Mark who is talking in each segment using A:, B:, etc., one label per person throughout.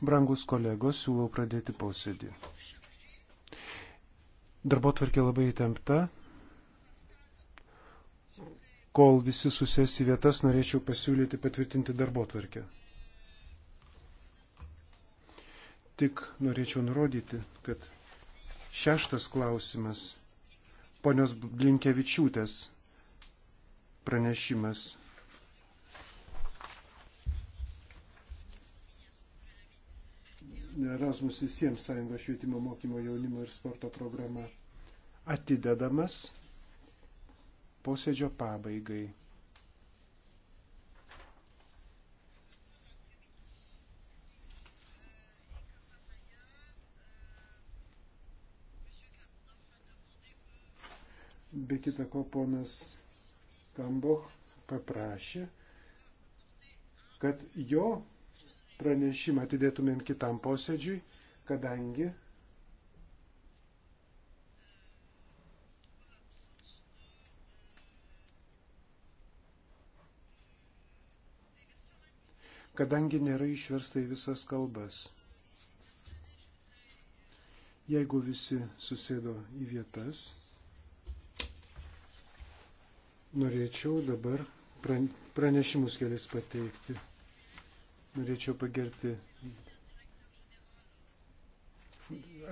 A: Brangus kolegos, siūlau pradėti posėdį. Darbo tvarkė labai įtempta. Kol visi susės į vietas, norėčiau pasiūlyti patvirtinti darbo tvarkę. Tik norėčiau nurodyti, kad šeštas klausimas ponios Blinkevičiūtės pranešimas Erasmus visiems Sąjungos švietimo mokymo jaunimo ir sporto programa atidedamas posėdžio pabaigai. be kita ko ponas Kamboch paprašė, kad jo pranešimą atidėtumėm kitam posėdžiui, kadangi kadangi nėra išversta į visas kalbas. Jeigu visi susėdo į vietas, norėčiau dabar pranešimus kelias pateikti. Norėčiau pagirti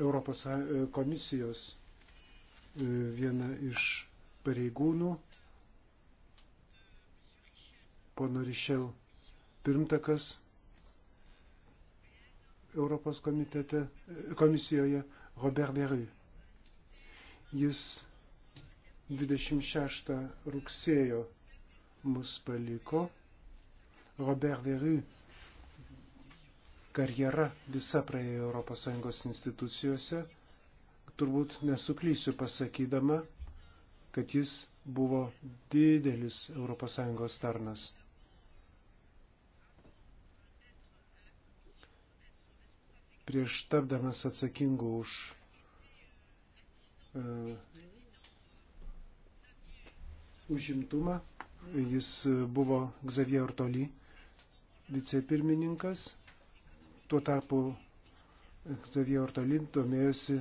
A: Europos e, komisijos e, vieną iš pareigūnų, pono Rišel pirmtakas Europos komitete, e, komisijoje Robert Verui. Jis 26 rugsėjo mus paliko. Robert Verui karjera visa praėjo ES institucijose, turbūt nesuklysiu pasakydama, kad jis buvo didelis ES tarnas. Prieš tapdamas atsakingu už uh, užimtumą, jis buvo Xavier Toli vicepirmininkas Tuo tarpu Xavier Ortolin domėjosi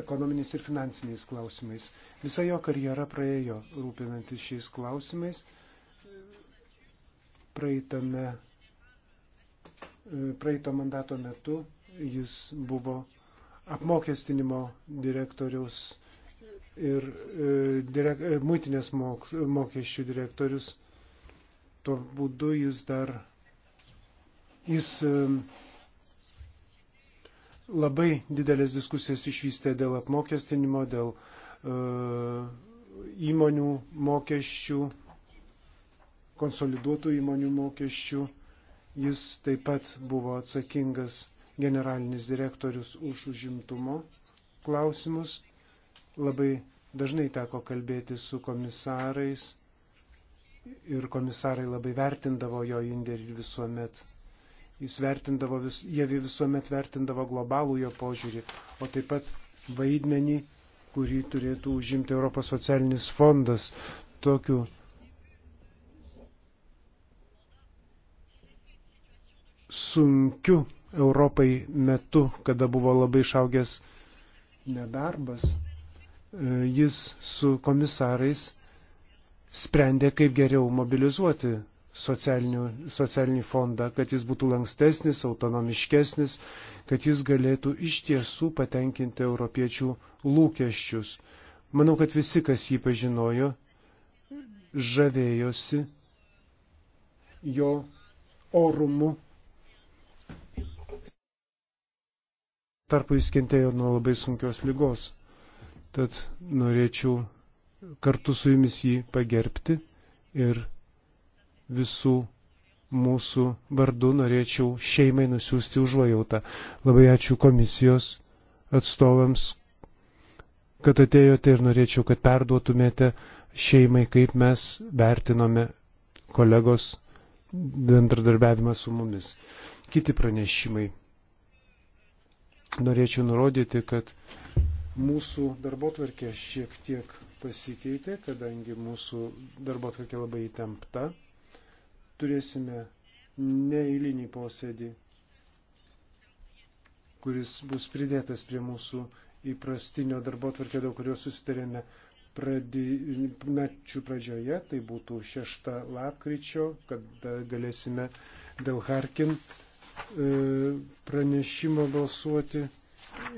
A: ekonominiais ir finansiniais klausimais. Visa jo karjera praėjo rūpinantis šiais klausimais. Praeitame, praeito mandato metu jis buvo apmokestinimo direktorius ir e, direk, e, muitinės mok, mokesčių direktorius. Tuo būdu jis dar Jis labai didelės diskusijas išvystė dėl apmokestinimo, dėl e, įmonių mokesčių, konsoliduotų įmonių mokesčių. Jis taip pat buvo atsakingas generalinis direktorius už užimtumo klausimus. Labai dažnai teko kalbėti su komisarais ir komisarai labai vertindavo jo indėlį visuomet Jis vertindavo, vis, jie visuomet vertindavo globalų jo požiūrį, o taip pat vaidmenį, kurį turėtų užimti Europos socialinis fondas. Tokiu sunkiu Europai metu, kada buvo labai išaugęs nedarbas, e, jis su komisarais sprendė, kaip geriau mobilizuoti socialinį fondą, kad jis būtų lankstesnis, autonomiškesnis, kad jis galėtų iš tiesų patenkinti europiečių lūkesčius. Manau, kad visi, kas jį pažinojo, žavėjosi jo orumu. Tarpu jis kentėjo nuo labai sunkios lygos. Tad norėčiau kartu su jumis jį pagerbti ir visų mūsų vardu norėčiau šeimai nusiųsti užuojautą. Labai ačiū komisijos atstovams, kad atėjote ir norėčiau, kad perduotumėte šeimai, kaip mes vertinome kolegos bendradarbiavimą su mumis. Kiti pranešimai. Norėčiau nurodyti, kad mūsų darbo tvarkė šiek tiek pasikeitė, kadangi mūsų darbo tvarkė labai įtempta turėsime neįlinį posėdį, kuris bus pridėtas prie mūsų įprastinio darbo tvarkė, dėl kurio susitarėme pradi, mečių pradžioje, tai būtų 6 lapkričio, kad galėsime dėl Harkin e, pranešimo balsuoti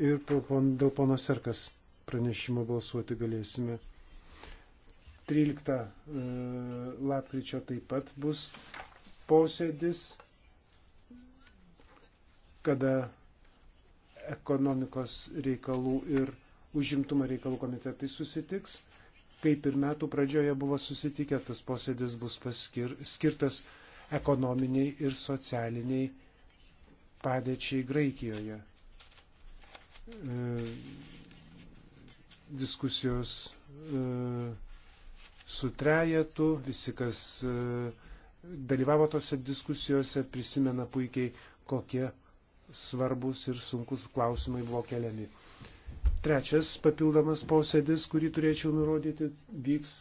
A: ir dėl pono Serkas pranešimo balsuoti galėsime. 13 e, lapkričio taip pat bus posėdis, kada ekonomikos reikalų ir užimtumo reikalų komitetai susitiks. Kaip ir metų pradžioje buvo susitikę, tas posėdis bus paskir, skirtas ekonominiai ir socialiniai padėčiai Graikijoje. E, diskusijos e, su trejetu, visi, kas e, dalyvavo tose diskusijose, prisimena puikiai, kokie svarbus ir sunkus klausimai buvo keliami. Trečias papildomas posėdis, kurį turėčiau nurodyti, vyks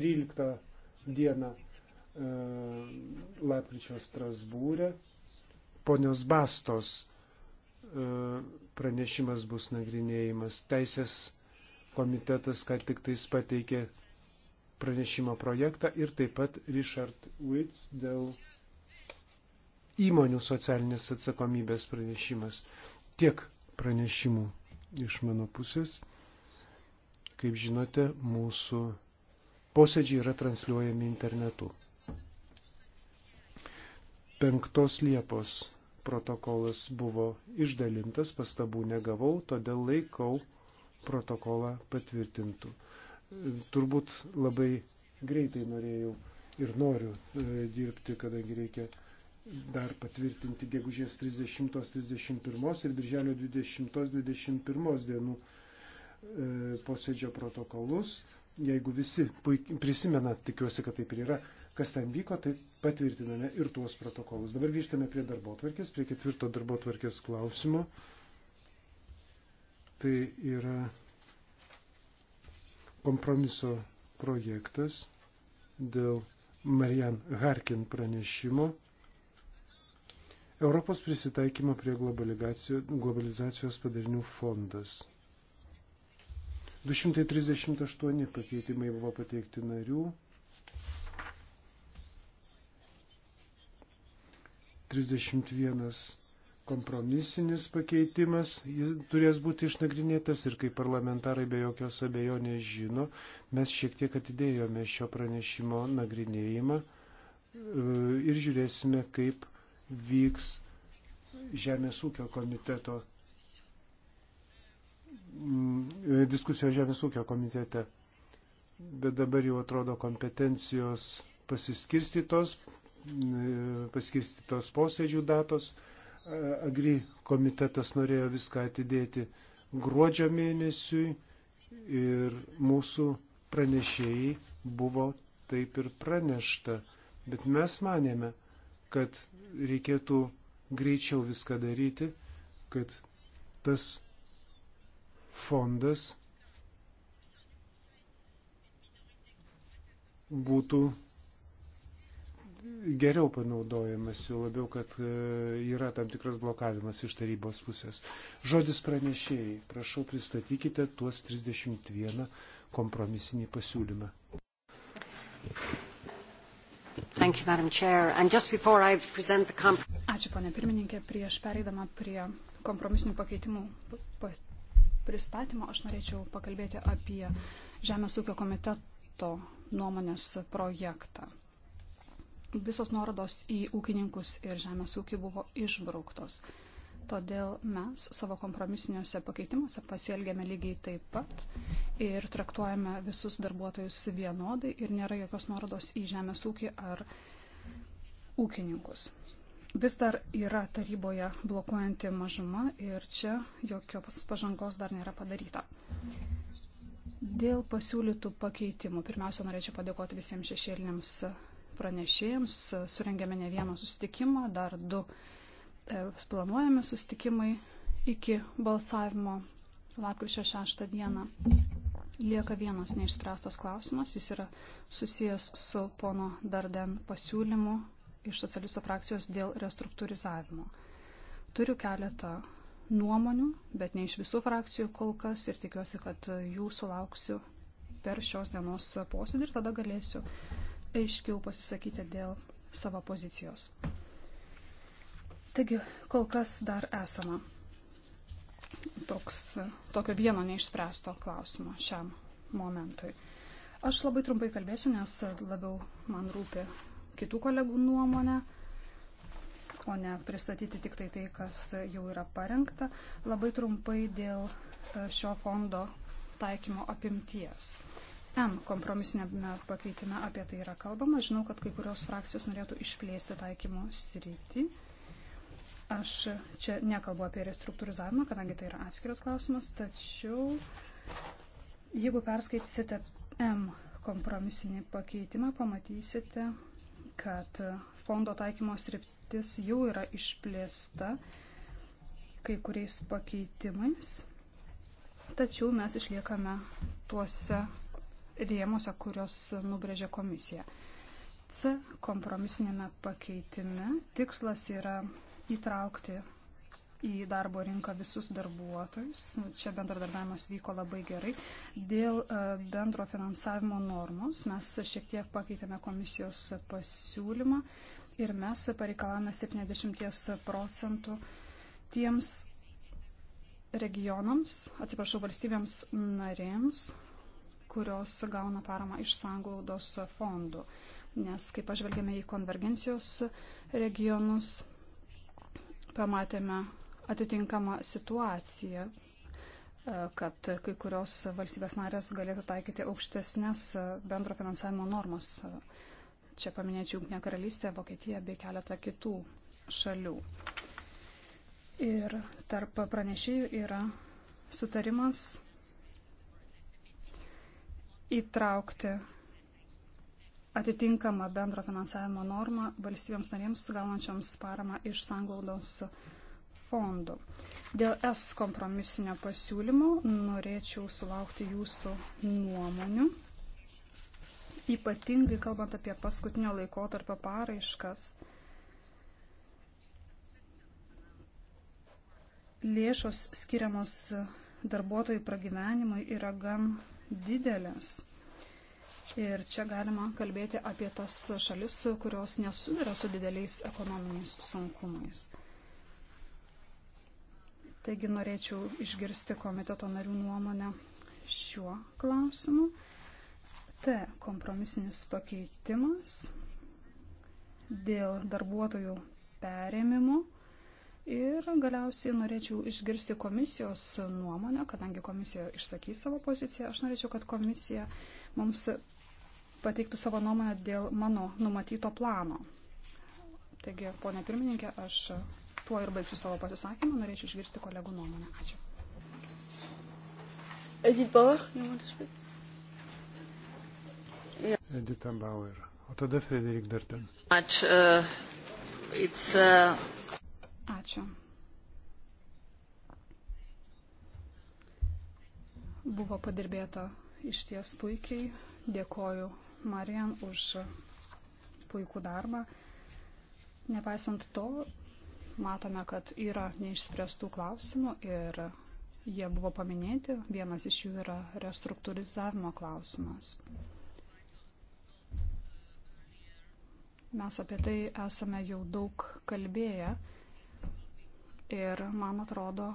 A: 13 dieną e, lapkričio Strasbūrė. Ponios Bastos e, pranešimas bus nagrinėjimas. Teisės komitetas, kad tik tais pateikė pranešimo projektą ir taip pat Richard Witz dėl įmonių socialinės atsakomybės pranešimas. Tiek pranešimų iš mano pusės. Kaip žinote, mūsų posėdžiai yra transliuojami internetu. 5 Liepos protokolas buvo išdalintas, pastabų negavau, todėl laikau protokolą patvirtintų turbūt labai greitai norėjau ir noriu e, dirbti, kadangi reikia dar patvirtinti gegužės 30-31 ir birželio 20-21 dienų e, posėdžio protokolus. Jeigu visi prisimena, tikiuosi, kad taip ir yra, kas ten vyko, tai patvirtiname ir tuos protokolus. Dabar grįžtame prie darbo tvarkės, prie ketvirto darbo tvarkės klausimo. Tai yra kompromiso projektas dėl Marian Harkin pranešimo Europos prisitaikymo prie globalizacijos padarinių fondas. 238 pakeitimai buvo pateikti narių. 31 kompromisinis pakeitimas, jis turės būti išnagrinėtas ir kaip parlamentarai be jokios abejonės žino, mes šiek tiek atidėjome šio pranešimo nagrinėjimą e, ir žiūrėsime, kaip vyks Žemės ūkio komiteto mm, e, diskusijos Žemės ūkio komitete. Bet dabar jau atrodo kompetencijos pasiskirstytos, e, paskirstytos posėdžių datos. Agri komitetas norėjo viską atidėti gruodžio mėnesiui ir mūsų pranešėjai buvo taip ir pranešta. Bet mes manėme, kad reikėtų greičiau viską daryti, kad tas fondas būtų geriau panaudojamas, jau labiau, kad e, yra tam tikras blokavimas iš tarybos pusės. Žodis pranešėjai, prašau pristatykite tuos 31 kompromisinį pasiūlymą.
B: Ačiū, ponė pirmininkė. Prieš pereidama prie kompromisinių pakeitimų pristatymo, aš norėčiau pakalbėti apie Žemės ūkio komiteto nuomonės projektą visos nuorodos į ūkininkus ir žemės ūkį buvo išbrauktos. Todėl mes savo kompromisiniuose pakeitimuose pasielgėme lygiai taip pat ir traktuojame visus darbuotojus vienodai ir nėra jokios nuorodos į žemės ūkį ar ūkininkus. Vis dar yra taryboje blokuojanti mažuma ir čia jokios pažangos dar nėra padaryta. Dėl pasiūlytų pakeitimų pirmiausia norėčiau padėkoti visiems šešėliniams pranešėjams surengėme ne vieną susitikimą, dar du e, planuojami susitikimai iki balsavimo lapkričio 6 dieną. Lieka vienas neišspręstas klausimas, jis yra susijęs su pono Darden pasiūlymu iš socialisto frakcijos dėl restruktūrizavimo. Turiu keletą nuomonių, bet ne iš visų frakcijų kol kas ir tikiuosi, kad jų sulauksiu per šios dienos posėdį ir tada galėsiu aiškiau pasisakyti dėl savo pozicijos. Taigi, kol kas dar esama toks, tokio vieno neišspręsto klausimo šiam momentui. Aš labai trumpai kalbėsiu, nes labiau man rūpi kitų kolegų nuomonė, o ne pristatyti tik tai tai, kas jau yra parengta. Labai trumpai dėl šio fondo taikymo apimties. M kompromisinėme pakeitime apie tai yra kalbama. Žinau, kad kai kurios frakcijos norėtų išplėsti taikymo sritį. Aš čia nekalbu apie restruktūrizavimą, kadangi tai yra atskiras klausimas, tačiau jeigu perskaitysite M kompromisinį pakeitimą, pamatysite, kad fondo taikymo sritis jau yra išplėsta kai kuriais pakeitimais, tačiau mes išliekame tuose rėmose, kurios nubrėžė komisija. C kompromisinėme pakeitime tikslas yra įtraukti į darbo rinką visus darbuotojus. Čia bendradarbiavimas vyko labai gerai. Dėl e, bendro finansavimo normos mes šiek tiek pakeitėme komisijos pasiūlymą ir mes pareikalavome 70 procentų tiems regionams, atsiprašau, valstybėms narėms, kurios gauna paramą iš sanglaudos fondų. Nes kai pažvelgėme į konvergencijos regionus, pamatėme atitinkamą situaciją, e, kad kai kurios valstybės narės galėtų taikyti aukštesnės bendro finansavimo normas. Čia paminėčiau Junktinę karalystę, Vokietiją bei keletą kitų šalių. Ir tarp pranešėjų yra sutarimas įtraukti atitinkamą bendro finansavimo normą valstybėms narėms gaunančiams paramą iš sanglaudos fondų. Dėl S kompromisinio pasiūlymo norėčiau sulaukti jūsų nuomonių, ypatingai kalbant apie paskutinio laiko tarp paraiškas. Lėšos skiriamos darbuotojų pragyvenimui yra gan didelės. Ir čia galima kalbėti apie tas šalis, kurios nesuduria su dideliais ekonominiais sunkumais. Taigi norėčiau išgirsti komiteto narių nuomonę šiuo klausimu. T kompromisinis pakeitimas dėl darbuotojų perėmimo Ir galiausiai norėčiau išgirsti komisijos nuomonę, kadangi komisija išsakys savo poziciją. Aš norėčiau, kad komisija mums pateiktų savo nuomonę dėl mano numatyto plano. Taigi, ponė pirmininkė, aš tuo ir baigsiu savo pasisakymą, norėčiau išgirsti kolegų nuomonę. Ačiū. Edith Bauer, you want to speak?
A: Yeah. Edith Bauer. O tada Frederik Darten.
C: Ačiū. Uh, it's, uh... Ačiū.
B: Buvo padirbėta iš ties puikiai. Dėkoju Marijan už puikų darbą. Nepaisant to, matome, kad yra neišspręstų klausimų ir jie buvo paminėti. Vienas iš jų yra restruktūrizavimo klausimas. Mes apie tai esame jau daug kalbėję. Ir man atrodo,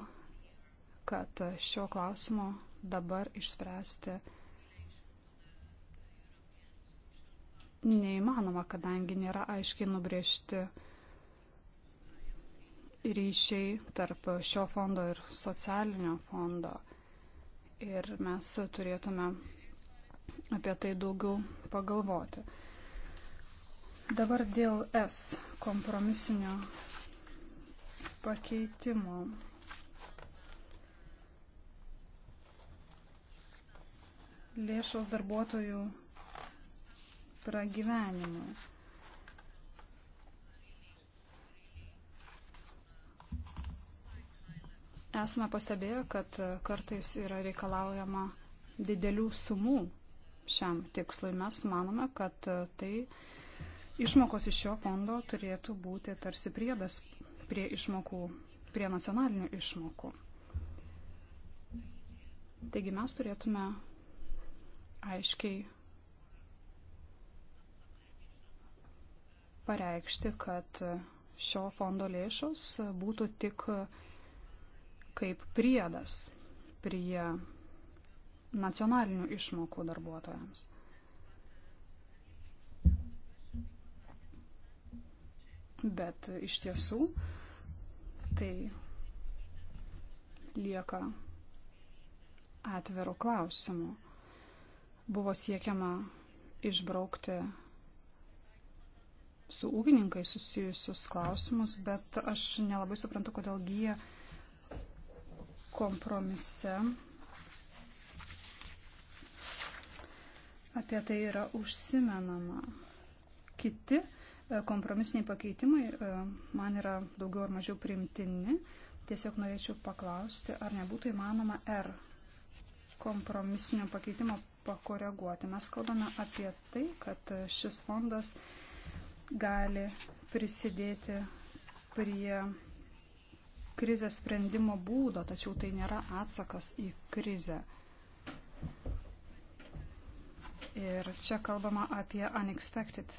B: kad šio klausimo dabar išspręsti neįmanoma, kadangi nėra aiškiai nubriežti ryšiai tarp šio fondo ir socialinio fondo. Ir mes turėtume apie tai daugiau pagalvoti. Dabar dėl S kompromisinio pakeitimo. Lėšos darbuotojų pragyvenimui. Esame pastebėję, kad kartais yra reikalaujama didelių sumų šiam tikslui. Mes manome, kad tai išmokos iš šio fondo turėtų būti tarsi priedas prie išmokų, prie nacionalinių išmokų. Taigi mes turėtume aiškiai pareikšti, kad šio fondo lėšos būtų tik kaip priedas prie nacionalinių išmokų darbuotojams. Bet iš tiesų tai lieka atvirų klausimų. Buvo siekiama išbraukti su ūkininkai susijusius klausimus, bet aš nelabai suprantu, kodėl gyja kompromise. Apie tai yra užsimenama. Kiti kompromisiniai pakeitimai e, man yra daugiau ar mažiau priimtini. Tiesiog norėčiau paklausti, ar nebūtų įmanoma R kompromisinio pakeitimo pakoreguoti. Mes kalbame apie tai, kad šis fondas gali prisidėti prie krizės sprendimo būdo, tačiau tai nėra atsakas į krizę. Ir čia kalbama apie unexpected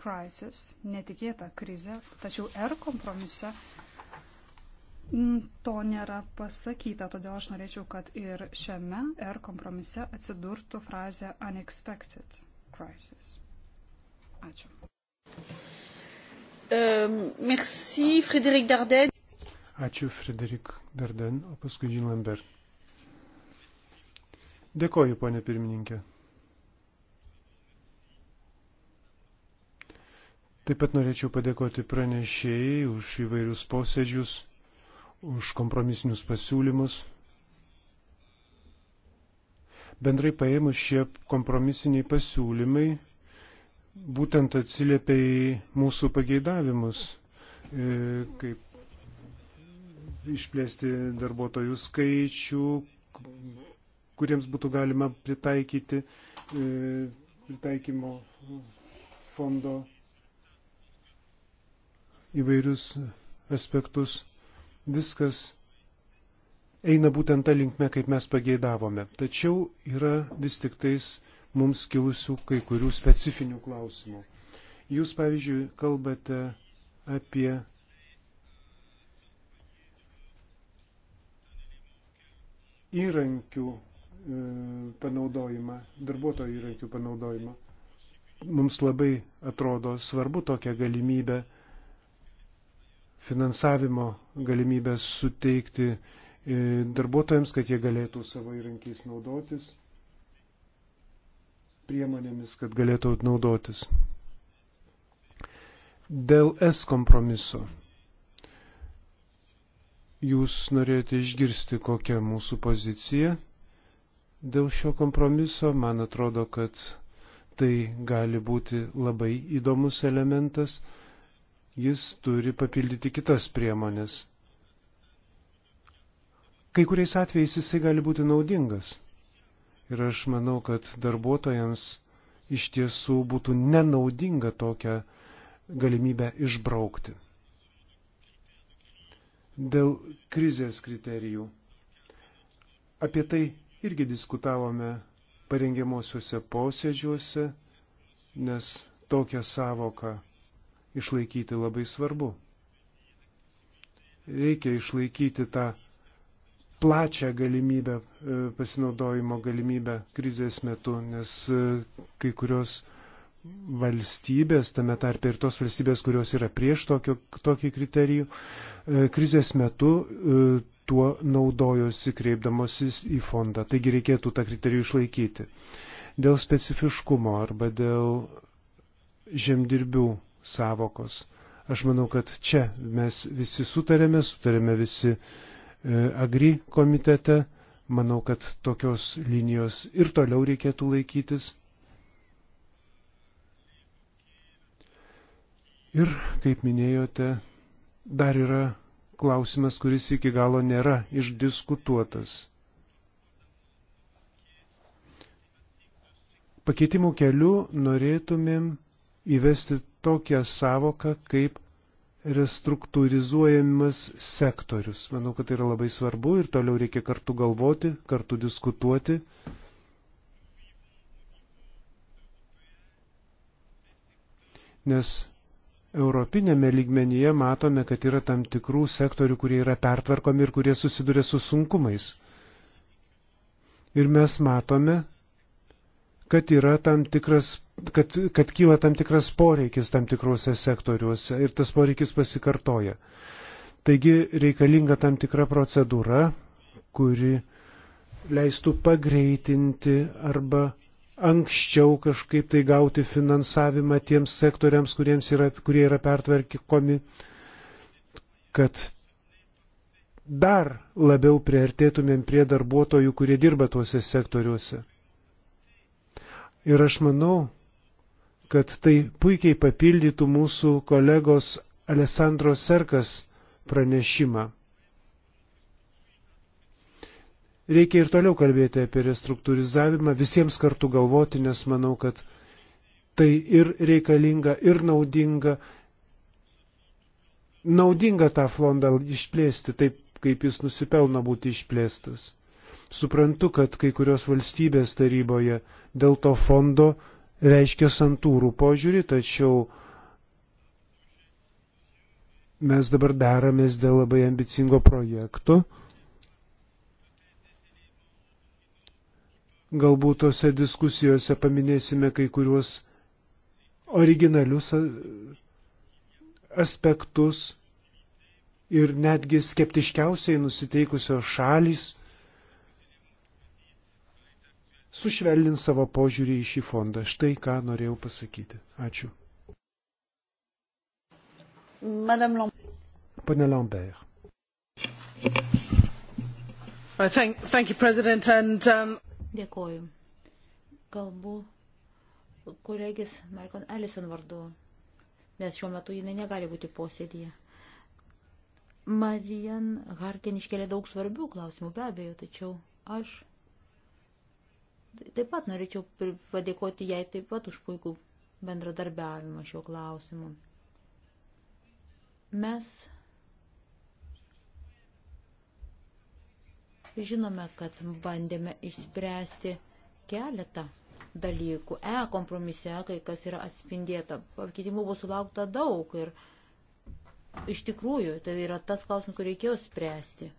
B: crisis, netikėta krizė, tačiau R kompromise mm, to nėra pasakyta, todėl aš norėčiau, kad ir šiame R kompromise atsidurtų frazė unexpected crisis. Ačiū. Um, merci, Frederik Darden.
A: Ačiū, Frederik Darden, o paskui Jean Lambert. Dėkoju, ponė pirmininkė. Taip pat norėčiau padėkoti pranešėjai už įvairius posėdžius, už kompromisinius pasiūlymus. Bendrai paėmus šie kompromisiniai pasiūlymai būtent atsiliepia į mūsų pageidavimus, e, kaip išplėsti darbuotojų skaičių, kuriems būtų galima pritaikyti e, pritaikymo fondo įvairius aspektus. Viskas eina būtent tą linkmę, kaip mes pageidavome. Tačiau yra vis tik tais mums kilusių kai kurių specifinių klausimų. Jūs, pavyzdžiui, kalbate apie įrankių e, panaudojimą, darbuotojų įrankių panaudojimą. Mums labai atrodo svarbu tokią galimybę finansavimo galimybės suteikti e, darbuotojams, kad jie galėtų savo įrankiais naudotis, priemonėmis, kad galėtų naudotis. Dėl S kompromiso. Jūs norėjote išgirsti, kokia mūsų pozicija dėl šio kompromiso. Man atrodo, kad tai gali būti labai įdomus elementas jis turi papildyti kitas priemonės. Kai kuriais atvejais jisai gali būti naudingas. Ir aš manau, kad darbuotojams iš tiesų būtų nenaudinga tokią galimybę išbraukti. Dėl krizės kriterijų. Apie tai irgi diskutavome parengiamuosiuose posėdžiuose, nes tokią savoką išlaikyti labai svarbu. Reikia išlaikyti tą plačią galimybę, e, pasinaudojimo galimybę krizės metu, nes e, kai kurios valstybės, tame tarpe ir tos valstybės, kurios yra prieš tokio, tokį kriterijų, e, krizės metu tuo naudojosi kreipdamosis į fondą. Taigi reikėtų tą kriterijų išlaikyti. Dėl specifiškumo arba dėl žemdirbių savokos. Aš manau, kad čia mes visi sutarėme, sutarėme visi e, agri komitete. Manau, kad tokios linijos ir toliau reikėtų laikytis. Ir, kaip minėjote, dar yra klausimas, kuris iki galo nėra išdiskutuotas. Pakeitimų keliu norėtumėm įvesti tokią savoką kaip restruktūrizuojamas sektorius. Manau, kad tai yra labai svarbu ir toliau reikia kartu galvoti, kartu diskutuoti. Nes europinėme lygmenyje matome, kad yra tam tikrų sektorių, kurie yra pertvarkomi ir kurie susiduria su sunkumais. Ir mes matome, kad yra tam tikras kad, kad kyla tam tikras poreikis tam tikrose sektoriuose ir tas poreikis pasikartoja. Taigi reikalinga tam tikra procedūra, kuri leistų pagreitinti arba anksčiau kažkaip tai gauti finansavimą tiems sektoriams, yra, kurie yra pertvarkykomi, kad dar labiau priartėtumėm prie darbuotojų, kurie dirba tuose sektoriuose. Ir aš manau, kad tai puikiai papildytų mūsų kolegos Alessandro Serkas pranešimą. Reikia ir toliau kalbėti apie restruktūrizavimą, visiems kartu galvoti, nes manau, kad tai ir reikalinga, ir naudinga. Naudinga tą fondą išplėsti taip, kaip jis nusipelno būti išplėstas. Suprantu, kad kai kurios valstybės taryboje dėl to fondo reiškia santūrų požiūrį, tačiau mes dabar daramės dėl labai ambicingo projekto. Galbūt tose diskusijose paminėsime kai kuriuos originalius aspektus ir netgi skeptiškiausiai nusiteikusios šalys sušvelnins savo požiūrį į šį fondą. Štai ką norėjau pasakyti. Ačiū. Pane Lambert.
B: Uh, thank, thank you, President, and, um...
D: Dėkoju. Kalbu kolegis Markon Ellison vardu, nes šiuo metu jinai negali būti posėdėje. Marian Harkin iškelia daug svarbių klausimų, be abejo, tačiau aš Taip pat norėčiau padėkoti jai taip pat už puikų bendradarbiavimą šiuo klausimu. Mes žinome, kad bandėme išspręsti keletą dalykų. E kompromise, kai kas yra atspindėta. Pakeitimų buvo sulaukta daug ir iš tikrųjų tai yra tas klausimas, kurį reikėjo spręsti.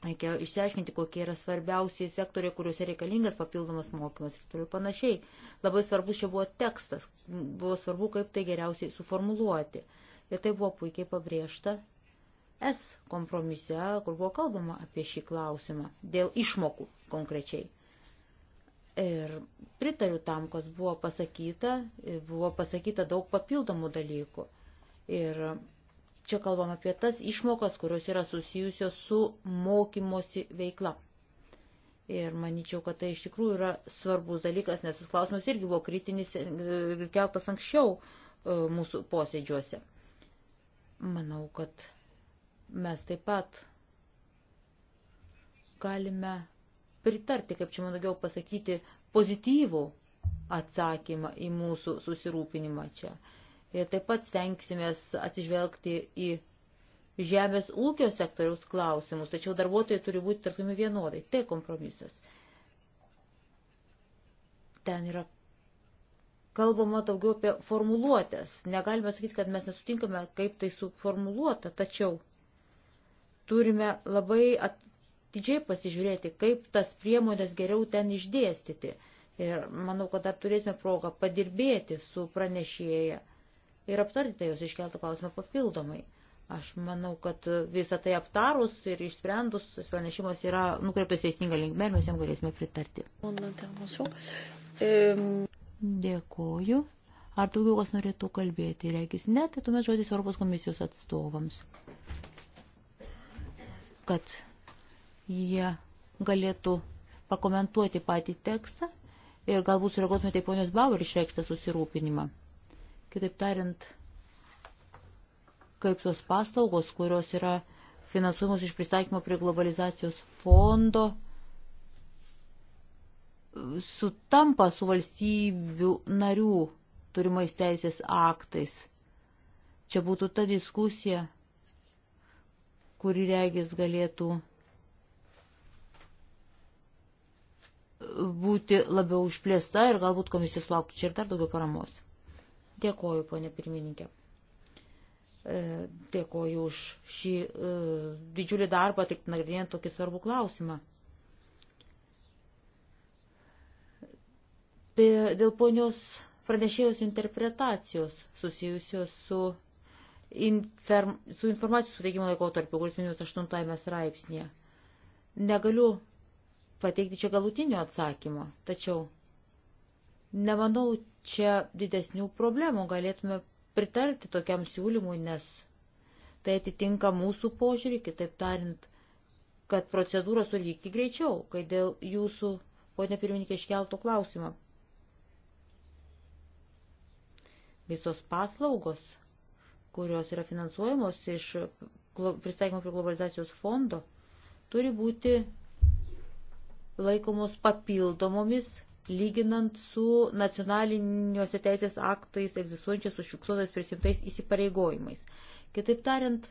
D: Reikia išsiaiškinti, kokie yra svarbiausiai sektoriai, kuriuose reikalingas papildomas mokymas ir toliau panašiai. Labai svarbus čia buvo tekstas, buvo svarbu, kaip tai geriausiai suformuluoti. Ir tai buvo puikiai pabrėžta S kompromise, kur buvo kalbama apie šį klausimą dėl išmokų konkrečiai. Ir pritariu tam, kas buvo pasakyta, buvo pasakyta daug papildomų dalykų. Ir Čia kalbam apie tas išmokas, kurios yra susijusios su mokymosi veikla. Ir manyčiau, kad tai iš tikrųjų yra svarbus dalykas, nes tas klausimas irgi buvo kritinis ir e, keltas anksčiau e, mūsų posėdžiuose. Manau, kad mes taip pat galime pritarti, kaip čia man daugiau pasakyti, pozityvų atsakymą į mūsų susirūpinimą čia. Ir taip pat stengsimės atsižvelgti į žemės ūkio sektoriaus klausimus, tačiau darbuotojai turi būti tarkime vienodai. Tai kompromisas. Ten yra kalbama daugiau apie formuluotės. Negalime sakyti, kad mes nesutinkame, kaip tai suformuluota, tačiau turime labai atidžiai pasižiūrėti, kaip tas priemonės geriau ten išdėstyti. Ir manau, kad dar turėsime progą padirbėti su pranešėja ir aptarti tai, jos iškeltą klausimą papildomai. Aš manau, kad visą tai aptarus ir išsprendus, tas pranešimas yra nukreiptas teisinga linkme ir mes jam galėsime pritarti. Dėkoju. Ar daugiau kas norėtų kalbėti? Reikis ne, tai tuomet žodis Europos komisijos atstovams. Kad jie galėtų pakomentuoti patį tekstą ir galbūt sureaguotumėte į ponios Bauer išreikštą susirūpinimą. Kitaip tariant, kaip tos paslaugos, kurios yra finansuojamos iš pristaikymo prie globalizacijos fondo, sutampa su valstybių narių turimais teisės aktais. Čia būtų ta diskusija, kuri regis galėtų būti labiau išplėsta ir galbūt komisija sulauktų čia ir dar daugiau paramos. Dėkoju, ponė pirmininkė. E, dėkoju už šį e, didžiulį darbą, taip nagrinėjant tokį svarbų klausimą. Dėl ponios pranešėjos interpretacijos susijusios su, inferm, su informacijos suteikimo laikotarpiu, kuris minimas 8 straipsnėje. Negaliu pateikti čia galutinio atsakymo, tačiau nemanau čia didesnių problemų. Galėtume pritarti tokiam siūlymui, nes tai atitinka mūsų požiūrį, kitaip tariant, kad procedūros turi vykti greičiau, kai dėl jūsų, ponė pirmininkė, iškeltų klausimą. Visos paslaugos, kurios yra finansuojamos iš pristaikymo prie globalizacijos fondo, turi būti laikomos papildomomis lyginant su nacionaliniuose teisės aktais egzistuojančiais užfiksuotais prisimtais įsipareigojimais. Kitaip tariant,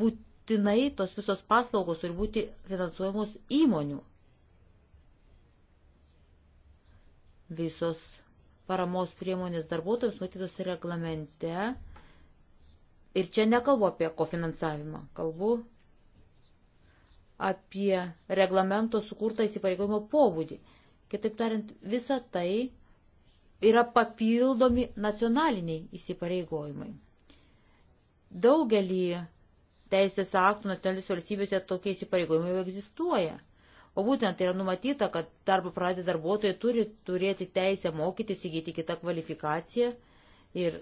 D: būtinai tos visos paslaugos turi būti finansuojamos įmonių. Visos paramos priemonės darbuotojams matytos reglamente. Ir čia nekalbu apie kofinansavimą, kalbu apie reglamento sukurtą įsipareigojimo pobūdį. Kitaip tariant, visa tai yra papildomi nacionaliniai įsipareigojimai. Daugelį teisės aktų nacionalinėse valstybėse tokie įsipareigojimai jau egzistuoja. O būtent tai yra numatyta, kad darbą pradė darbuotojai turi turėti teisę mokytis, įgyti kitą kvalifikaciją ir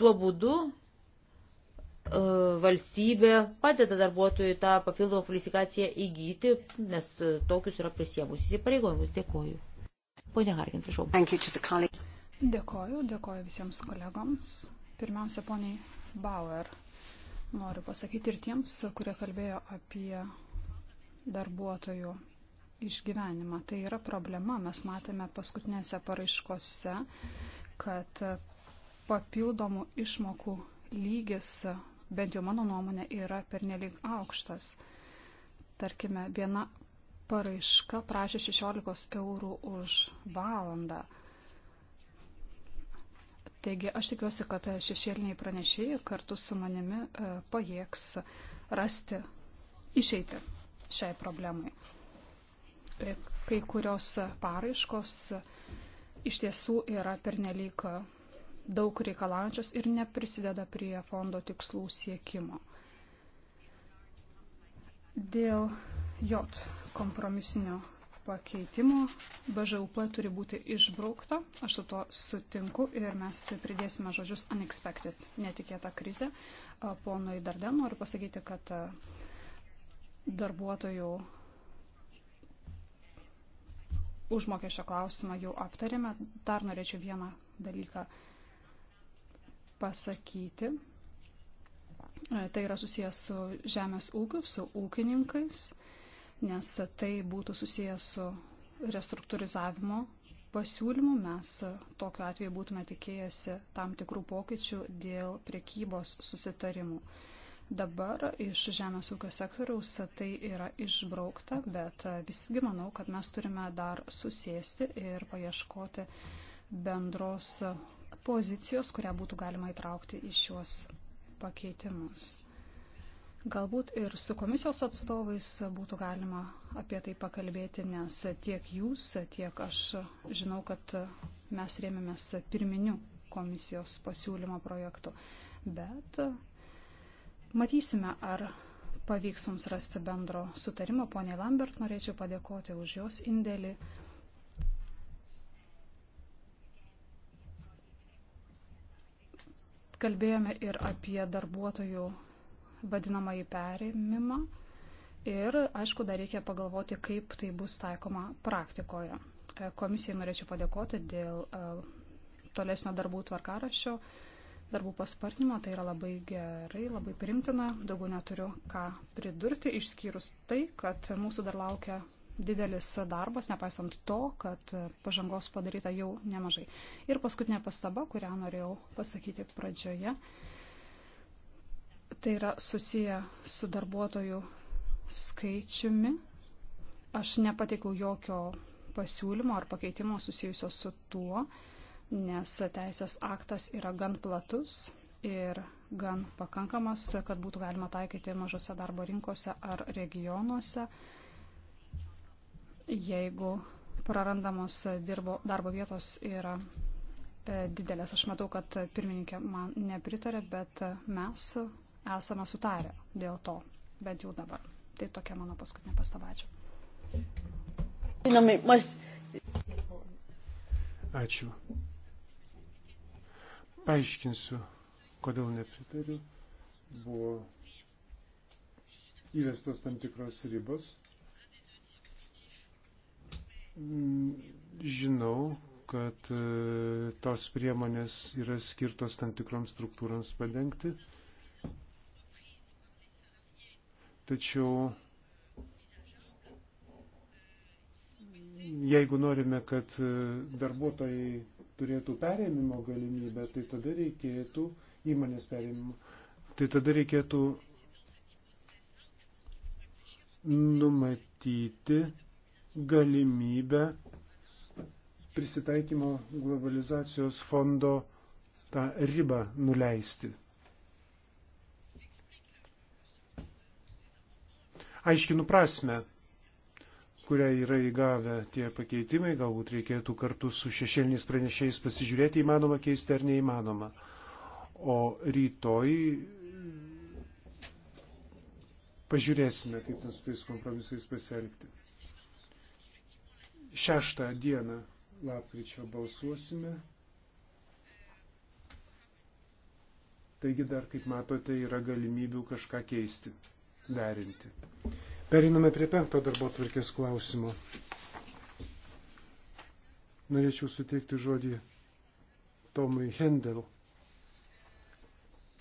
D: tuo būdu E, valstybė padeda darbuotojui tą papildomą kvalifikaciją įgyti, nes tokius yra prisėmusi įsipareigojimus. Dėkoju. Pone Harkin, prašau.
B: Dėkoju, dėkoju visiems kolegoms. Pirmiausia, poniai Bauer, noriu pasakyti ir tiems, kurie kalbėjo apie darbuotojų išgyvenimą. Tai yra problema. Mes matėme paskutinėse paraiškose, kad papildomų išmokų lygis, bent jau mano nuomonė, yra pernelyg aukštas. Tarkime, viena paraiška prašė 16 eurų už valandą. Taigi aš tikiuosi, kad šešėliniai pranešėjai kartu su manimi e, pajėgs rasti išeitį šiai problemai. Kai kurios paraiškos e, iš tiesų yra pernelyg daug reikalaujančios ir neprisideda prie fondo tikslų siekimo. Dėl J kompromisinio pakeitimo BŽUP turi būti išbraukta, aš su to sutinku ir mes pridėsime žodžius unexpected, netikėta krizė. Ponui Darden noriu pasakyti, kad darbuotojų užmokesčio klausimą jau aptarėme. Dar norėčiau vieną dalyką pasakyti. E, tai yra susijęs su žemės ūkiu, su ūkininkais, nes tai būtų susijęs su restruktūrizavimo pasiūlymų, mes tokiu atveju būtume tikėjęsi tam tikrų pokyčių dėl priekybos susitarimų. Dabar iš žemės ūkio sektoriaus tai yra išbraukta, bet visgi manau, kad mes turime dar susėsti ir paieškoti bendros pozicijos, kurią būtų galima įtraukti į šiuos pakeitimus. Galbūt ir su komisijos atstovais būtų galima apie tai pakalbėti, nes tiek jūs, tiek aš žinau, kad mes rėmėmės pirminiu komisijos pasiūlymo projektu. Bet matysime, ar pavyks mums rasti bendro sutarimo. Poniai Lambert norėčiau padėkoti už jos indėlį Kalbėjome ir apie darbuotojų vadinamąjį perėmimą. Ir, aišku, dar reikia pagalvoti, kaip tai bus taikoma praktikoje. E, komisijai norėčiau padėkoti dėl e, tolesnio darbų tvarkarašio, darbų paspartinimo. Tai yra labai gerai, labai primtina. Daugiau neturiu ką pridurti, išskyrus tai, kad mūsų dar laukia didelis darbas, nepaisant to, kad pažangos padaryta jau nemažai. Ir paskutinė pastaba, kurią norėjau pasakyti pradžioje, tai yra susiję su darbuotojų skaičiumi. Aš nepateikiau jokio pasiūlymo ar pakeitimo susijusio su tuo, nes teisės aktas yra gan platus ir gan pakankamas, kad būtų galima taikyti mažose darbo rinkose ar regionuose jeigu prarandamos dirbo, darbo vietos yra e, didelės. Aš matau, kad pirmininkė man nepritarė, bet mes esame sutarę dėl to, bent jau dabar. Tai tokia mano paskutinė pastabačių.
A: Ačiū. Paaiškinsiu, kodėl nepritariu. Buvo įvestos tam tikros ribos Mm, žinau, kad e, tos priemonės yra skirtos tam tikroms struktūroms padengti. Tačiau jeigu norime, kad e, darbuotojai turėtų perėmimo galimybę, tai tada reikėtų įmonės perėmimo, tai tada reikėtų numatyti galimybę prisitaikymo globalizacijos fondo tą ribą nuleisti. Aiškinu prasme, kurią yra įgavę tie pakeitimai, galbūt reikėtų kartu su šešėliniais pranešėjais pasižiūrėti, įmanoma keisti ar neįmanoma. O rytoj pažiūrėsime, kaip ten su tais kompromisais pasielgti. 6 dieną lapkričio balsuosime. Taigi dar, kaip matote, yra galimybių kažką keisti, derinti. Periname prie penkto darbo tvarkės klausimo. Norėčiau suteikti žodį Tomui Hendel,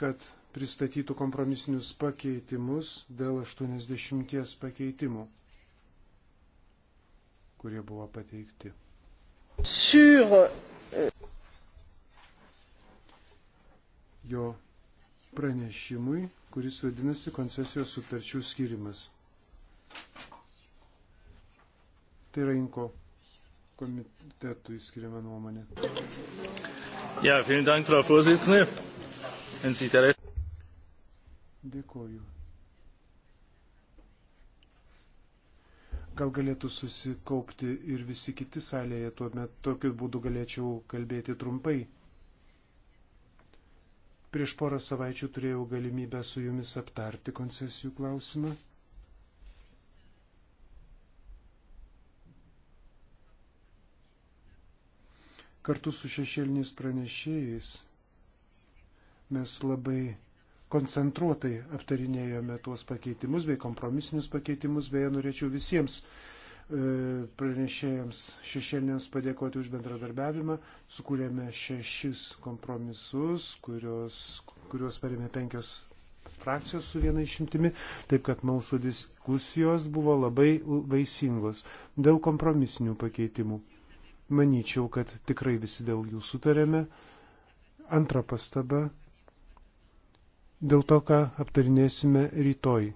A: kad pristatytų kompromisinius pakeitimus dėl 80 pakeitimų kurie buvo pateikti. Sur... E, jo pranešimui, kuris vadinasi koncesijos sutarčių skirimas. Tai yra Inko komitetų įskiriama nuomonė. Ja, vielen Dank, Frau Vorsitzende. Wenn Sie der Dėkoju, Gal galėtų susikaupti ir visi kiti salėje, tuomet tokiu būdu galėčiau kalbėti trumpai. Prieš porą savaičių turėjau galimybę su jumis aptarti koncesijų klausimą. Kartu su šešėliniais pranešėjais mes labai koncentruotai aptarinėjome tuos pakeitimus bei kompromisinius pakeitimus, beje, norėčiau visiems e, pranešėjams šešėlinėms padėkoti už bendradarbiavimą. Sukūrėme šešis kompromisus, kurios, kuriuos parėmė penkios frakcijos su viena išimtimi, taip kad mūsų diskusijos buvo labai vaisingos dėl kompromisinių pakeitimų. Manyčiau, kad tikrai visi dėl jų sutarėme. Antra pastaba dėl to, ką aptarinėsime rytoj.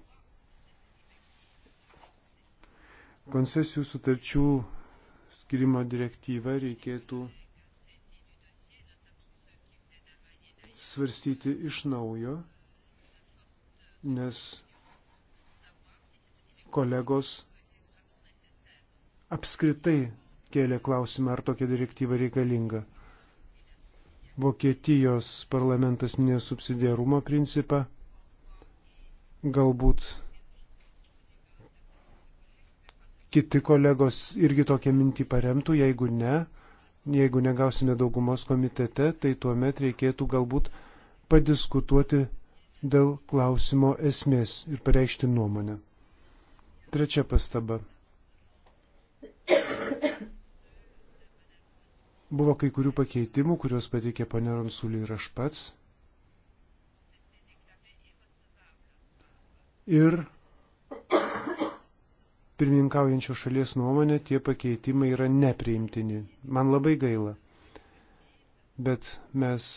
A: Koncesijų sutarčių skirimo direktyvą reikėtų svarstyti iš naujo, nes kolegos apskritai kėlė klausimą, ar tokia direktyva reikalinga. Vokietijos parlamentas minėjo subsidiarumo principą. Galbūt kiti kolegos irgi tokią mintį paremtų, jeigu ne, jeigu negausime daugumos komitete, tai tuomet reikėtų galbūt padiskutuoti dėl klausimo esmės ir pareikšti nuomonę. Trečia pastaba. Buvo kai kurių pakeitimų, kuriuos pateikė ponė Ronsulė ir aš pats. Ir pirmininkaujančio šalies nuomonė tie pakeitimai yra nepriimtini. Man labai gaila. Bet mes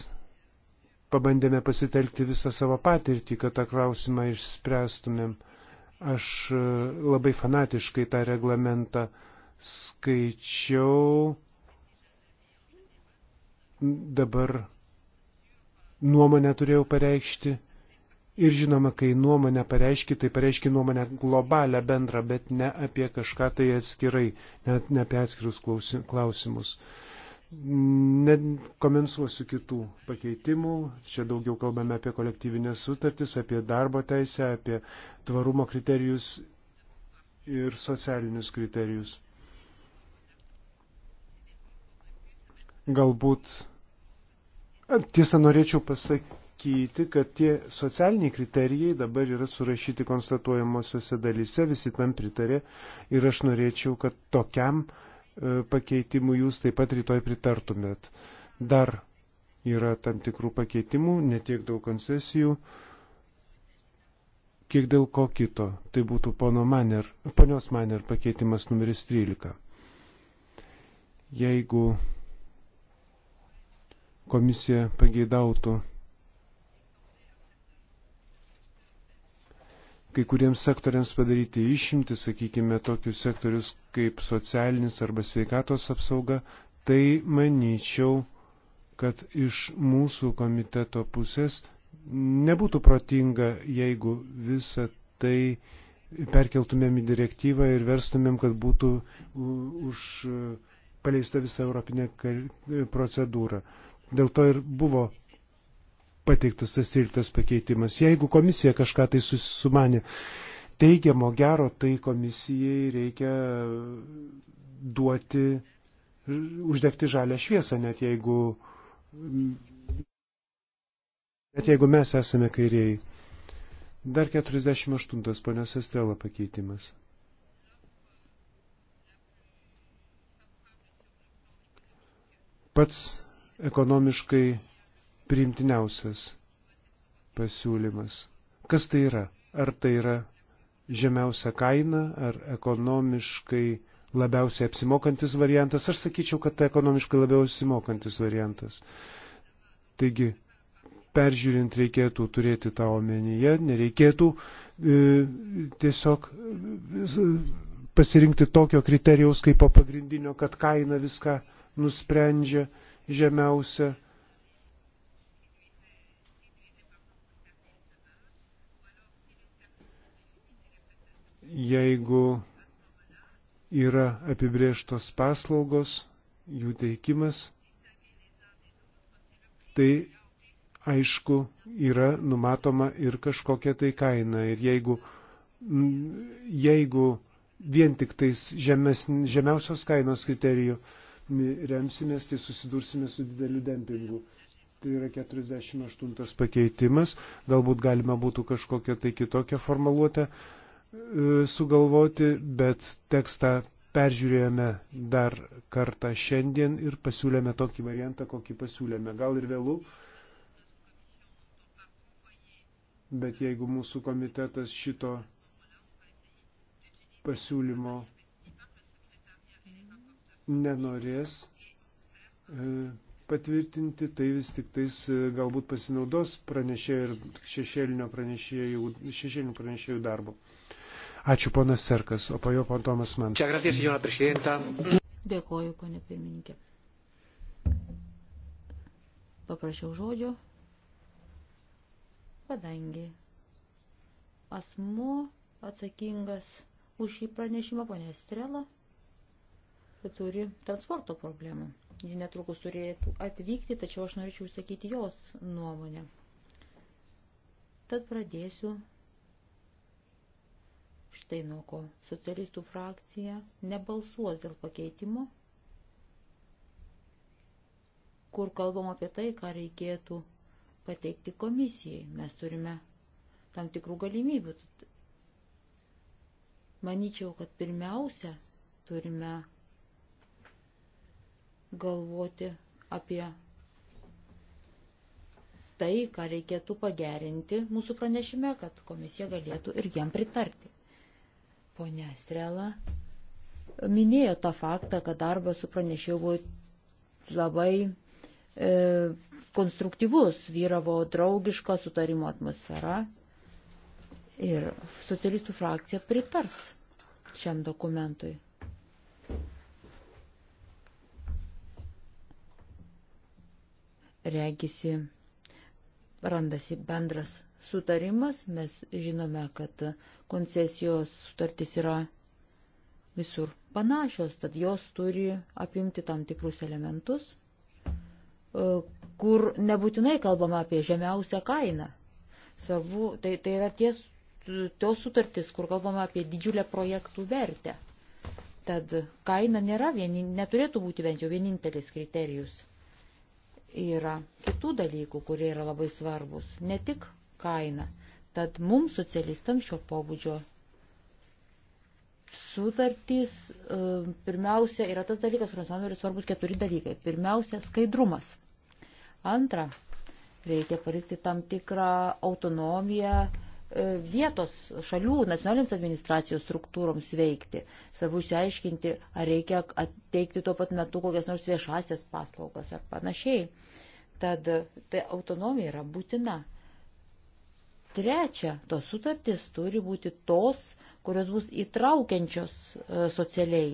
A: pabandėme pasitelkti visą savo patirtį, kad tą klausimą išspręstumėm. Aš e, labai fanatiškai tą reglamentą skaičiau dabar nuomonę turėjau pareikšti. Ir žinoma, kai nuomonę pareiški, tai pareiški nuomonę globalią bendrą, bet ne apie kažką tai atskirai, net ne apie atskirus klausimus. Nekomensuosiu kitų pakeitimų. Čia daugiau kalbame apie kolektyvinės sutartis, apie darbo teisę, apie tvarumo kriterijus ir socialinius kriterijus. Galbūt tiesą norėčiau pasakyti, kad tie socialiniai kriterijai dabar yra surašyti konstatuojamosiose dalyse, visi tam pritarė ir aš norėčiau, kad tokiam e, pakeitimui jūs taip pat rytoj pritartumėt. Dar yra tam tikrų pakeitimų, netiek dėl koncesijų, kiek dėl ko kito. Tai būtų pono Maner, ponios Maner pakeitimas numeris 13. Jeigu komisija pageidautų. Kai kuriems sektoriams padaryti išimti, sakykime, tokius sektorius kaip socialinis arba sveikatos apsauga, tai manyčiau, kad iš mūsų komiteto pusės nebūtų protinga, jeigu visą tai perkeltumėm į direktyvą ir verstumėm, kad būtų už paleista visa europinė procedūra. Dėl to ir buvo pateiktas tas 13 pakeitimas. Jeigu komisija kažką tai sumanė teigiamo, gero, tai komisijai reikia duoti, uždegti žalę šviesą, net jeigu, net jeigu mes esame kairieji. Dar 48 ponios Estrela pakeitimas. Pats ekonomiškai priimtiniausias pasiūlymas. Kas tai yra? Ar tai yra žemiausia kaina, ar ekonomiškai labiausiai apsimokantis variantas? Aš sakyčiau, kad tai ekonomiškai labiausiai apsimokantis variantas. Taigi, peržiūrint reikėtų turėti tą omenyje, nereikėtų e, tiesiog e, pasirinkti tokio kriterijaus kaip po pagrindinio, kad kaina viską nusprendžia. E, žemiausia. Jeigu yra apibrieštos paslaugos, jų teikimas, tai aišku yra numatoma ir kažkokia tai kaina. Ir jeigu, jeigu vien tik tais žemes, žemiausios kainos kriterijų remsimės, tai susidursime su dideliu dempingu. Tai yra 48 pakeitimas, galbūt galima būtų kažkokią tai kitokią formuluotę e, sugalvoti, bet tekstą peržiūrėjome dar kartą šiandien ir pasiūlėme tokį variantą, kokį pasiūlėme. Gal ir vėlų, bet jeigu mūsų komitetas šito pasiūlymo nenorės e, patvirtinti, tai vis tik tais e, galbūt pasinaudos pranešėjų ir šešėlinio pranešėjų, šešėlinio pranešėjų darbo. Ačiū ponas Serkas, o po jo pantomas man. Čia gracias, senora prezidenta. Dėkoju, ponė pirmininkė.
D: Paprašiau žodžio, kadangi asmuo atsakingas už šį pranešimą, ponė Strela, turi transporto problemų. Ji netrukus turėtų atvykti, tačiau aš norėčiau išsakyti jos nuomonę. Tad pradėsiu štai nuo ko. Socialistų frakcija nebalsuos dėl pakeitimo, kur kalbam apie tai, ką reikėtų pateikti komisijai. Mes turime tam tikrų galimybių. Manyčiau, kad pirmiausia turime galvoti apie tai, ką reikėtų pagerinti mūsų pranešime, kad komisija galėtų ir jam pritarti. Pone Strela minėjo tą faktą, kad darbas su pranešėju buvo labai e, konstruktyvus, vyravo draugiška sutarimo atmosfera ir socialistų frakcija pritars šiam dokumentui. regisi, randasi bendras sutarimas. Mes žinome, kad koncesijos sutartys yra visur panašios, tad jos turi apimti tam tikrus elementus, e, kur nebūtinai kalbama apie žemiausią kainą. Savų, tai, tai yra ties tos sutartys, kur kalbama apie didžiulę projektų vertę. Tad kaina nėra vieni, neturėtų būti bent jau vienintelis kriterijus yra kitų dalykų, kurie yra labai svarbus, ne tik kaina. Tad mums socialistams šio pobūdžio sutartys e, pirmiausia yra tas dalykas, kuris man yra svarbus keturi dalykai. Pirmiausia, skaidrumas. Antra, reikia palikti tam tikrą autonomiją E, vietos šalių nacionalinėms administracijos struktūroms veikti. Svarbu išsiaiškinti, ar reikia teikti tuo pat metu kokias nors viešasias paslaugas ar panašiai. Tad tai autonomija yra būtina. Trečia, tos sutartys turi būti tos, kurios bus įtraukiančios e, socialiai.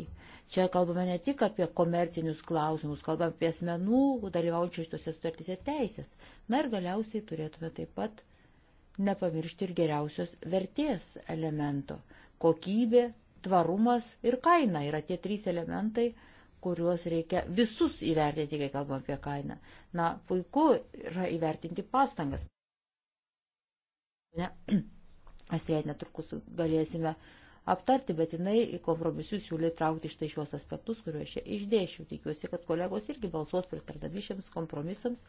D: Čia kalbame ne tik apie komercinius klausimus, kalbame apie asmenų dalyvaujančių šitose sutartyse teisės. Na ir galiausiai turėtume taip pat nepamiršti ir geriausios vertės elemento. Kokybė, tvarumas ir kaina yra tie trys elementai, kuriuos reikia visus įvertinti, kai kalbam apie kainą. Na, puiku yra įvertinti pastangas. Ne, Astrija tai netrukus galėsime aptarti, bet jinai į kompromisus siūlė traukti štai šios aspektus, kuriuos čia išdėšiu. Tikiuosi, kad kolegos irgi balsuos pritardami šiems kompromisams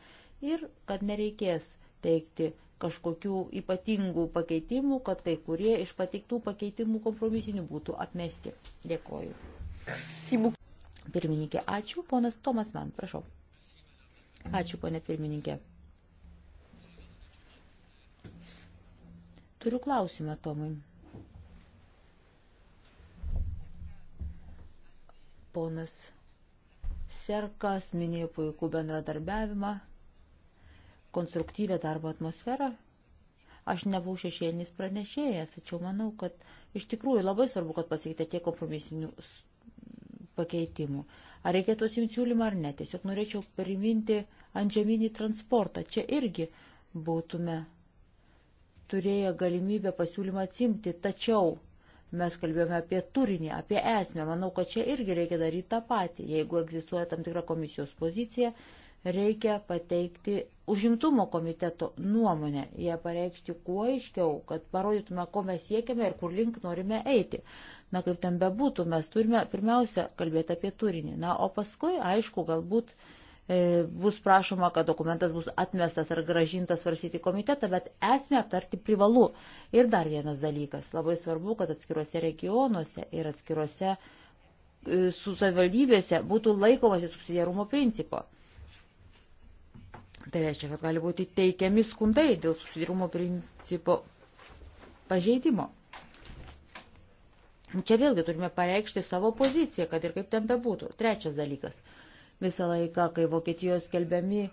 D: ir kad nereikės teikti kažkokių ypatingų pakeitimų, kad kai kurie iš pateiktų pakeitimų kompromisinių būtų atmesti. Dėkoju. Pirmininkė, ačiū. Ponas Tomas man, prašau. Ačiū, ponė pirmininkė. Turiu klausimą Tomui. Ponas Serkas minėjo puikų bendradarbiavimą konstruktyvę darbo atmosferą. Aš nebuvau šešėlinis pranešėjas, tačiau manau, kad iš tikrųjų labai svarbu, kad pasikeitė tie kompromisinių pakeitimų. Ar reikėtų atsimti siūlymą ar ne, tiesiog norėčiau priminti antžeminį transportą. Čia irgi būtume turėję galimybę pasiūlymą atsimti, tačiau mes kalbėjome apie turinį, apie esmę. Manau, kad čia irgi reikia daryti tą patį. Jeigu egzistuoja tam tikra komisijos pozicija, reikia pateikti užimtumo komiteto nuomonę, ją pareikšti kuo aiškiau, kad parodytume, ko mes siekiame ir kur link norime eiti. Na, kaip ten bebūtų, mes turime pirmiausia kalbėti apie turinį. Na, o paskui, aišku, galbūt e, bus prašoma, kad dokumentas bus atmestas ar gražintas svarstyti komitetą, bet esmę aptarti privalu. Ir dar vienas dalykas. Labai svarbu, kad atskiruose regionuose ir atskiruose e, su savivaldybėse būtų laikomasi subsidiarumo principo. Tai reiškia, kad gali būti teikiami skundai dėl susidirumo principo pažeidimo. Čia vėlgi turime pareikšti savo poziciją, kad ir kaip ten bebūtų. Trečias dalykas. Visą laiką, kai Vokietijos skelbiami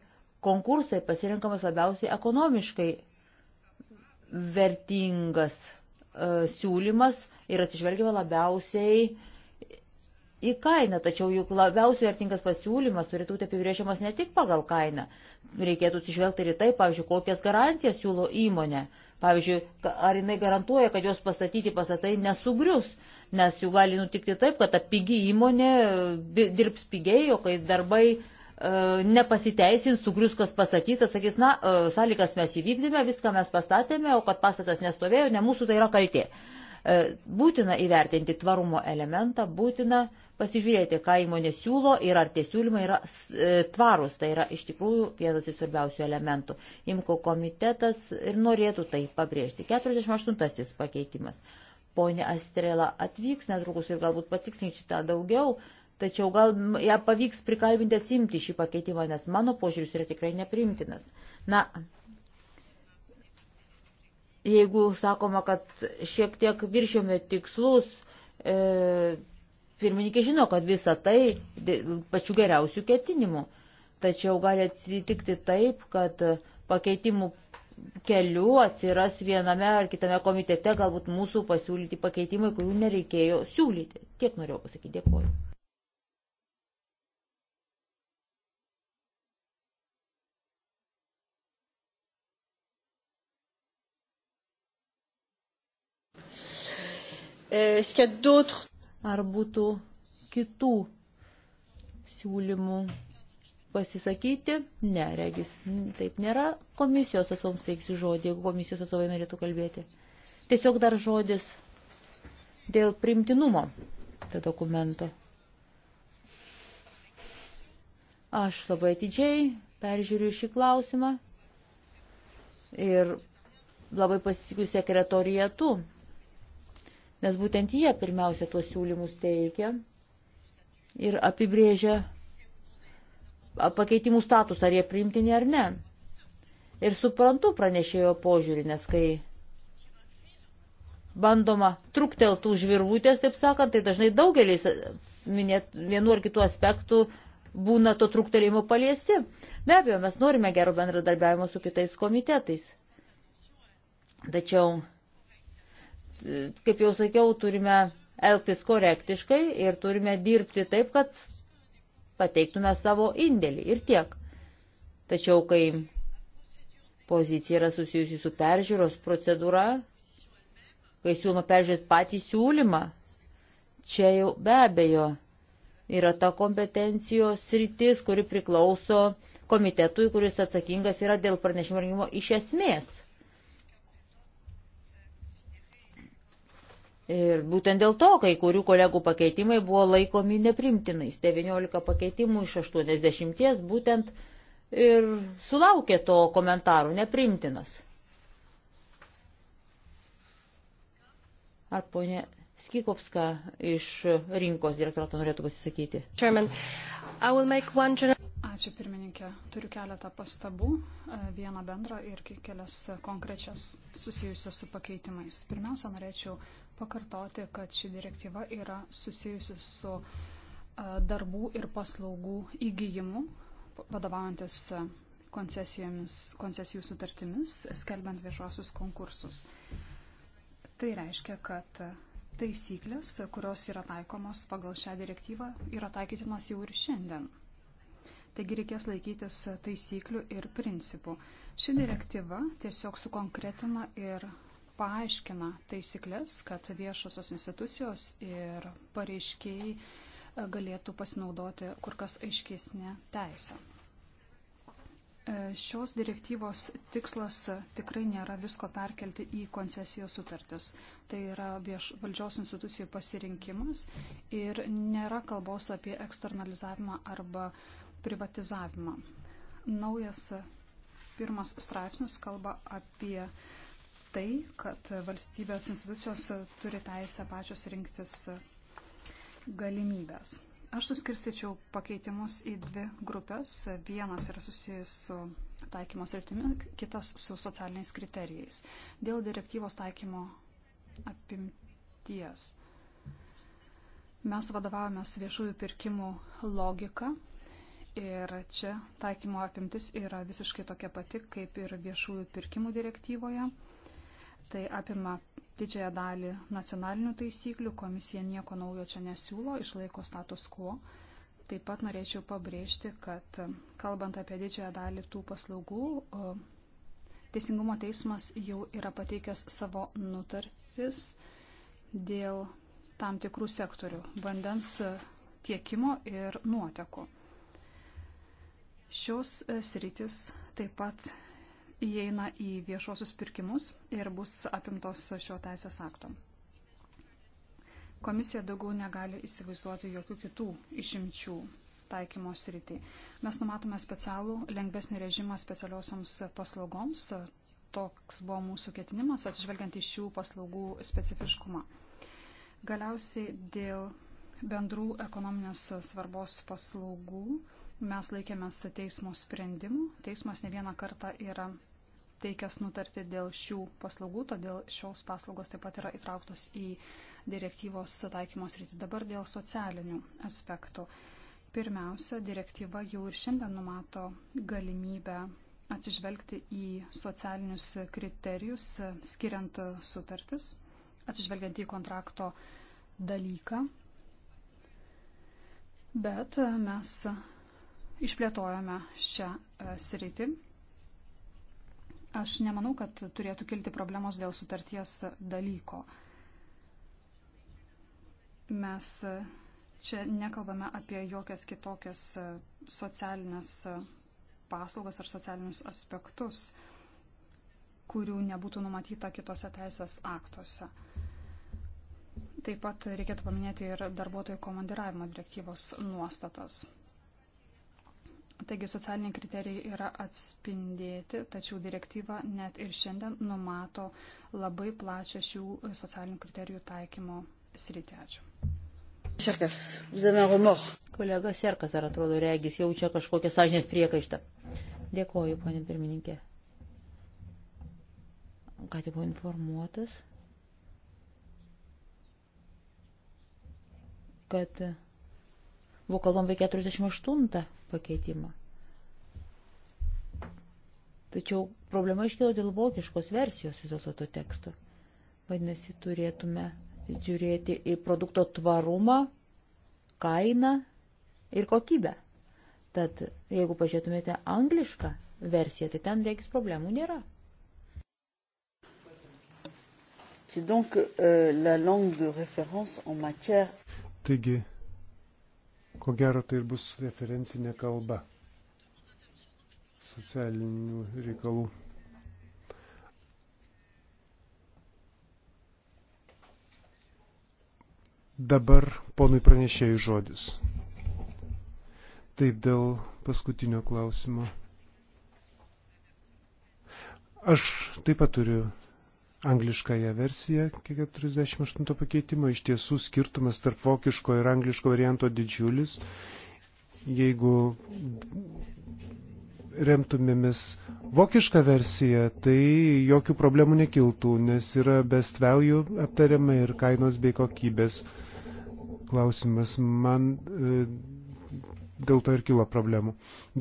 D: konkursai, pasirinkamas labiausiai ekonomiškai vertingas e, siūlymas ir atsižvelgiama labiausiai į kainą, tačiau juk labiausiai vertingas pasiūlymas turėtų būti apibrėžiamas ne tik pagal kainą. Reikėtų atsižvelgti ir į tai, pavyzdžiui, kokias garantijas siūlo įmonė. Pavyzdžiui, ar jinai garantuoja, kad jos pastatyti pastatai nesugrius, nes jų gali nutikti taip, kad ta pigi įmonė dirbs pigiai, o kai darbai e, nepasiteisins, sugrius kas pastatytas, sakys, na, e, sąlygas mes įvykdėme, viską mes pastatėme, o kad pastatas nestovėjo, ne mūsų tai yra kaltė. E, E, būtina įvertinti tvarumo elementą, būtina pasižiūrėti, ką įmonė siūlo ir ar tie siūlymai yra e, tvarūs. Tai yra iš tikrųjų vienas iš svarbiausių elementų. Imko komitetas ir norėtų tai pabrėžti. 48 pakeitimas. Pone Astrela atvyks netrukus ir galbūt patikslins šitą daugiau, tačiau gal ją pavyks prikalbinti atsimti šį pakeitimą, nes mano požiūris yra tikrai neprimtinas. Na, Jeigu sakoma, kad šiek tiek viršėme tikslus, e, pirmininkė žino, kad visa tai pačių geriausių ketinimų. Tačiau gali atsitikti taip, kad pakeitimų keliu atsiras viename ar kitame komitete galbūt mūsų pasiūlyti pakeitimai, kurių nereikėjo siūlyti. Tiek norėjau pasakyti. Dėkuoju. Euh, Ar būtų kitų siūlymų pasisakyti? Ne, regis, taip nėra. Komisijos atsovams teiksiu žodį, jeigu komisijos atsovai norėtų kalbėti. Tiesiog dar žodis dėl primtinumo to dokumento. Aš labai atidžiai peržiūriu šį klausimą ir labai pasitikiu sekretorijatu, nes būtent jie pirmiausia tuos siūlymus teikia ir apibrėžia pakeitimų statusą, ar jie priimtini ar ne. Ir suprantu pranešėjo požiūrį, nes kai bandoma trukteltų žvirvutės, taip sakant, tai dažnai daugelis e, minėt vienu ar kitu aspektu būna to truktelėjimo paliesti. Be abejo, mes norime gero bendradarbiavimo su kitais komitetais. Tačiau kaip jau sakiau, turime elgtis korektiškai ir turime dirbti taip, kad pateiktume savo indėlį ir tiek. Tačiau, kai pozicija yra susijusi su peržiūros procedūra, kai siūloma peržiūrėti patį siūlymą, čia jau be abejo yra ta kompetencijos sritis, kuri priklauso komitetui, kuris atsakingas yra dėl pranešimo rengimo iš esmės. Ir būtent dėl to, kai kurių kolegų pakeitimai buvo laikomi neprimtinais. 19 pakeitimų iš 80 būtent ir sulaukė to komentarų neprimtinas. Ar ponė Skikovska iš rinkos direktorato norėtų pasisakyti? Chairman,
B: one... Ačiū pirmininkė. Turiu keletą pastabų, e, vieną bendrą ir kelias konkrečias susijusias su pakeitimais. Pirmiausia, norėčiau pakartoti, kad ši direktyva yra susijusi su darbų ir paslaugų įgyjimu, vadovaujantis koncesijų sutartimis, skelbiant viešuosius konkursus. Tai reiškia, kad taisyklės, kurios yra taikomos pagal šią direktyvą, yra taikytinos jau ir šiandien. Taigi reikės laikytis taisyklių ir principų. Ši direktyva tiesiog sukonkretina ir paaiškina taisyklės, kad viešosios institucijos ir pareiškiai e, galėtų pasinaudoti kur kas aiškesnė teisė. E, šios direktyvos tikslas tikrai nėra visko perkelti į koncesijos sutartis. Tai yra vieš, valdžios institucijų pasirinkimas ir nėra kalbos apie eksternalizavimą arba privatizavimą. Naujas pirmas straipsnis kalba apie uh, tai, kad valstybės institucijos turi teisę pačios rinktis galimybės. Aš suskirstyčiau pakeitimus į dvi grupės. Vienas yra susijęs su taikymos rytimi, kitas su socialiniais kriterijais. Dėl direktyvos taikymo apimties. Mes vadovavomės viešųjų pirkimų logiką ir čia taikymo apimtis yra visiškai tokia pati, kaip ir viešųjų pirkimų direktyvoje. Tai apima didžiąją dalį nacionalinių taisyklių, komisija nieko naujo čia nesiūlo, išlaiko status quo. Taip pat norėčiau pabrėžti, kad kalbant apie didžiąją dalį tų paslaugų, Teisingumo teismas jau yra pateikęs savo nutartis dėl tam tikrų sektorių - vandens tiekimo ir nuotekų. Šios e, sritis taip pat įeina į viešuosius pirkimus ir bus apimtos šio teisės akto. Komisija daugiau negali įsivaizduoti jokių kitų išimčių taikymo sritį. Mes numatome specialų lengvesnį režimą specialiosioms paslaugoms. Toks buvo mūsų ketinimas, atsižvelgiant į šių paslaugų specifiškumą. Galiausiai dėl bendrų ekonominės svarbos paslaugų mes laikėmės teismo sprendimų. Teismas ne vieną kartą yra teikęs nutarti dėl šių paslaugų, todėl šios paslaugos taip pat yra įtrauktos į direktyvos taikymos rytį. Dabar dėl socialinių aspektų. Pirmiausia, direktyva jau ir šiandien numato galimybę atsižvelgti į socialinius kriterijus, skiriant sutartis, atsižvelgiant į kontrakto dalyką. Bet mes išplėtojame šią sritį Aš nemanau, kad turėtų kilti problemos dėl sutarties dalyko. Mes čia nekalbame apie jokias kitokias socialinės paslaugas ar socialinius aspektus, kurių nebūtų numatyta kitose teisės aktuose. Taip pat reikėtų paminėti ir darbuotojų komandiravimo direktyvos nuostatas. Taigi socialiniai kriterijai yra atspindėti, tačiau direktyva net ir šiandien numato labai plačią šių socialinių kriterijų taikymo sritį. Ačiū.
D: Serkas, Kolega Serkas, ar atrodo, regis jaučia kažkokią sąžinės priekaištą. Dėkoju, ponė pirmininkė. Ką tik buvo informuotas, kad buvo kalbama apie 48 pakeitimą. Tačiau problema iškilo dėl vokiškos versijos viso to teksto. Vadinasi, turėtume žiūrėti į produkto tvarumą, kainą ir kokybę. Tad jeigu pažiūrėtumėte anglišką versiją, tai ten reikės problemų nėra.
C: Donc, euh, la langue de référence en matière...
A: Taigi, Ko gero tai ir bus referencinė kalba socialinių reikalų. Dabar ponui pranešėjai žodis. Taip dėl paskutinio klausimo. Aš taip pat turiu angliškąją versiją 48 pakeitimo. Iš tiesų skirtumas tarp vokiško ir angliško varianto didžiulis. Jeigu remtumėmis vokišką versiją, tai jokių problemų nekiltų, nes yra best value aptariama ir kainos bei kokybės klausimas. Man e, dėl to ir kilo problemų.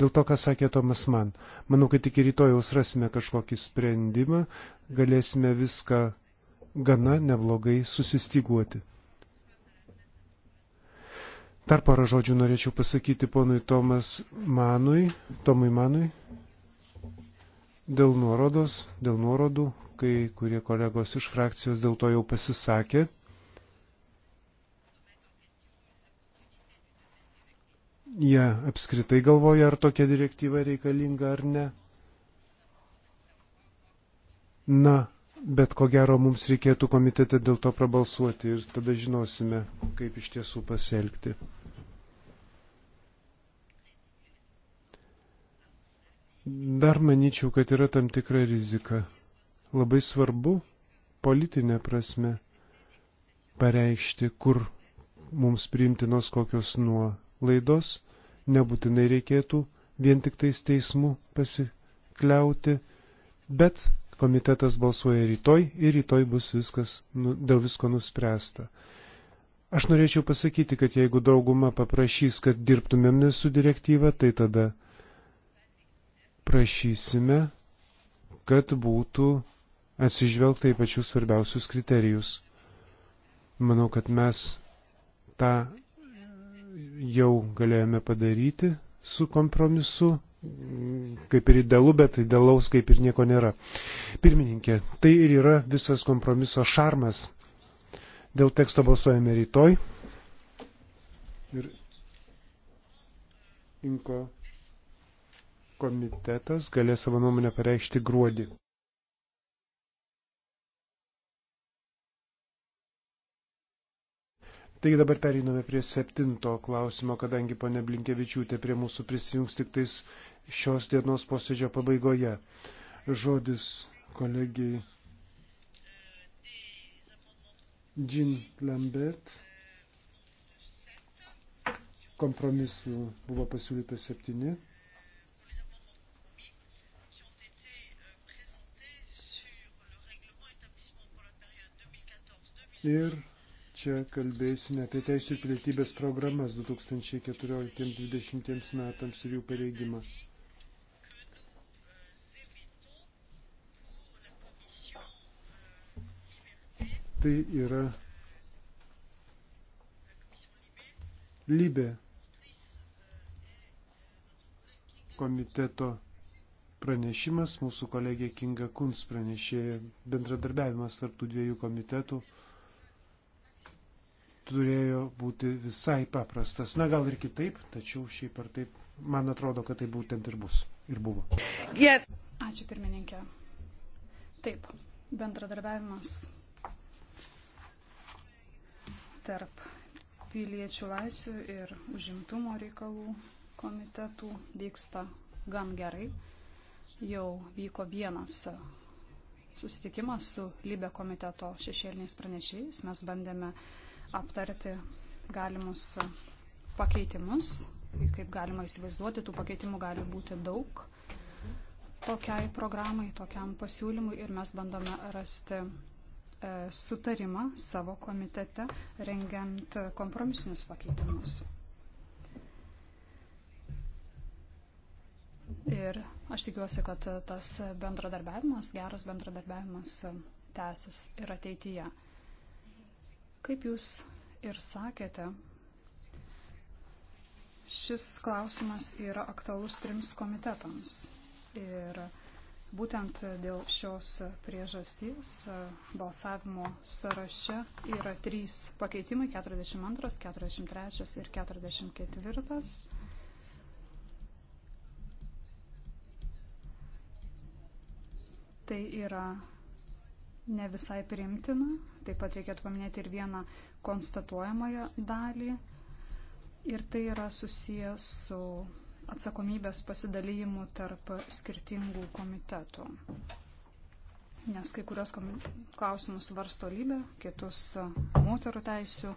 A: Dėl to, ką sakė Tomas man. Manau, kad iki rytojaus rasime kažkokį sprendimą, galėsime viską gana neblogai susistiguoti. Dar porą žodžių norėčiau pasakyti ponui Tomas Manui, Tomui Manui, dėl nuorodos, dėl nuorodų, kai kurie kolegos iš frakcijos dėl to jau pasisakė. jie apskritai galvoja, ar tokia direktyva reikalinga ar ne. Na, bet ko gero mums reikėtų komitete dėl to prabalsuoti ir tada žinosime, kaip iš tiesų pasielgti. Dar manyčiau, kad yra tam tikra rizika. Labai svarbu politinė prasme pareikšti, kur mums priimtinos kokios nuo laidos, nebūtinai reikėtų vien tik tais teismų pasikliauti, bet komitetas balsuoja rytoj ir rytoj bus viskas nu, dėl visko nuspręsta. Aš norėčiau pasakyti, kad jeigu dauguma paprašys, kad dirbtumėm su direktyva, tai tada prašysime, kad būtų atsižvelgta į pačius svarbiausius kriterijus. Manau, kad mes tą jau galėjome padaryti su kompromisu, kaip ir idealu, bet idealaus kaip ir nieko nėra. Pirmininkė, tai ir yra visas kompromiso šarmas. Dėl teksto balsuojame rytoj. Ir Inko komitetas galės savo nuomonę pareikšti gruodį. Taigi dabar periname prie septinto klausimo, kadangi ponė Blinkevičiūtė prie mūsų prisijungs tik tais šios dienos posėdžio pabaigoje. Žodis kolegijai Jean Lambert. Kompromisų buvo pasiūlyta septyni. Ir Čia kalbėsime apie teisų ir pilietybės programas 2014-2020 metams ir jų pareigimą. Tai yra lybė komiteto pranešimas, mūsų kolegė Kinga Kuns pranešė bendradarbiavimas tarptų dviejų komitetų turėjo būti visai paprastas. Na gal ir kitaip, tačiau šiaip ar taip, man atrodo, kad tai būtent ir bus. Ir buvo.
B: Yes. Ačiū pirmininkė. Taip, bendradarbiavimas tarp piliečių laisvių ir užimtumo reikalų komitetų vyksta gan gerai. Jau vyko vienas susitikimas su Libė komiteto šešėliniais pranešėjais. Mes bandėme uh, aptarti galimus pakeitimus. Kaip galima įsivaizduoti, tų pakeitimų gali būti daug tokiai programai, tokiam pasiūlymui ir mes bandome rasti e, sutarimą savo komitete, rengiant kompromisinius pakeitimus. Ir aš tikiuosi, kad tas bendradarbiavimas, geras bendradarbiavimas e, tęsis ir ateityje. Kaip jūs ir sakėte, šis klausimas yra aktualus trims komitetams. Ir būtent dėl šios priežastys e, balsavimo sąraše yra trys pakeitimai - 42, 43 ir 44. Tai yra ne visai primtina, Taip pat reikėtų paminėti ir vieną konstatuojamąją dalį. Ir tai yra susijęs su atsakomybės pasidalymu tarp skirtingų komitetų. Nes kai kurios klausimus varsto lybė, kitus moterų teisių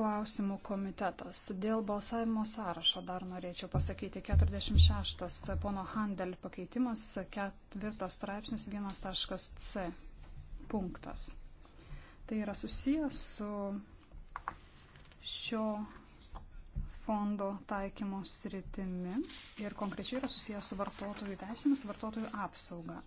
B: klausimų komitetas. Dėl balsavimo sąrašo dar norėčiau pasakyti 46. Pono Handel pakeitimas, 4 straipsnis 1.c punktas. Tai yra susijęs su šio fondo taikymo sritimi ir konkrečiai yra susijęs su vartotojų teisėmis, vartotojų apsauga.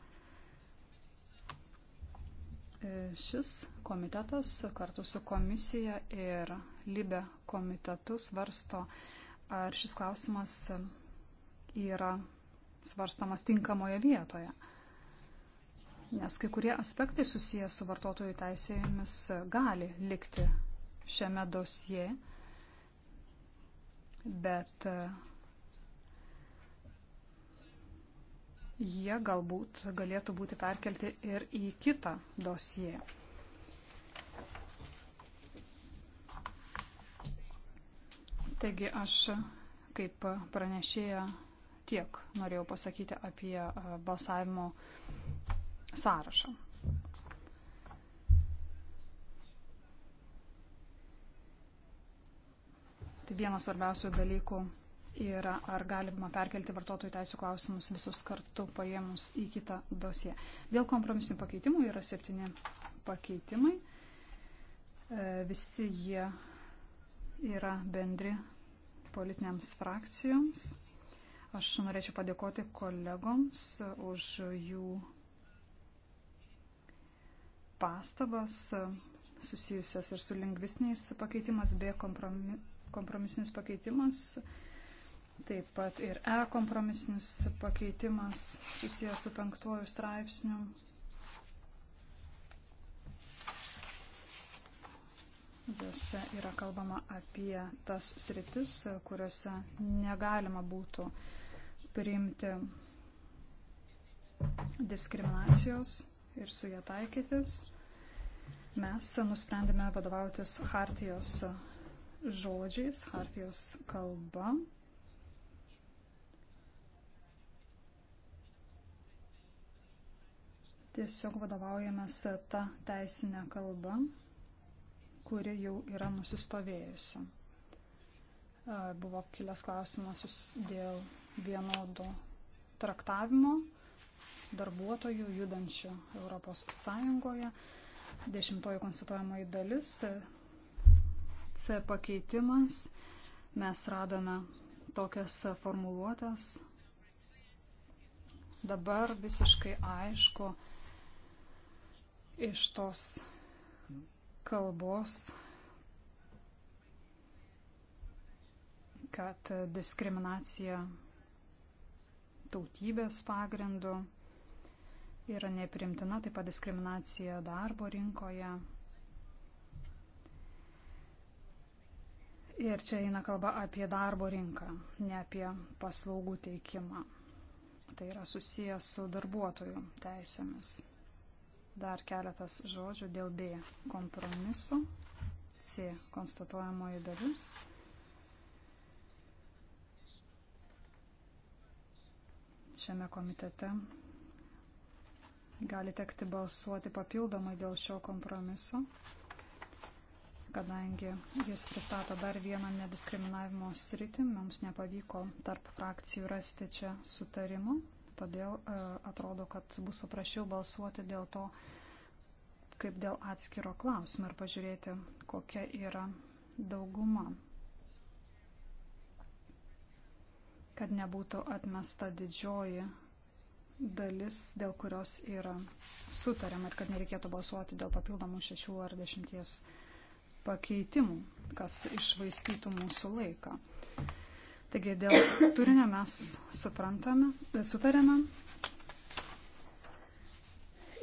B: Šis komitetas kartu su komisija ir Libe komitetu svarsto, ar šis klausimas yra svarstamas tinkamoje vietoje nes kai kurie aspektai susijęs su vartotojų teisėjomis gali likti šiame dosie, bet jie galbūt galėtų būti perkelti ir į kitą dosie. Taigi aš kaip pranešėja tiek norėjau pasakyti apie e, balsavimo uh, sąrašą. Tai vienas svarbiausių dalykų yra, ar galima perkelti vartotojų teisų klausimus visus kartu paėmus į kitą dosiją. Dėl kompromisinių pakeitimų yra septyni pakeitimai. E, visi jie yra bendri politinėms frakcijoms. Aš norėčiau padėkoti kolegoms už jų pastabas susijusios ir su lingvistiniais pakeitimas, B kompromisinis pakeitimas, taip pat ir E kompromisinis pakeitimas susijęs su penktuoju straipsniu. Juose yra kalbama apie tas sritis, kuriuose negalima būtų priimti diskriminacijos ir su ją taikytis. Mes nusprendėme vadovautis Hartijos žodžiais, Hartijos kalba. Tiesiog vadovaujamės tą teisinę kalbą, kuri jau yra nusistovėjusi. E, buvo kilęs klausimas dėl vienodo traktavimo darbuotojų judančių Europos Sąjungoje. Dešimtoji konstatuojamoji dalis. C pakeitimas. Mes radome tokias formuluotės. Dabar visiškai aišku iš tos kalbos, kad diskriminacija tautybės pagrindu yra neprimtina, taip pat diskriminacija darbo rinkoje. Ir čia eina kalba apie darbo rinką, ne apie paslaugų teikimą. Tai yra susijęs su darbuotojų teisėmis. Dar keletas žodžių dėl B kompromiso, C konstatuojamoji dalis. Šiame komitete gali tekti balsuoti papildomai dėl šio kompromiso, kadangi jis pristato dar vieną nediskriminavimo sritį, mums nepavyko tarp frakcijų rasti čia sutarimo, todėl e, atrodo, kad bus paprasčiau balsuoti dėl to, kaip dėl atskiro klausimo ir pažiūrėti, kokia yra dauguma. Kad nebūtų atmesta didžioji dalis, dėl kurios yra sutariama ir kad nereikėtų balsuoti dėl papildomų šešių ar dešimties pakeitimų, kas išvaistytų mūsų laiką. Taigi dėl turinio mes suprantame, sutarėme.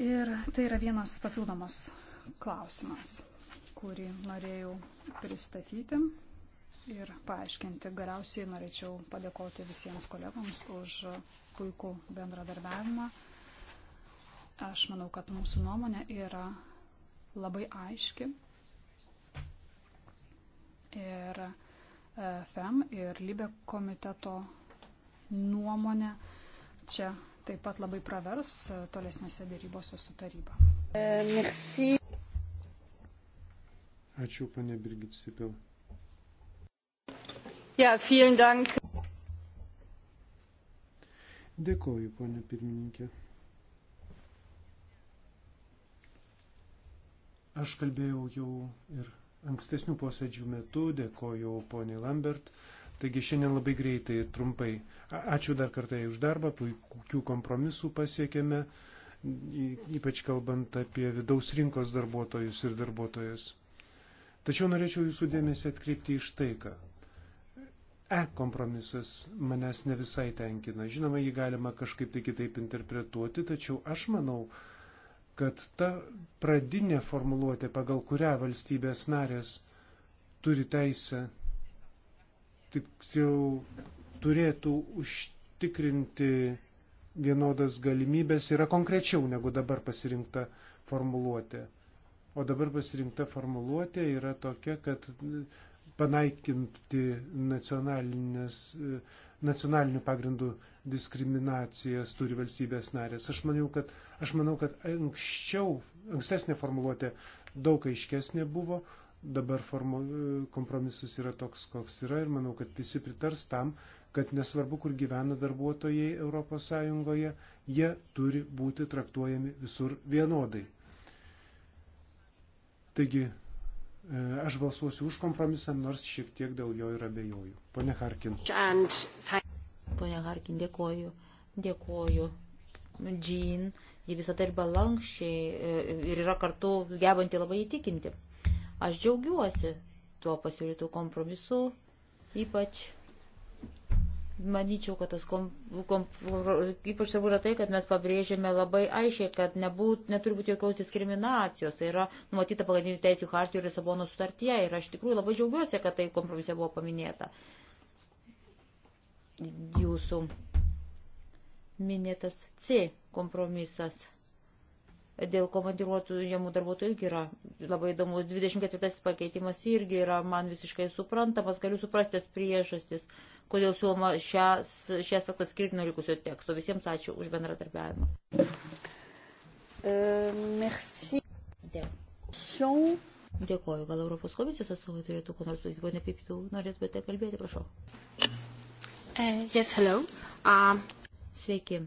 B: Ir tai yra vienas papildomas klausimas, kurį norėjau pristatyti ir paaiškinti. Galiausiai norėčiau padėkoti visiems kolegoms už puikų bendradarbiavimą. Aš manau, kad mūsų nuomonė yra labai aiški. Ir e, FM e ir Libė e komiteto nuomonė čia taip pat labai pravers tolesnėse dėrybose su taryba. Merci.
A: Ačiū, panė Brigit Sipil.
B: Ja, vielen Dank.
A: Dėkoju, ponė pirmininkė. Aš kalbėjau jau ir ankstesnių posėdžių metu, dėkoju poniai Lambert. Taigi šiandien labai greitai ir trumpai. Ačiū dar kartą už darbą, puikių kompromisų pasiekėme, ypač kalbant apie vidaus rinkos darbuotojus ir darbuotojas. Tačiau norėčiau jūsų dėmesį atkreipti iš tai, ką E kompromisas manęs ne visai tenkina. Žinoma, jį galima kažkaip tai kitaip interpretuoti, tačiau aš manau, kad ta pradinė formuluotė, pagal kurią valstybės narės turi teisę, tiksliau turėtų užtikrinti vienodas galimybės, yra konkrečiau negu dabar pasirinkta formuluotė. O dabar pasirinkta formuluotė yra tokia, kad panaikinti e, nacionalinių pagrindų diskriminacijas turi valstybės narės. Aš manau, kad, aš manau, kad anksčiau, ankstesnė formuluotė daug aiškesnė buvo, dabar formu, e, kompromisas yra toks, koks yra ir manau, kad visi pritars tam, kad nesvarbu, kur gyvena darbuotojai ES, jie turi būti traktuojami visur vienodai. Taigi E, aš balsuosiu už kompromisą, nors šiek tiek dėl jo ir abejoju. Pone Harkin.
D: Pone Harkin, dėkoju. Dėkoju. Džin, ji visada tai dirba lankščiai e, ir yra kartu gebanti labai įtikinti. Aš džiaugiuosi tuo pasiūlytų kompromisu, ypač Manyčiau, kad tas kom, kom, ypač svarbu tai yra tai, kad mes pabrėžėme labai aiškiai, kad nebūt, neturi būti jokios diskriminacijos. Tai yra numatyta pagrindinių teisų hartijų ir Lisabono sutartie. Ir aš tikrai labai džiaugiuosi, kad tai kompromise buvo paminėta. Jūsų minėtas C kompromisas dėl komandiruotų jamų darbuotojų irgi yra labai įdomus. 24 pakeitimas irgi yra man visiškai suprantamas, galiu suprasti tas priežastis. Uh, kodėl siūloma šį aspektą skirti nuo likusio teksto. Visiems ačiū už bendradarbiavimą. E,
C: merci. Dėkui.
D: Dėkoju. Gal Europos komisijos atstovai turėtų ko nors pasakyti, ponė Pipitų. Norėtumėte kalbėti, prašau. Uh, yes, hello. Uh... Sveiki.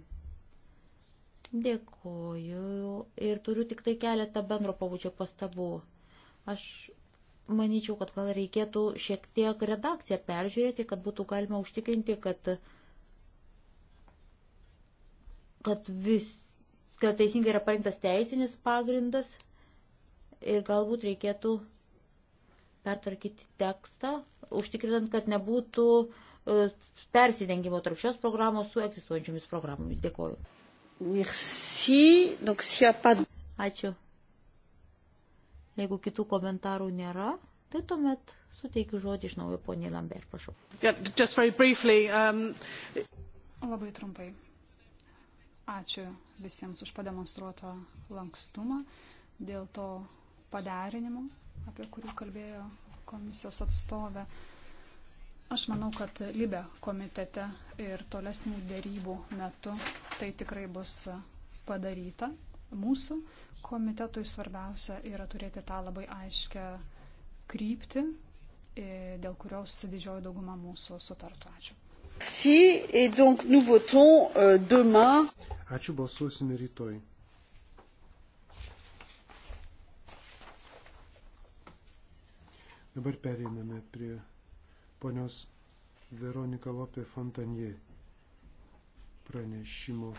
D: Dėkoju. Ir turiu tik tai keletą bendro pabudžio pastabų. Aš manyčiau, kad gal reikėtų šiek tiek redakciją peržiūrėti, kad būtų galima užtikrinti, kad, kad vis, kad teisingai yra parinktas teisinis pagrindas ir galbūt reikėtų pertvarkyti tekstą, užtikrinant, kad nebūtų e, persidengimo tarp šios programos su egzistuojančiomis programomis. Dėkoju. Merci. Donc, si pas... Ačiū. Jeigu kitų komentarų nėra, Tai tuomet suteikiu žodį iš naujo poniai Lambert, prašau.
B: Yeah, briefly, um... Labai trumpai. Ačiū visiems už pademonstruotą lankstumą dėl to paderinimo, apie kurį kalbėjo komisijos atstovė. Aš manau, kad Libė komitete ir tolesnių dėrybų metu tai tikrai bus padaryta. Mūsų Komitetui svarbiausia yra turėti tą labai aiškę kryptį, e, dėl kurios didžioji dauguma mūsų sutartų. Ačiū. Si,
A: et donc nous votons euh, demain. Ačiū balsuosime rytoj. Dabar pereiname prie ponios Veronika Lopė Fontanje pranešimo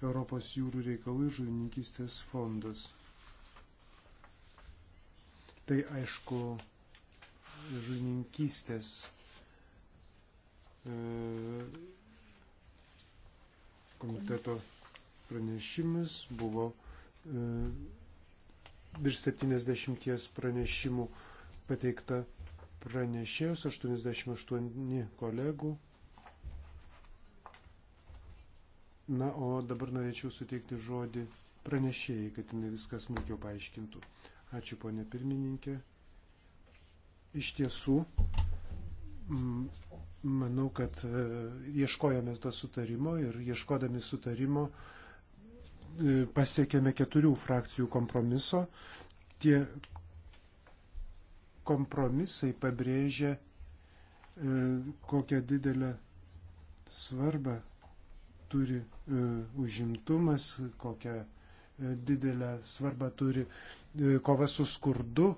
A: Europos jūrų reikalų ir žuvininkystės fondas. Tai aišku, žuvininkystės e, komiteto pranešimas buvo e, virš 70 pranešimų pateikta pranešėjus, 88 kolegų, Na, o dabar norėčiau suteikti žodį pranešėjai, kad jinai viskas smulkiau paaiškintų. Ačiū, ponė pirmininkė. Iš tiesų, manau, kad e, ieškojame to sutarimo ir ieškodami sutarimo e, pasiekėme keturių frakcijų kompromiso. Tie kompromisai pabrėžia, e, kokią didelę svarbą turi e, užimtumas, kokią e, didelę svarbą turi e, kova su skurdu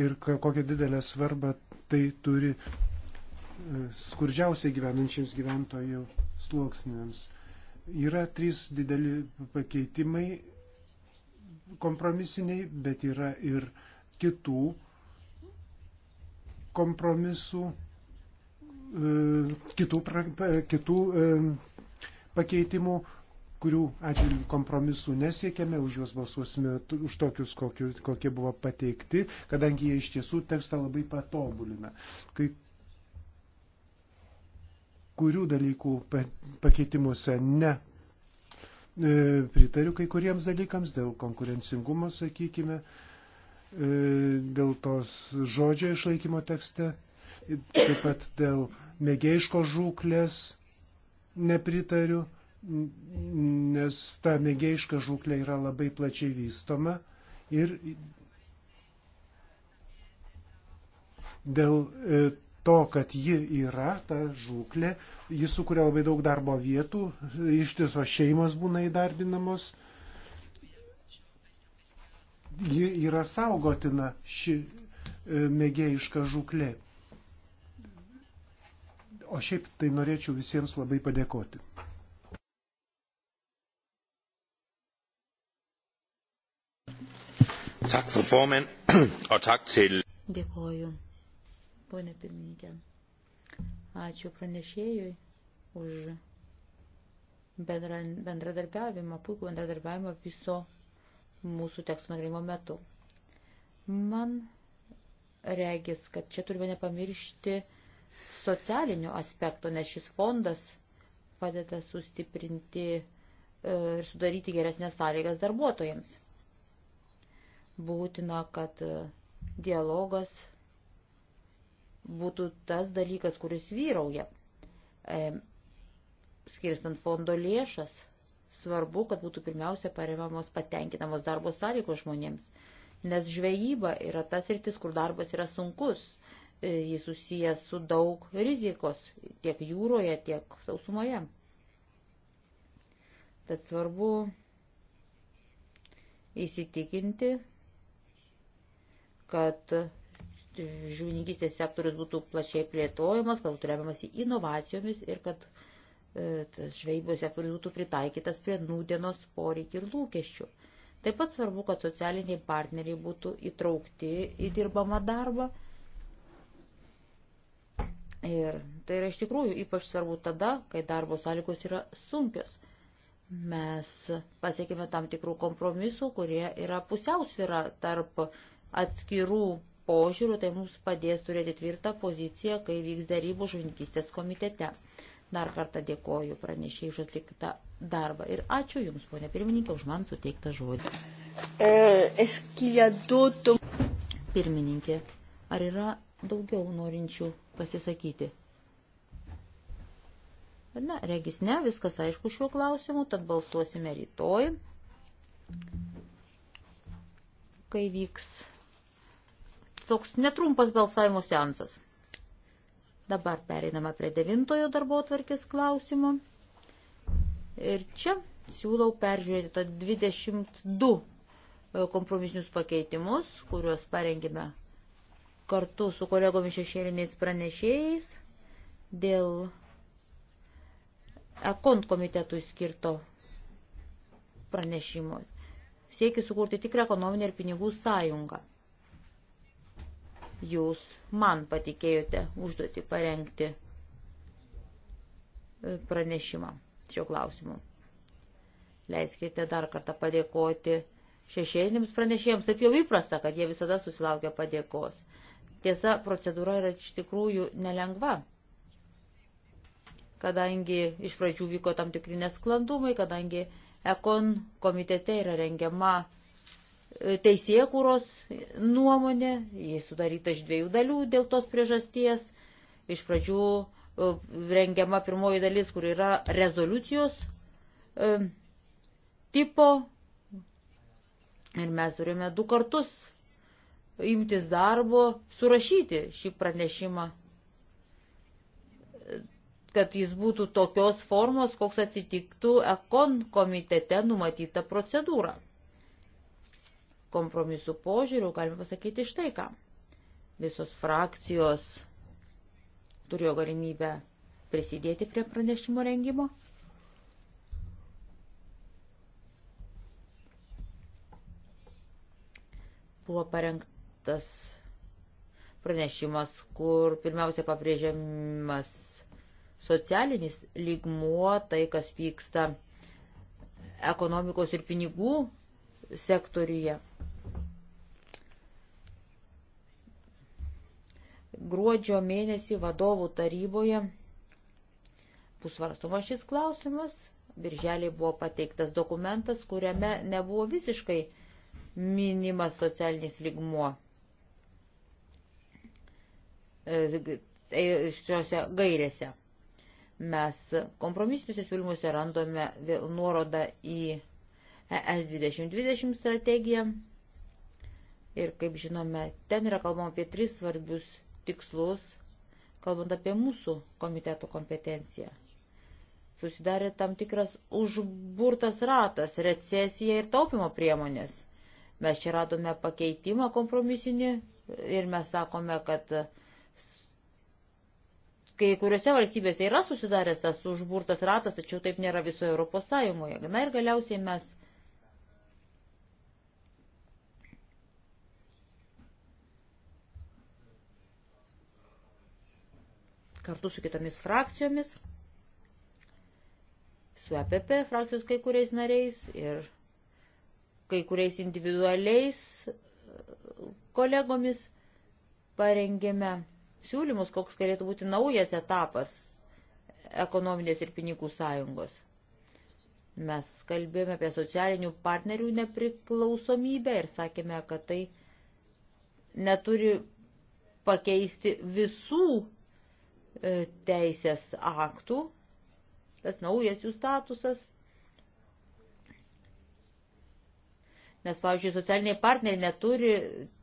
A: ir kokią didelę svarbą tai turi skurdžiausiai gyvenančiams gyventojų sluoksniams. Yra trys dideli pakeitimai kompromisiniai, bet yra ir kitų kompromisų E, kitų, kitų e, pakeitimų, kurių atžvilgių kompromisų nesiekėme, už juos balsuosime už tokius, kokius, kokie buvo pateikti, kadangi jie iš tiesų tekstą labai patobulina. Kai kurių dalykų pakeitimuose ne e, pritariu kai kuriems dalykams, dėl konkurencingumo, sakykime, dėl tos žodžio išlaikymo tekste, taip pat dėl mėgėjiško žūklės nepritariu, nes ta mėgėjiška žūklė yra labai plačiai vystoma ir dėl e, to, kad ji yra, ta žūklė, ji sukuria labai daug darbo vietų, ištiso šeimos būna įdarbinamos, ji yra saugotina ši e, mėgėjiška žūklė. O šiaip tai norėčiau visiems labai padėkoti.
B: Tak for formand, og tak til...
D: Dėkoju, ponė pirmininkė. Ačiū pranešėjui už bendra, bendradarbiavimą, puikų bendradarbiavimą viso mūsų teksto nagrinimo metu. Man regis, kad čia turime nepamiršti socialinių aspektų, nes šis fondas padeda sustiprinti e, ir sudaryti geresnės sąlygas darbuotojams. Būtina, kad e, dialogas būtų tas dalykas, kuris vyrauja. E, skirstant fondo lėšas, svarbu, kad būtų pirmiausia paremamos patenkinamos darbo sąlygos žmonėms, nes žvejyba yra tas rytis, kur darbas yra sunkus E, jis susijęs su daug rizikos tiek jūroje, tiek sausumoje. Tad svarbu įsitikinti, kad žuvininkystės sektorius būtų plačiai plėtojamas, kad būtų remiamasi inovacijomis ir kad e, tas žvejybos sektorius būtų pritaikytas prie nūdienos poreikių ir lūkesčių. Taip pat svarbu, kad socialiniai partneriai būtų įtraukti į dirbamą darbą Ir tai yra iš tikrųjų ypač svarbu tada, kai darbo sąlygos yra sunkios. Mes pasiekime tam tikrų kompromisų, kurie yra pusiausvėra tarp atskirų požiūrių, tai mums padės turėti tvirtą poziciją, kai vyks darybų žuvininkistės komitete. Dar kartą dėkoju pranešiai už atliktą darbą ir ačiū Jums, ponė pirmininkė, už man suteiktą žodį. Eh, pirmininkė, ar yra daugiau norinčių pasisakyti? Na, regis ne, viskas aišku šiuo klausimu, tad balsuosime rytoj, kai vyks toks netrumpas balsavimo seansas. Dabar pereiname prie devintojo darbo atvarkės klausimo. Ir čia siūlau peržiūrėti tą 22 kompromisinius pakeitimus, kuriuos parengėme kartu su kolegomis šešėliniais pranešėjais dėl ekont komitetui skirto pranešimo. Siekia sukurti tikrą ekonominę ir pinigų sąjungą. Jūs man patikėjote užduoti parengti e, pranešimą šio klausimu. Leiskite dar kartą padėkoti šešėlinėms pranešėjams. Taip jau įprasta, kad jie visada susilaukia padėkos. Tiesa, procedūra yra iš tikrųjų nelengva, kadangi iš pradžių vyko tam tikri nesklandumai, kadangi ekon komitete yra rengiama e, teisėkūros nuomonė, jis sudaryta iš dviejų dalių dėl tos priežasties. Iš pradžių e, rengiama pirmoji dalis, kur yra rezoliucijos e, tipo. Ir mes turime du kartus imtis darbo surašyti šį pranešimą, kad jis būtų tokios formos, koks atsitiktų ekon komitete numatyta procedūra. Kompromisų požiūrių galime pasakyti štai ką. Visos frakcijos turėjo galimybę prisidėti prie pranešimo rengimo. Buvo parengta tas pranešimas, kur pirmiausia pabrėžiamas socialinis lygmuo, tai kas vyksta ekonomikos ir pinigų sektoriuje. Gruodžio mėnesį vadovų taryboje bus svarstomas šis klausimas. Birželį buvo pateiktas dokumentas, kuriame nebuvo visiškai minimas socialinis lygmuo. E, šiuose gairėse. Mes kompromisiniuose siūlymuose randome nuorodą į ES 2020 strategiją. Ir kaip žinome, ten yra kalbama apie tris svarbius tikslus, kalbant apie mūsų komiteto kompetenciją. Susidarė tam tikras užburtas ratas - recesija ir taupimo priemonės. Mes čia radome pakeitimą kompromisinį ir mes sakome, kad uh, Kai kuriuose valstybėse yra susidaręs tas užburtas ratas, tačiau taip nėra visoje Europos Sąjungoje. Na ir galiausiai mes kartu su kitomis frakcijomis, su EPP frakcijos kai kuriais nariais ir kai kuriais individualiais kolegomis parengėme siūlymus, koks galėtų būti naujas etapas ekonominės ir pinigų sąjungos. Mes kalbėjome apie socialinių partnerių nepriklausomybę ir sakėme, kad tai neturi pakeisti visų e, teisės aktų, tas naujas jų statusas Nes, pavyzdžiui, socialiniai partneriai neturi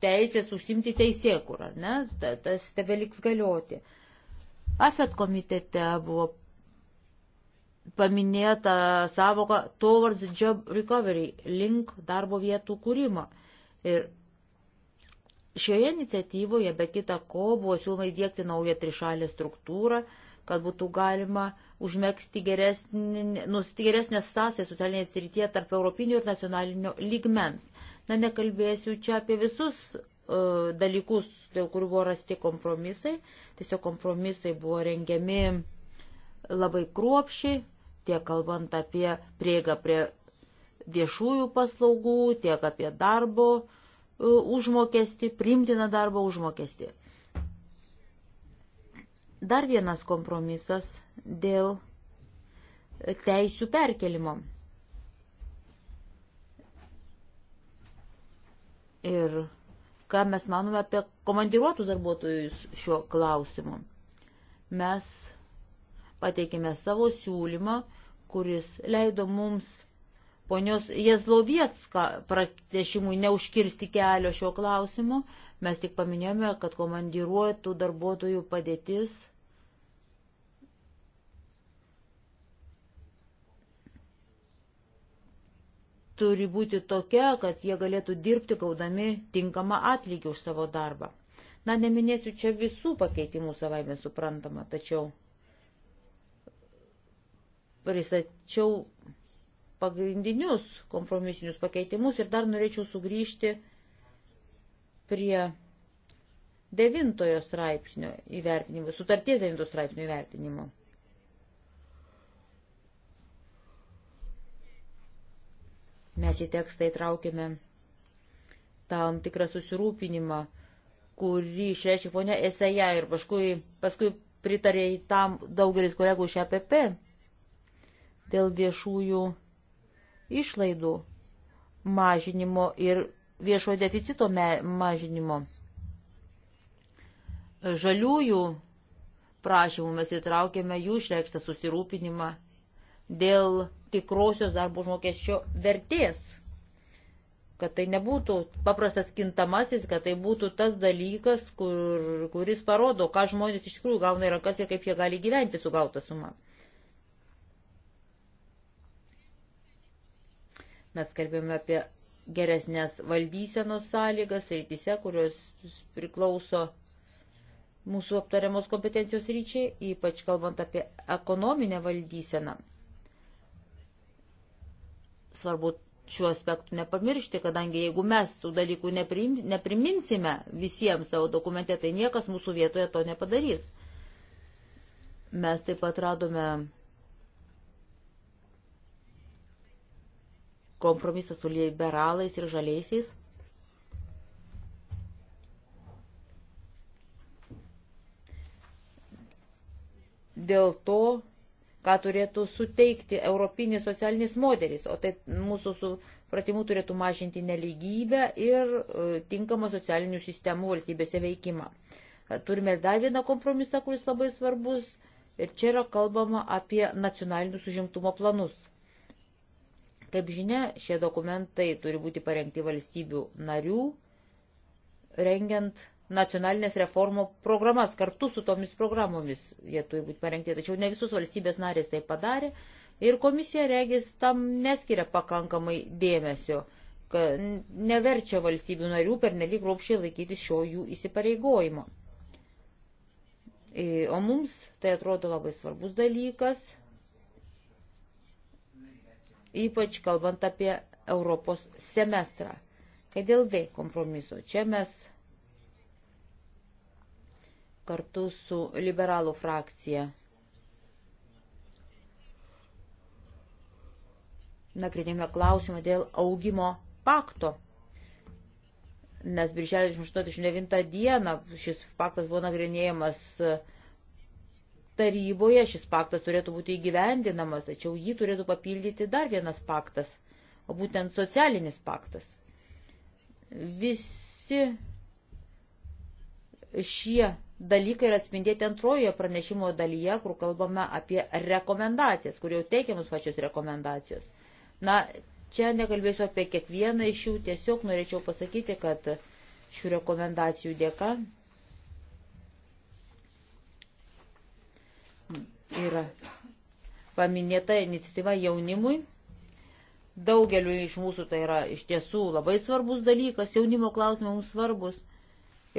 D: teisės užsimti teisėkur, ar ne? Tas tebe liks galioti. AFET komitete buvo paminėta savoka towards job recovery, link darbo vietų kūrimo. Ir šioje iniciatyvoje, be kita ko, buvo siūloma įdėkti naują trišalę struktūrą, kad būtų galima uh, užmėgsti geresnį, geresnės sąsąją socialinės rytyje tarp europinio ir nacionalinio lygmens. Na, nekalbėsiu čia apie visus uh, dalykus, dėl kurių buvo rasti kompromisai. Tiesiog kompromisai buvo rengiami labai kruopšiai, tiek kalbant apie prieigą prie viešųjų paslaugų, tiek apie darbo uh, užmokestį, primtiną darbo užmokestį. Dar vienas kompromisas dėl teisių perkelimo. Ir ką mes manome apie komandiruotus darbuotojus šiuo klausimu. Mes pateikėme savo siūlymą, kuris leido mums ponios Jezlovietska pratešimui neužkirsti kelio šio klausimu. Mes tik paminėjome, kad komandiruotų darbuotojų padėtis turi būti tokia, kad jie galėtų dirbti gaudami tinkamą atlygį už savo darbą. Na, neminėsiu čia visų pakeitimų savaime suprantama, tačiau pristačiau pagrindinius kompromisinius pakeitimus ir dar norėčiau sugrįžti prie devintojo straipsnio įvertinimo, sutarties devintojo straipsnio įvertinimo. Mes į tekstą įtraukėme tam tikrą susirūpinimą, kurį išreiškė ponia Esaja ir paskui, paskui pritarė tam daugelis kolegų iš APP dėl viešųjų išlaidų mažinimo ir viešo deficito mažinimo. Žaliųjų prašymų mes įtraukėme jų išreikštą susirūpinimą dėl tikrosios darbo užmokesčio vertės. Kad tai nebūtų paprastas kintamasis, kad tai būtų tas dalykas, kur, kuris parodo, ką žmonės iš tikrųjų gauna į rankas ir kaip jie gali gyventi su gauta suma. Mes kalbėjome apie geresnės valdysenos sąlygas rytise, kurios priklauso mūsų aptariamos kompetencijos ryčiai, ypač kalbant apie ekonominę valdyseną. Svarbu šiuo aspektu nepamiršti, kadangi jeigu mes tų dalykų neprim, nepriminsime visiems savo dokumente, tai niekas mūsų vietoje to nepadarys. Mes taip pat radome kompromisą su liberalais ir žaliaisiais. Dėl to ką turėtų suteikti europinis socialinis modelis, o tai mūsų supratimu turėtų mažinti neligybę ir e, tinkamą socialinių sistemų valstybėse veikimą. E, turime dar vieną kompromisą, kuris labai svarbus, ir čia yra kalbama apie nacionalinius užimtumo planus. Kaip žinia, šie dokumentai turi būti parengti valstybių narių, rengiant nacionalinės reformų programas, kartu su tomis programomis jie turi būti parengti, tačiau ne visus valstybės narės tai padarė ir komisija regis tam neskiria pakankamai dėmesio, kad neverčia valstybių narių per nelik ropšiai laikytis šio jų įsipareigojimo. O mums tai atrodo labai svarbus dalykas, ypač kalbant apie Europos semestrą. Kai dėl V kompromiso, čia mes kartu su liberalų frakcija. Nagrinėjome klausimą dėl augimo pakto, nes birželio 29 dieną šis paktas buvo nagrinėjamas e, taryboje, šis paktas turėtų būti įgyvendinamas, tačiau jį turėtų papildyti dar vienas paktas, o būtent socialinis paktas. Visi šie dalykai yra atspindėti antrojoje pranešimo dalyje, kur kalbame apie rekomendacijas, kur jau teikiamus pačios rekomendacijos. Na, čia nekalbėsiu apie kiekvieną iš jų, tiesiog norėčiau pasakyti, kad šių rekomendacijų dėka yra paminėta iniciatyva jaunimui. Daugeliu iš mūsų tai yra iš tiesų labai svarbus dalykas, jaunimo klausimai mums svarbus.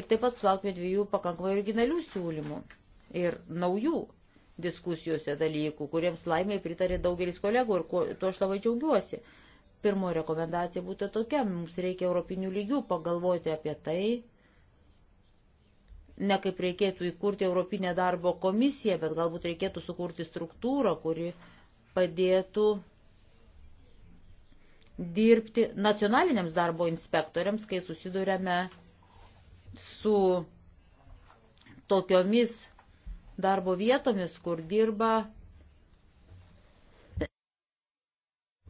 D: Ir taip pat sulaukime dviejų pakankamai originalių siūlymų ir naujų diskusijose dalykų, kuriems laimiai pritarė daugelis kolegų ir kuo, tuo aš labai džiaugiuosi. Pirmoji rekomendacija būtų tokia, mums reikia europinių lygių pagalvoti apie tai, ne kaip reikėtų įkurti Europinę darbo komisiją, bet galbūt reikėtų sukurti struktūrą, kuri padėtų dirbti nacionaliniams darbo inspektoriams, kai susidurėme su tokiomis darbo vietomis, kur dirba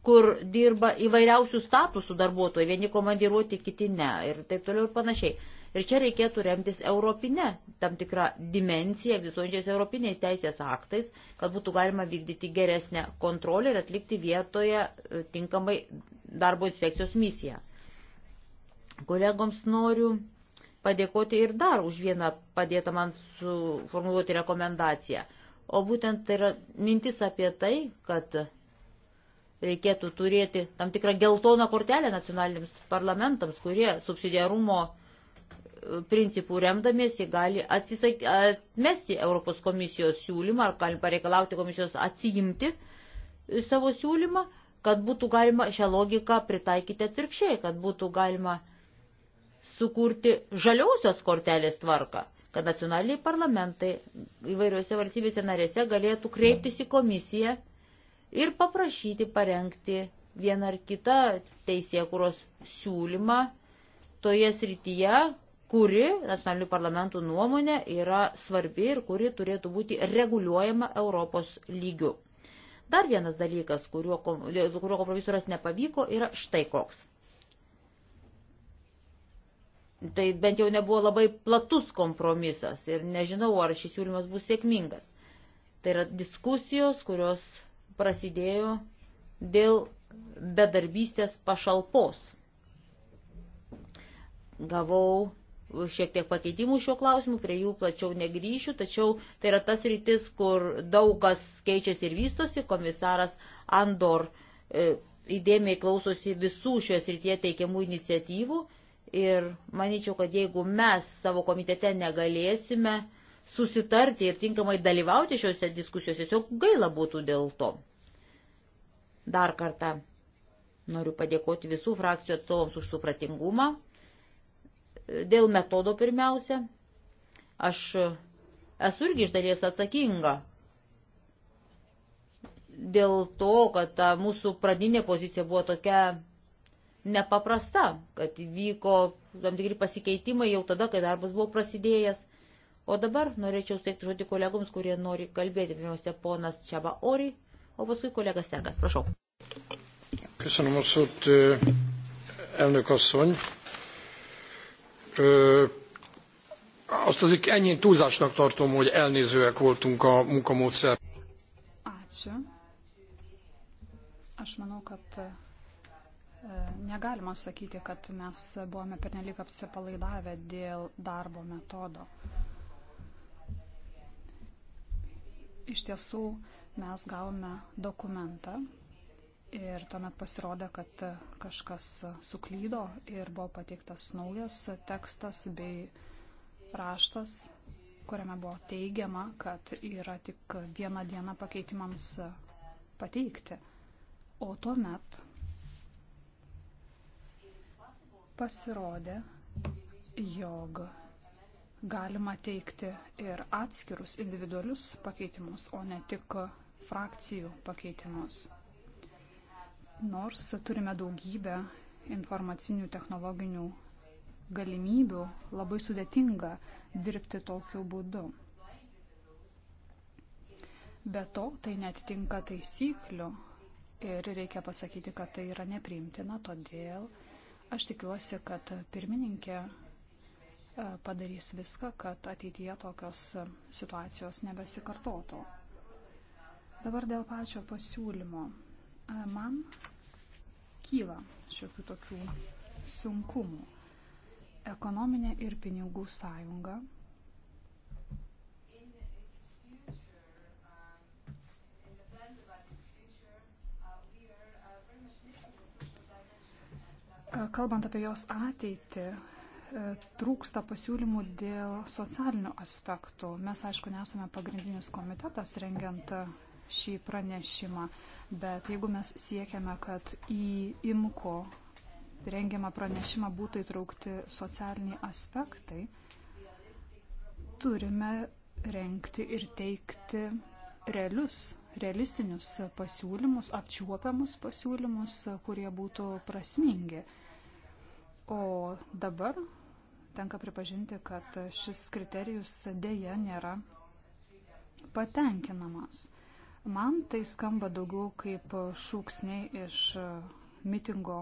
D: kur dirba įvairiausių statusų darbuotojai, vieni komandiruoti, kiti ne ir taip toliau ir panašiai. Ir čia reikėtų remtis europinė, tam tikrą dimenciją egzistuojančiais europiniais teisės aktais, kad būtų galima vykdyti geresnę kontrolę ir atlikti vietoje e, tinkamai darbo inspekcijos misiją. Kolegoms noriu padėkoti ir dar už vieną padėtą man suformuoluoti rekomendaciją. O būtent tai yra mintis apie tai, kad reikėtų turėti tam tikrą geltoną kortelę nacionaliniams parlamentams, kurie subsidiarumo e, principų remdamiesi gali atsisak... atmesti Europos komisijos siūlymą ar gali pareikalauti komisijos atsijimti e, savo siūlymą, kad būtų galima šią logiką pritaikyti atvirkščiai, kad būtų galima uh, sukurti žaliosios kortelės tvarką, kad nacionaliniai parlamentai įvairiuose valstybėse narėse galėtų kreiptis į komisiją ir paprašyti parengti vieną ar kitą teisėkuros siūlymą toje srityje, kuri nacionalinių parlamentų nuomonė yra svarbi ir kuri turėtų būti reguliuojama Europos lygiu. Dar vienas dalykas, kurio, kurio kompromisu ras nepavyko, yra štai koks tai bent jau nebuvo labai platus kompromisas ir nežinau, ar šis siūlymas bus sėkmingas. Tai yra diskusijos, kurios prasidėjo dėl bedarbystės pašalpos. Gavau šiek tiek pakeitimų šiuo klausimu, prie jų plačiau negryšiu, tačiau tai yra tas rytis, kur daug kas keičiasi ir vystosi. Komisaras Andor e, įdėmiai klausosi visų šios rytie teikiamų iniciatyvų Ir manyčiau, kad jeigu mes savo komitete negalėsime susitarti ir tinkamai dalyvauti šiuose diskusijose, tiesiog gaila būtų dėl to. Dar kartą noriu padėkoti visų frakcijų atstovams už supratingumą. Dėl metodo pirmiausia, aš esu irgi iš dalies atsakinga dėl to, kad ta mūsų pradinė pozicija buvo tokia nepaprasta, kad vyko tam tikri pasikeitimai jau tada, kai darbas buvo prasidėjęs. O dabar norėčiau steigti žodį kolegoms, kurie nori kalbėti. Pirmiausia, ponas Čiaba Ori, o paskui kolegas Sergas. Prašau.
A: Köszönöm a szót, elnök asszony. Azt azért ennyien túlzásnak tartom, hogy elnézőek voltunk a munkamódszer.
B: Ačiū. Aš manau, kad negalima sakyti, kad mes buvome pernelyg apsipalaidavę dėl darbo metodo. Iš tiesų, mes gavome dokumentą ir tuomet pasirodė, kad kažkas suklydo ir buvo pateiktas naujas tekstas bei raštas, kuriame buvo teigiama, kad yra tik viena diena pakeitimams pateikti. O tuomet pasirodė, jog galima teikti ir atskirus individualius pakeitimus, o ne tik frakcijų pakeitimus. Nors turime daugybę informacinių technologinių galimybių, labai sudėtinga dirbti tokiu būdu. Be to, tai netitinka taisyklių ir reikia pasakyti, kad tai yra nepriimtina, todėl Aš tikiuosi, kad pirmininkė e, padarys viską, kad ateityje tokios e, situacijos nebesikartotų. Dabar dėl pačio pasiūlymo. E, man kyla šiokių tokių sunkumų. Ekonominė ir pinigų sąjunga Kalbant apie jos ateitį, e, trūksta pasiūlymų dėl socialinių aspektų. Mes, aišku, nesame pagrindinis komitetas rengiant e, šį pranešimą, bet jeigu mes siekiame, kad į imko rengiamą pranešimą būtų įtraukti socialiniai aspektai, turime renkti ir teikti realius realistinius pasiūlymus, apčiuopiamus pasiūlymus, kurie būtų prasmingi. O dabar tenka pripažinti, kad šis kriterijus dėja nėra patenkinamas. Man tai skamba daugiau kaip šūksniai iš mitingo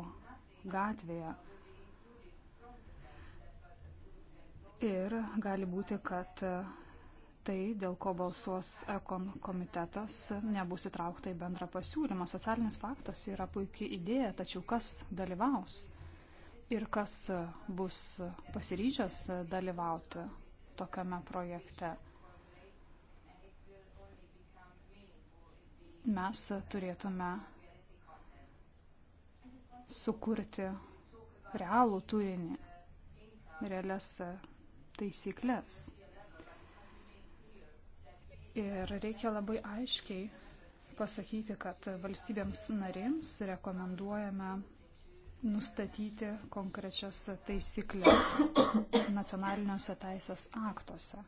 B: gatvėje. Ir gali būti, kad tai, dėl ko balsuos ekon komitetas, nebus įtraukta į bendrą pasiūlymą. Socialinis faktas yra puikiai idėja, tačiau kas dalyvaus ir kas bus pasiryžęs dalyvauti tokiame projekte. Mes turėtume sukurti realų turinį, realias taisyklės. Ir reikia labai aiškiai pasakyti, kad valstybėms narėms rekomenduojame nustatyti konkrečias taisyklės nacionaliniuose teisės aktuose.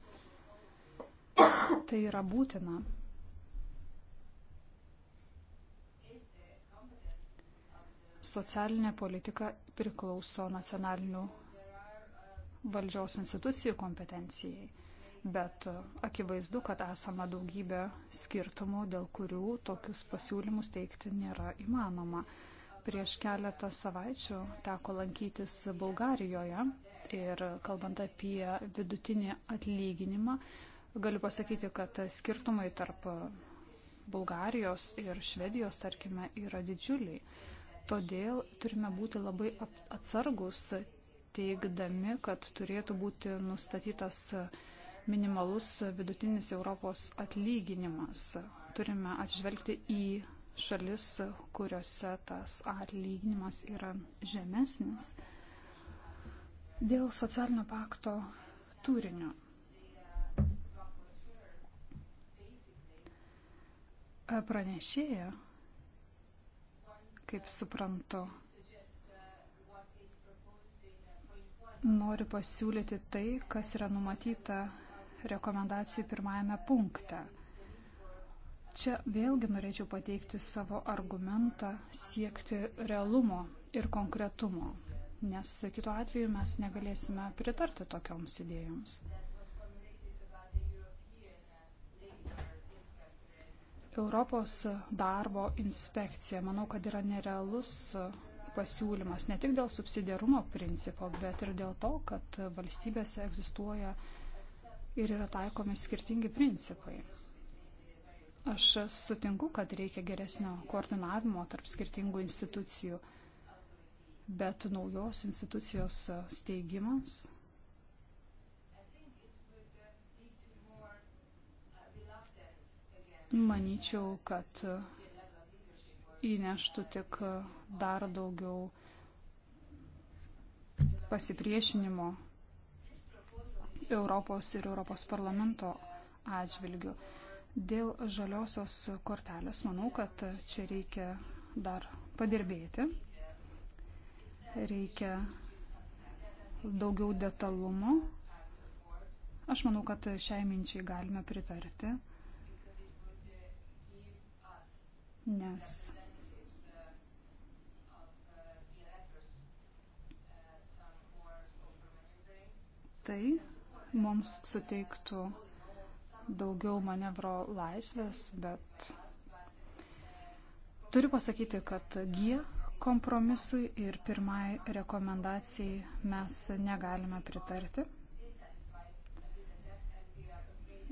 B: Tai yra būtina. Socialinė politika priklauso nacionalinių valdžios institucijų kompetencijai, bet akivaizdu, kad esama daugybė skirtumų, dėl kurių tokius pasiūlymus teikti nėra įmanoma prieš keletą savaičių teko lankytis Bulgarijoje ir kalbant apie vidutinį atlyginimą, galiu pasakyti, kad skirtumai tarp Bulgarijos ir Švedijos, tarkime, yra didžiuliai. Todėl turime būti labai atsargus teigdami, kad turėtų būti nustatytas minimalus vidutinis Europos atlyginimas. Turime atžvelgti į šalis, kuriuose tas atlyginimas yra žemesnis, dėl socialinio pakto turinio. Pranešėja, kaip suprantu, nori pasiūlyti tai, kas yra numatyta rekomendacijų pirmajame punkte – Čia vėlgi norėčiau pateikti savo argumentą siekti realumo ir konkretumo, nes kitu atveju mes negalėsime pritarti tokioms idėjoms. Europos darbo inspekcija, manau, kad yra nerealus pasiūlymas ne tik dėl subsidiarumo principo, bet ir dėl to, kad valstybėse egzistuoja ir yra taikomi skirtingi principai. Aš sutinku, kad reikia geresnio koordinavimo tarp skirtingų institucijų, bet naujos institucijos steigimas manyčiau, kad įneštų tik dar daugiau pasipriešinimo Europos ir Europos parlamento atžvilgių. Dėl žaliosios kortelės manau, kad čia reikia dar padirbėti. Reikia daugiau detalumo. Aš manau, kad šiai minčiai galime pritarti, nes tai mums suteiktų daugiau manevro laisvės, bet turiu pasakyti, kad G kompromisui ir pirmai rekomendacijai mes negalime pritarti.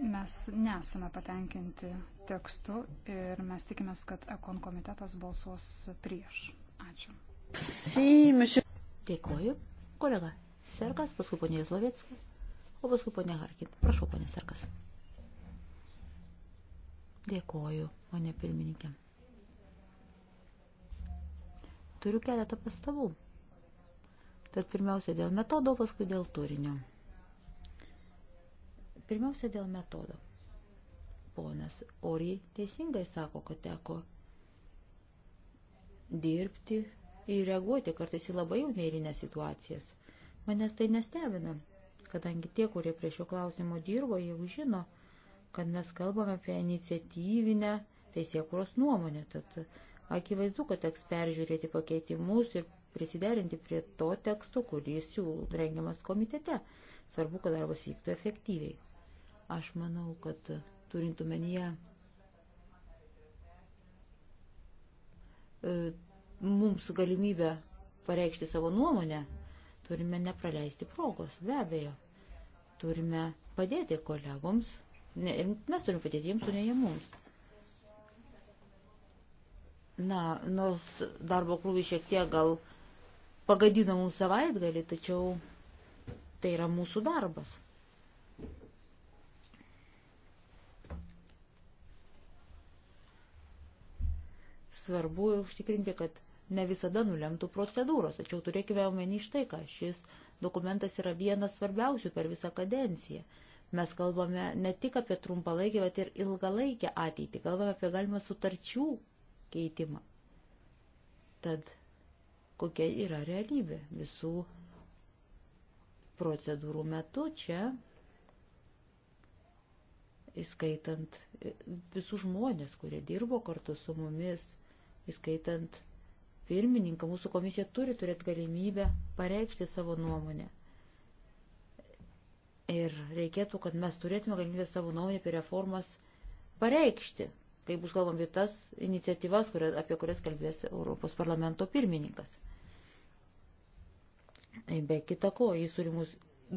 B: Mes nesame patenkinti tekstu ir mes tikimės, kad Ekon komitetas balsuos prieš. Ačiū.
D: Dėkuoju. Kolega Serkas, paskui ponė Zlovietska, o paskui ponė Harkin. Prašau, ponė Serkas. Dėkoju, o ne pirmininkė. Turiu keletą pastabų. Tad pirmiausia dėl metodo, paskui dėl turinio. Pirmiausia dėl metodo. Ponas Ori teisingai sako, kad teko dirbti ir reaguoti kartais į labai neįlinę situacijas. Manęs tai nestebina, kadangi tie, kurie prie šio klausimo dirbo, jau žino, kad mes kalbame apie iniciatyvinę teisėkūros nuomonę. Tad akivaizdu, kad teks peržiūrėti pakeitimus ir prisiderinti prie to teksto, kuris jų rengiamas komitete. Svarbu, kad darbas vyktų efektyviai. Aš manau, kad turint omenyje e, mums galimybę pareikšti savo nuomonę, turime nepraleisti progos, be abejo. Turime padėti kolegoms Ne, mes turime padėti jiems, o ne jie mums. Na, nors darbo krūvis šiek tiek gal pagadino mums savaitgalį, tačiau tai yra mūsų darbas. Svarbu užtikrinti, kad ne visada nulemtų procedūros, tačiau turėkime omeny štai ką, šis dokumentas yra vienas svarbiausių per visą kadenciją. Mes kalbame ne tik apie trumpalaikį, bet ir ilgalaikę ateitį. Kalbame apie galimą sutarčių keitimą. Tad kokia yra realybė visų procedūrų metu čia, įskaitant visus žmonės, kurie dirbo kartu su mumis, įskaitant pirmininką, mūsų komisija turi turėti galimybę pareikšti savo nuomonę. Ir reikėtų, kad mes turėtume galimybę savo nuomonę apie reformas pareikšti, kai bus kalbam apie tas iniciatyvas, kuria, apie kurias kalbės Europos parlamento pirmininkas. Tai be kita ko, jis turi mus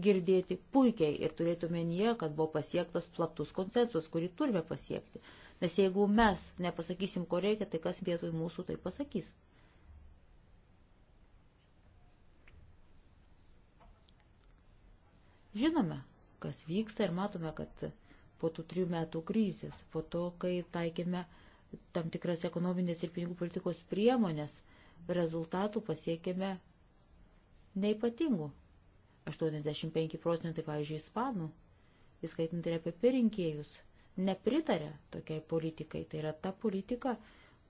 D: girdėti puikiai ir turėtume nie, kad buvo pasiektas platus konsensus, kurį turime pasiekti. Nes jeigu mes nepasakysim, ko reikia, tai kas vietoj mūsų tai pasakys. Žinome, kas vyksta ir matome, kad po tų trijų metų krizės, po to, kai taikėme tam tikras ekonominės ir pinigų politikos priemonės, rezultatų pasiekėme neipatingų. 85 procentai, pavyzdžiui, ispanų, įskaitant ir apie pirinkėjus, nepritarė tokiai politikai. Tai yra ta politika,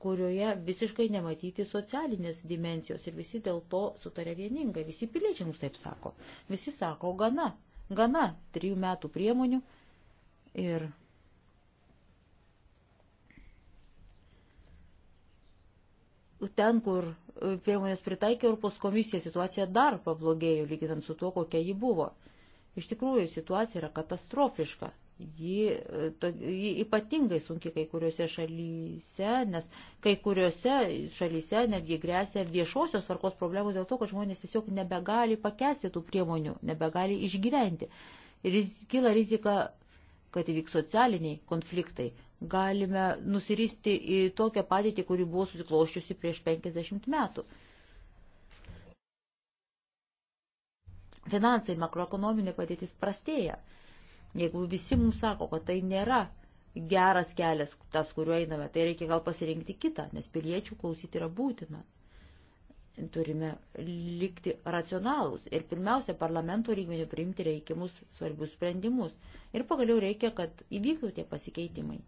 D: kurioje visiškai nematyti socialinės dimensijos ir visi dėl to sutarė vieningai. Visi piliečiai mums taip sako. Visi sako, gana, gana trijų metų priemonių ir ten, kur e, priemonės pritaikė Europos komisija, situacija dar pablogėjo, lyginant su tuo, kokia ji buvo. Iš tikrųjų, situacija yra katastrofiška ji, e, to, ji ypatingai sunki kai kuriuose šalyse, nes kai kuriuose šalyse netgi grėsia viešosios tvarkos problemos dėl to, kad žmonės tiesiog nebegali pakesti tų priemonių, nebegali išgyventi. Ir kyla rizika, kad įvyks socialiniai konfliktai. Galime nusiristi į tokią padėtį, kuri buvo susikloščiusi prieš 50 metų. Finansai, makroekonominė padėtis prastėja. Jeigu visi mums sako, kad tai nėra geras kelias, tas, kuriuo einame, tai reikia gal pasirinkti kitą, nes piliečių klausyti yra būtina. Turime likti racionalūs ir pirmiausia, parlamento lygmenių priimti reikiamus svarbius sprendimus. Ir pagaliau reikia, kad įvyktų tie pasikeitimai.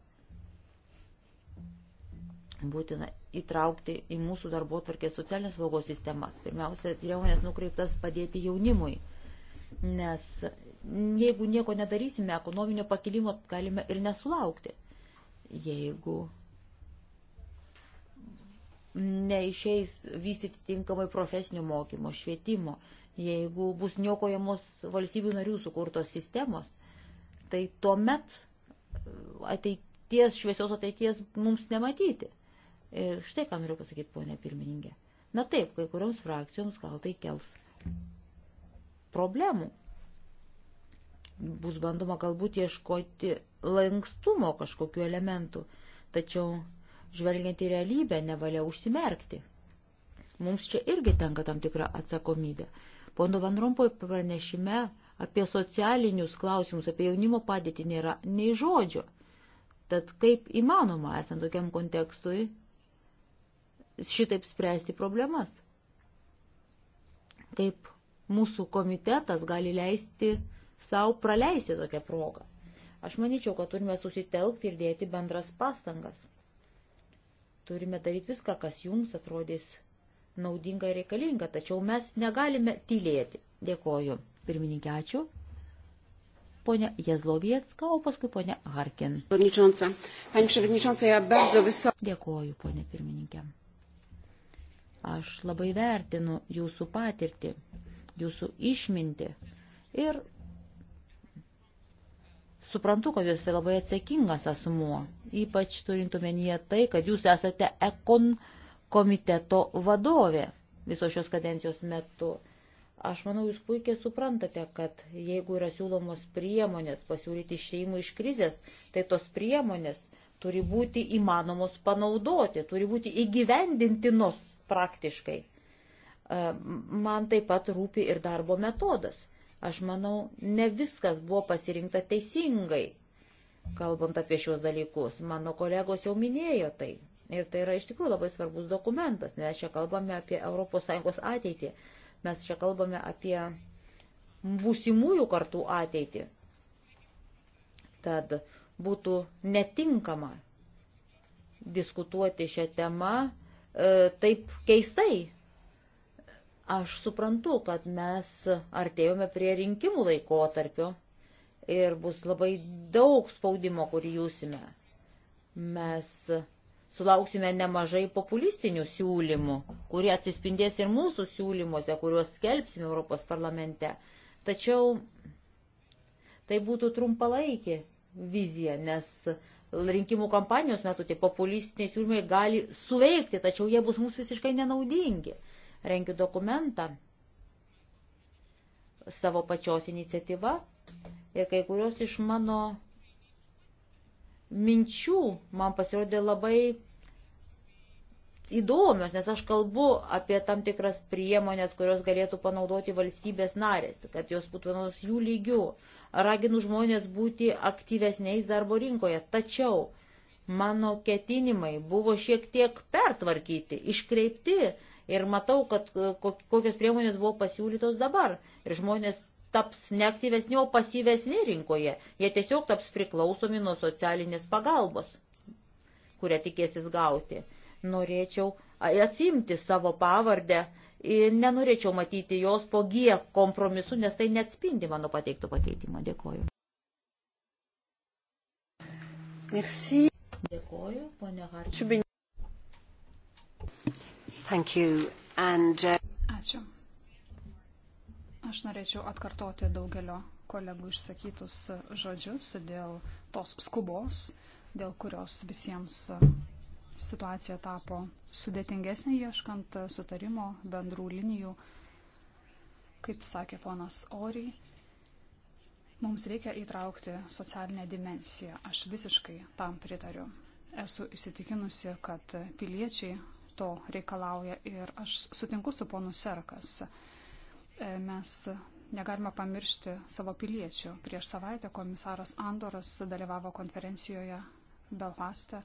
D: Būtina įtraukti į mūsų darbo tvarkės socialinės saugos sistemas. Pirmiausia, priemonės nukreiptas padėti jaunimui, nes jeigu nieko nedarysime, ekonominio pakilimo galime ir nesulaukti. Jeigu neišeis vystyti tinkamai profesinio mokymo, švietimo, jeigu bus niokojamos valstybių narių sukurtos sistemos, tai tuomet uh, ateities, šviesios ateities mums nematyti. Ir štai ką noriu pasakyti, ponė pirmininkė. Na taip, kai kurioms frakcijoms gal tai kels problemų bus bandoma galbūt ieškoti lankstumo kažkokiu elementu, tačiau žvelgiant į realybę nevalia užsimerkti. Mums čia irgi tenka tam tikra atsakomybė. Pono Van Rompoj pranešime apie socialinius klausimus, apie jaunimo padėtį nėra nei žodžio. Tad kaip įmanoma, esant tokiam kontekstui, šitaip spręsti problemas? Kaip mūsų komitetas gali leisti savo praleisti tokią progą. Aš manyčiau, kad turime susitelkti ir dėti bendras pastangas. Turime daryti viską, kas jums atrodys naudinga ir reikalinga, tačiau mes negalime tylėti. Dėkoju. Pirmininkė, ačiū. Pone Jezlovietska, o paskui pone Harkin. Dėkoju, ponė pirmininkė. Aš labai vertinu jūsų patirtį, jūsų išmintį ir Suprantu, kad jūs esate labai atsakingas asmuo, ypač turint omenyje tai, kad jūs esate ekon komiteto vadovė visos šios kadencijos metu. Aš manau, jūs puikiai suprantate, kad jeigu yra siūlomos priemonės pasiūlyti šeimų iš krizės, tai tos priemonės turi būti įmanomos panaudoti, turi būti įgyvendintinos praktiškai. E, man taip pat rūpi ir darbo metodas Aš manau, ne viskas buvo pasirinkta teisingai, kalbant apie šios dalykus. Mano kolegos jau minėjo tai. Ir tai yra iš tikrųjų labai svarbus dokumentas, nes čia kalbame apie ES ateitį. Mes čia kalbame apie būsimųjų kartų ateitį. Tad būtų netinkama diskutuoti šią temą e, taip keistai, Aš suprantu, kad mes artėjome prie rinkimų laikotarpio ir bus labai daug spaudimo, kurį jūsime. Mes sulauksime nemažai populistinių siūlymų, kurie atsispindės ir mūsų siūlymuose, kuriuos skelbsime Europos parlamente. Tačiau tai būtų trumpalaikė vizija, nes rinkimų kampanijos metu tie populistiniai siūlymai gali suveikti, tačiau jie bus mums visiškai nenaudingi rengiu dokumentą savo pačios iniciatyva ir kai kurios iš mano minčių man pasirodė labai įdomios, nes aš kalbu apie tam tikras priemonės, kurios galėtų panaudoti valstybės narės, kad jos būtų vienos jų lygių. Raginu žmonės būti aktyvesniais darbo rinkoje, tačiau mano ketinimai buvo šiek tiek pertvarkyti, iškreipti Ir matau, kad e, kokios priemonės buvo pasiūlytos dabar. Ir žmonės taps neaktyvesni, o pasyvesni rinkoje. Jie tiesiog taps priklausomi nuo socialinės pagalbos, kurią tikėsis gauti. Norėčiau atsimti savo pavardę ir nenorėčiau matyti jos po G kompromisu, nes tai neatspindi mano pateiktų pakeitimo. Dėkoju. Merci. Dėkoju, ponia Harčiubin.
B: Thank you. And, uh... Ačiū. Aš norėčiau atkartoti daugelio kolegų išsakytus žodžius dėl tos skubos, dėl kurios visiems situacija tapo sudėtingesnė ieškant sutarimo bendrų linijų. Kaip sakė ponas Oriai, mums reikia įtraukti socialinę dimensiją. Aš visiškai tam pritariu. Esu įsitikinusi, kad piliečiai to reikalauja ir aš sutinku su ponu Serkas. E, mes negalime pamiršti savo piliečių. Prieš savaitę komisaras Andoras dalyvavo konferencijoje Belfaste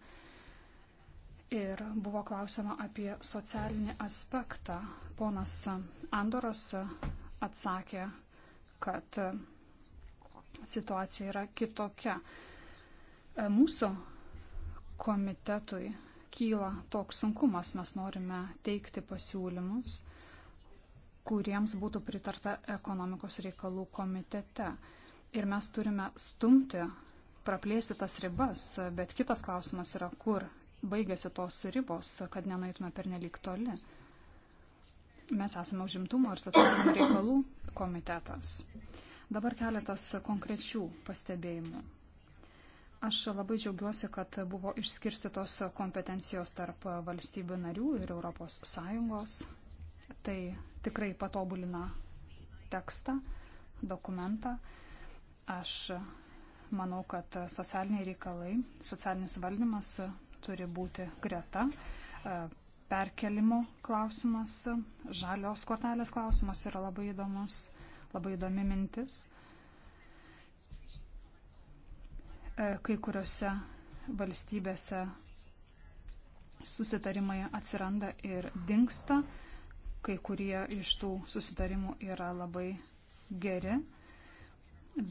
B: ir buvo klausima apie socialinį aspektą. Ponas Andoras atsakė, kad situacija yra kitokia. E, mūsų komitetui kyla toks sunkumas. Mes norime teikti pasiūlymus, kuriems būtų pritarta ekonomikos reikalų komitete. Ir mes turime stumti, praplėsti tas ribas, bet kitas klausimas yra, kur baigėsi tos ribos, kad nenuėtume per nelik toli. Mes esame užimtumo ir socialinių reikalų komitetas. Dabar keletas konkrečių pastebėjimų. Aš labai džiaugiuosi, kad buvo išskirstytos kompetencijos tarp valstybių narių ir ES. Tai tikrai patobulina tekstą, dokumentą. Aš manau, kad socialiniai reikalai, socialinis valdymas turi būti greta. Perkelimo klausimas, žalios kortelės klausimas yra labai įdomus, labai įdomi mintis. E, kai kuriuose valstybėse susitarimai atsiranda ir dinksta, kai kurie iš tų susitarimų yra labai geri,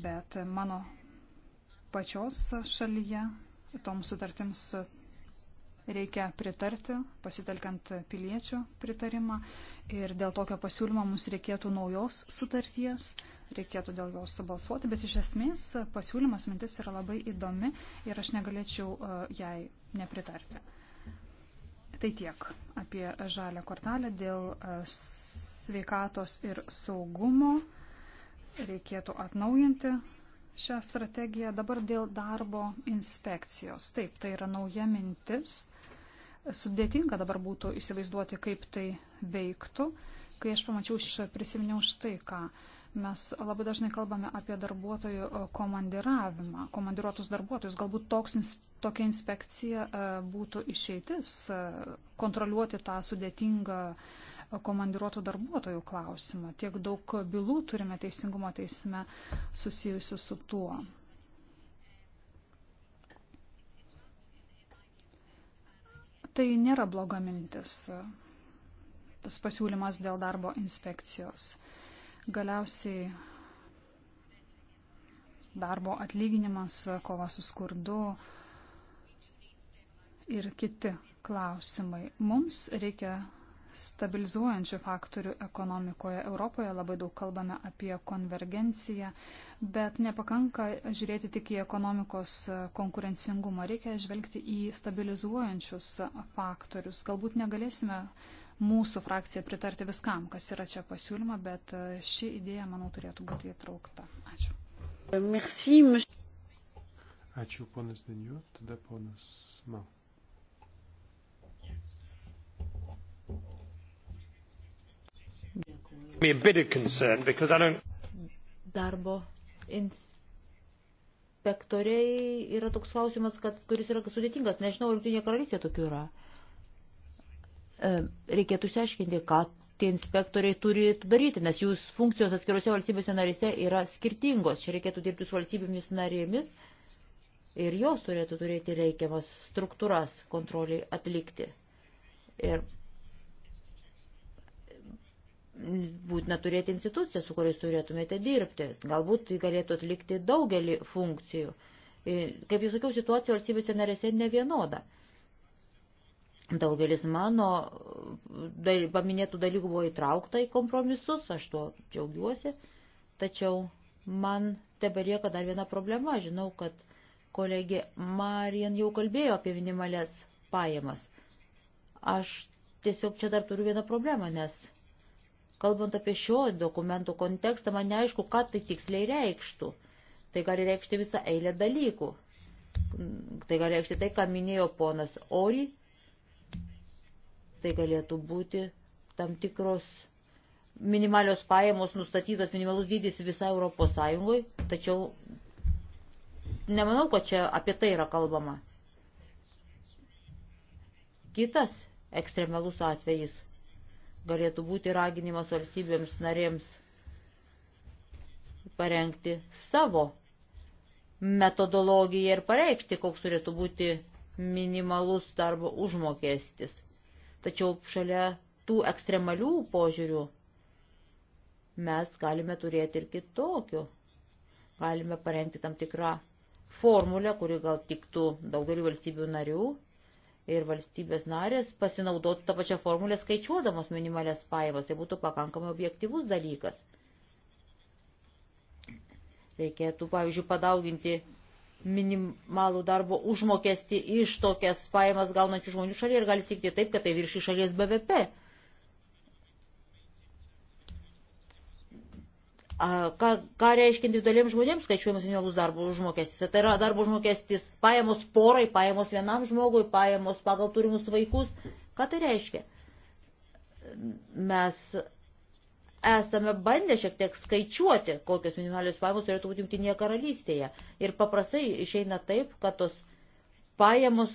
B: bet mano pačios šalyje toms sutartims reikia pritarti, pasitelkiant piliečių pritarimą ir dėl tokio pasiūlymo mums reikėtų naujos sutarties, reikėtų dėl jos subalsuoti, bet iš esmės pasiūlymas mintis yra labai įdomi ir aš negalėčiau e, jai nepritarti. Tai tiek apie žalę kortelę dėl e, sveikatos ir saugumo. Reikėtų atnaujinti šią strategiją. Dabar dėl darbo inspekcijos. Taip, tai yra nauja mintis. Sudėtinga dabar būtų įsivaizduoti, kaip tai veiktų kai aš pamačiau, aš prisiminiau štai ką. Mes labai dažnai kalbame apie darbuotojų e, komandiravimą, komandiruotus darbuotojus. Galbūt toks, tokia inspekcija e, būtų išeitis e, kontroliuoti tą sudėtingą komandiruotų darbuotojų klausimą. Tiek daug bylų turime teisingumo teisme susijusių su tuo. Tai nėra bloga mintis, tas pasiūlymas dėl darbo inspekcijos. Galiausiai darbo atlyginimas, kova su skurdu ir kiti klausimai. Mums reikia stabilizuojančių faktorių ekonomikoje. Europoje labai daug kalbame apie konvergenciją, bet nepakanka žiūrėti tik į ekonomikos konkurencingumą. Reikia žvelgti į stabilizuojančius faktorius. Galbūt negalėsime uh, mūsų frakcija pritarti viskam, kas yra čia pasiūlyma, bet e, ši idėja, manau, turėtų būti įtraukta. Ačiū. Merci,
A: Ačiū, ponas Deniu, tada ponas Mau.
D: Darbo inspektoriai yra toks klausimas, kad, kuris yra sudėtingas. Nežinau, ar Junktinė karalystė tokių yra. Uh, E, reikėtų išsiaiškinti, ką tie inspektoriai turi daryti, nes jūs funkcijos atskiruose valstybėse narėse yra skirtingos. Čia reikėtų dirbti su valstybėmis narėmis ir jos turėtų turėti reikiamas struktūras kontroliai atlikti. Ir būtina turėti instituciją, su kuriais turėtumėte dirbti. Galbūt tai galėtų atlikti daugelį funkcijų. Kaip jau sakiau, situacija valstybėse narėse nevienoda. vienoda Daugelis mano dal, paminėtų dalykų buvo įtraukta į kompromisus, aš tuo džiaugiuosi, tačiau man tebe lieka dar viena problema. Žinau, kad kolegė Marijan jau kalbėjo apie minimalias pajamas. Aš tiesiog čia dar turiu vieną problemą, nes kalbant apie šio dokumento kontekstą, man neaišku, ką tai tiksliai reikštų. Tai gali reikšti visą eilę dalykų. Tai gali reikšti tai, ką minėjo ponas Ori, Tai galėtų būti tam tikros minimalios pajamos nustatytas minimalus dydis visai Europos Sąjungoje, tačiau nemanau, kad čia apie tai yra kalbama. Kitas ekstremalus atvejis galėtų būti raginimas valstybėms narėms parengti savo metodologiją ir pareikšti, koks turėtų būti minimalus darbo užmokestis. Tačiau šalia tų ekstremalių požiūrių mes galime turėti ir kitokių. Galime parengti tam tikrą formulę, kuri gal tiktų daugeliu valstybių narių ir valstybės narės pasinaudotų tą pačią formulę skaičiuodamos minimalės pajamas. Tai būtų pakankamai objektivus dalykas. Reikėtų, pavyzdžiui, padauginti minimalų darbo užmokestį iš tokias pajamas gaunančių žmonių šalyje ir gali sikti taip, kad tai viršį šalies BVP. Ką, ką reiškia individualiems žmonėms skaičiuojamas minimalus darbo užmokestis? Tai yra darbo užmokestis pajamos porai, pajamos vienam žmogui, pajamos pagal turimus vaikus. Ką tai reiškia? Mes esame bandę šiek tiek skaičiuoti, kokios minimalios pajamos turėtų būti Junktinėje karalystėje. Ir paprastai išeina taip, kad tos pajamos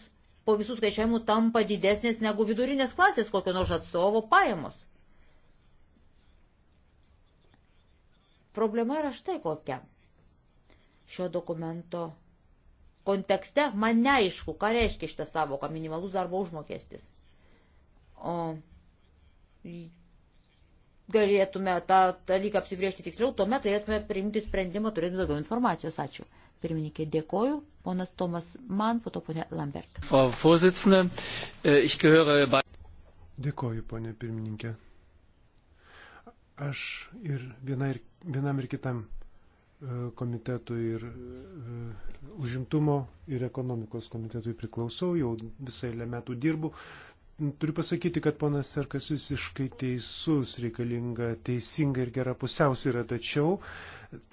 D: po visų skaičiavimų tampa didesnės negu vidurinės klasės kokio nors atstovo pajamos. Problema yra štai kokia. Šio dokumento kontekste man neaišku, ką reiškia šitą savoką minimalus darbo užmokestis. O galėtume tą dalyką apsibriežti tiksliau, tuomet galėtume priimti sprendimą turėdami daugiau informacijos. Ačiū. Pirmininkė, dėkoju. Ponas Tomas Man, po to ponė Lambert.
C: Äh,
A: dėkoju, ponė pirmininkė. Aš ir, viena ir vienam ir kitam e, komitetui ir e, užimtumo ir ekonomikos komitetui priklausau, jau visai lė metų dirbu, Turiu pasakyti, kad ponas Serkas visiškai teisus, reikalinga teisinga ir gera pusiausvyrą, tačiau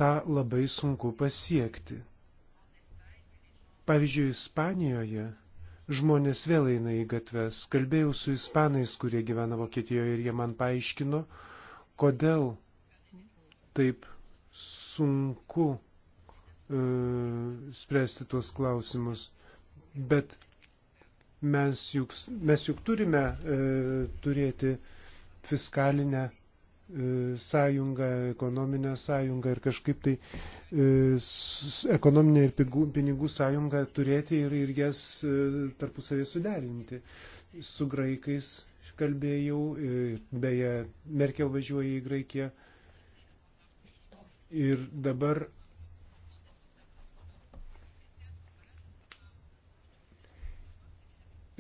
A: tą labai sunku pasiekti. Pavyzdžiui, Ispanijoje žmonės vėl eina į gatves. Kalbėjau su ispanais, kurie gyvena Vokietijoje ir jie man paaiškino, kodėl taip sunku e, spręsti tuos klausimus. Bet Mes juk, mes juk turime e, turėti fiskalinę e, sąjungą, ekonominę sąjungą ir kažkaip tai e, s, ekonominę ir pigų, pinigų sąjungą turėti ir, ir jas e, tarpusavį suderinti. Su graikais kalbėjau, e, beje, Merkel važiuoja į Graikiją. Ir dabar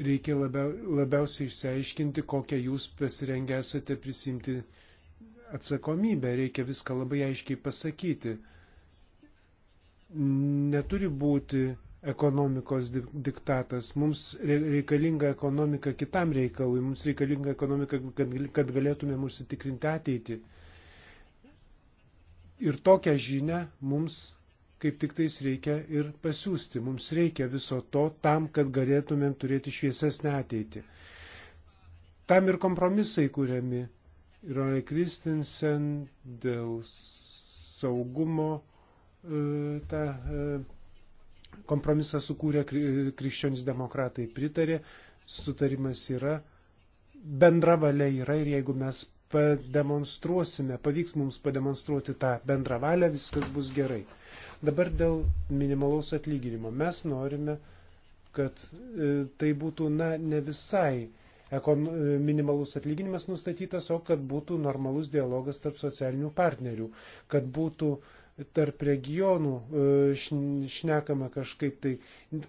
A: reikia labiau, labiausiai išsiaiškinti, kokią jūs pasirengę esate prisimti atsakomybę. Reikia viską labai aiškiai pasakyti. Neturi būti ekonomikos diktatas. Mums reikalinga ekonomika kitam reikalui. Mums reikalinga ekonomika, kad galėtumėm užsitikrinti ateitį. Ir tokią žinę mums kaip tik tais reikia ir pasiūsti. Mums reikia viso to tam, kad galėtumėm turėti šviesesnę ateitį. Tam ir kompromisai kūriami. Ir Ole Kristinsen dėl saugumo e, tą e, kompromisą sukūrė, krikščionis demokratai pritarė, sutarimas yra, bendra valia yra ir jeigu mes pademonstruosime, pavyks mums pademonstruoti tą bendrą valią, viskas bus gerai. Dabar dėl minimalaus atlyginimo. Mes norime, kad e, tai būtų, na, ne visai e, minimalus atlyginimas nustatytas, o kad būtų normalus dialogas tarp socialinių partnerių, kad būtų tarp regionų e, šnekama kažkaip tai,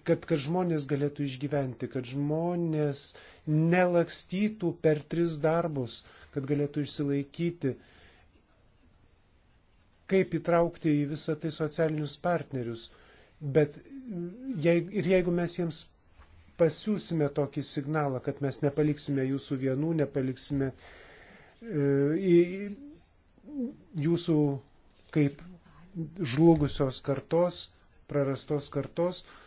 A: kad, kad žmonės galėtų išgyventi, kad žmonės nelakstytų per tris darbus, kad galėtų išsilaikyti. Kaip įtraukti į visą tai socialinius partnerius. Bet jei, ir jeigu mes jiems pasiūsime tokį signalą, kad mes nepaliksime jūsų vienų, nepaliksime e, jūsų kaip žlugusios kartos, prarastos kartos, e,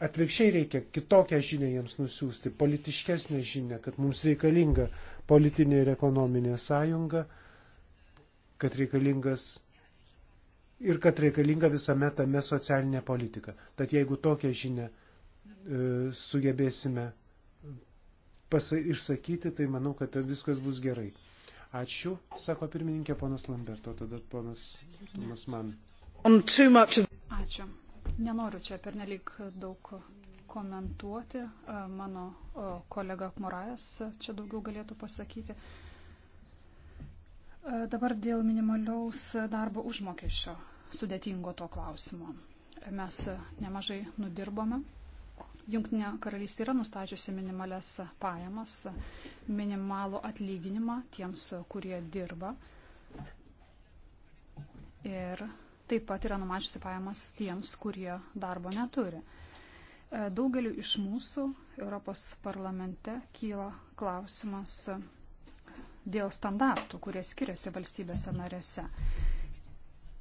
A: Atvirkščiai reikia kitokią žinę jiems nusiųsti, politiškesnę žinę, kad mums reikalinga politinė ir ekonominė sąjunga, kad reikalingas ir kad reikalinga visame tame socialinė politika. Tad jeigu tokią žinę e, sugebėsime pasa, išsakyti, tai manau, kad viskas bus gerai. Ačiū, sako pirmininkė ponas Lamberto, tada ponas, ponas man.
B: Ačiū. Nenoriu čia pernelyg daug komentuoti. E, mano e, kolega Morajas čia daugiau galėtų pasakyti. E, dabar dėl minimaliaus darbo užmokesčio sudėtingo to klausimo. Mes nemažai nudirbome. Junktinė karalystė yra nustačiusi minimales pajamas, minimalų atlyginimą tiems, kurie dirba. Ir taip pat yra numačiusi pajamas tiems, kurie darbo neturi. E, daugeliu iš mūsų Europos parlamente kyla klausimas dėl standartų, kurie skiriasi valstybėse narėse.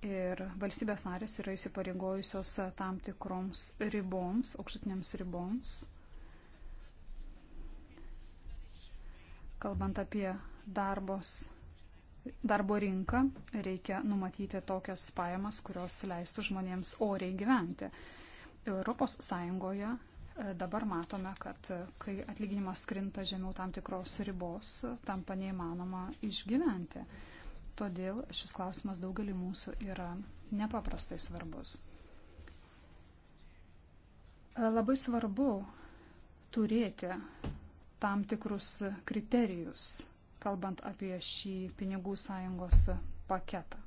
B: Ir valstybės narės yra įsipareigojusios tam tikroms riboms, aukštutinėms riboms. Kalbant apie darbos darbo rinką, reikia numatyti tokias pajamas, kurios leistų žmonėms oriai gyventi. Europos Sąjungoje e, dabar matome, kad e, kai atlyginimas krinta žemiau tam tikros ribos, e, tampa neįmanoma išgyventi. Todėl šis klausimas daugelį mūsų yra nepaprastai svarbus. Labai svarbu turėti tam tikrus kriterijus kalbant apie šį pinigų sąjungos paketą.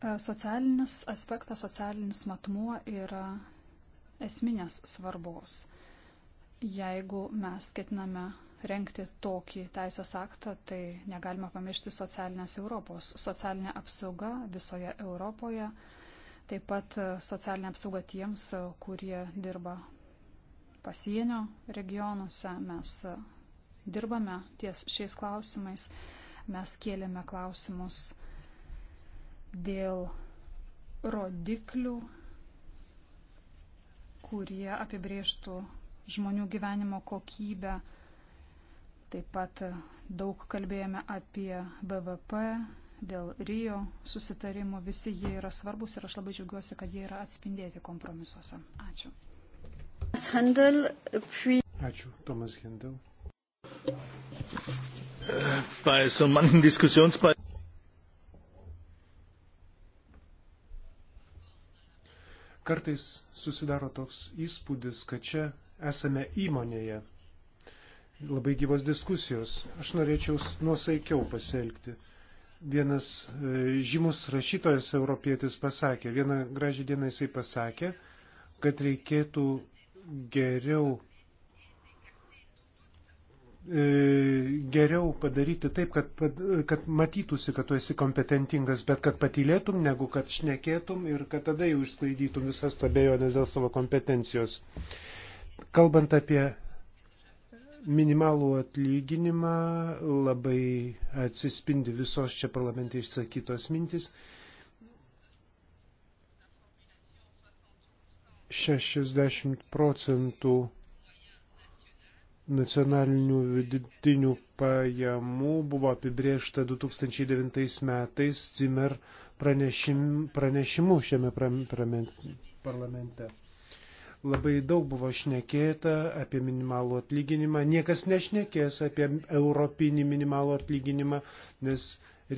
B: E, socialinis aspektas, socialinis matmuo yra esminės svarbos. Jeigu mes ketiname rengti tokį teisės aktą, tai negalima pamiršti socialinės Europos. Socialinė apsauga visoje Europoje, taip pat socialinė apsauga tiems, kurie dirba pasienio regionuose. Mes dirbame ties šiais klausimais. Mes kėlėme klausimus dėl rodiklių, kurie apibrėžtų žmonių gyvenimo kokybę. Taip pat daug kalbėjome apie BVP, dėl Rijo susitarimų. Visi jie yra svarbus ir aš labai džiaugiuosi, kad jie yra atspindėti kompromisuose. Ačiū.
C: Handel, puis...
A: Ačiū, Tomas Hendel. Äh, bei so manchen Diskussionsbeiträgen. Kartais susidaro toks įspūdis, kad čia esame įmonėje. Labai gyvos diskusijos. Aš norėčiau nuosaikiau pasielgti. Vienas e, žymus rašytojas europietis pasakė, vieną gražią dieną jisai pasakė, kad reikėtų geriau, e, geriau padaryti taip, kad, kad matytųsi, kad tu esi kompetentingas, bet kad patylėtum, negu kad šnekėtum ir kad tada jau išsklaidytum visas to bejonės dėl savo kompetencijos. Kalbant apie minimalų atlyginimą, labai atsispindi visos čia parlamente išsakytos mintis. 60 procentų nacionalinių vidutinių pajamų buvo apibriešta 2009 metais Zimmer pranešim, pranešimu šiame pram, pram, parlamente. Labai daug buvo šnekėta apie minimalų atlyginimą. Niekas nešnekės apie europinį minimalų atlyginimą, nes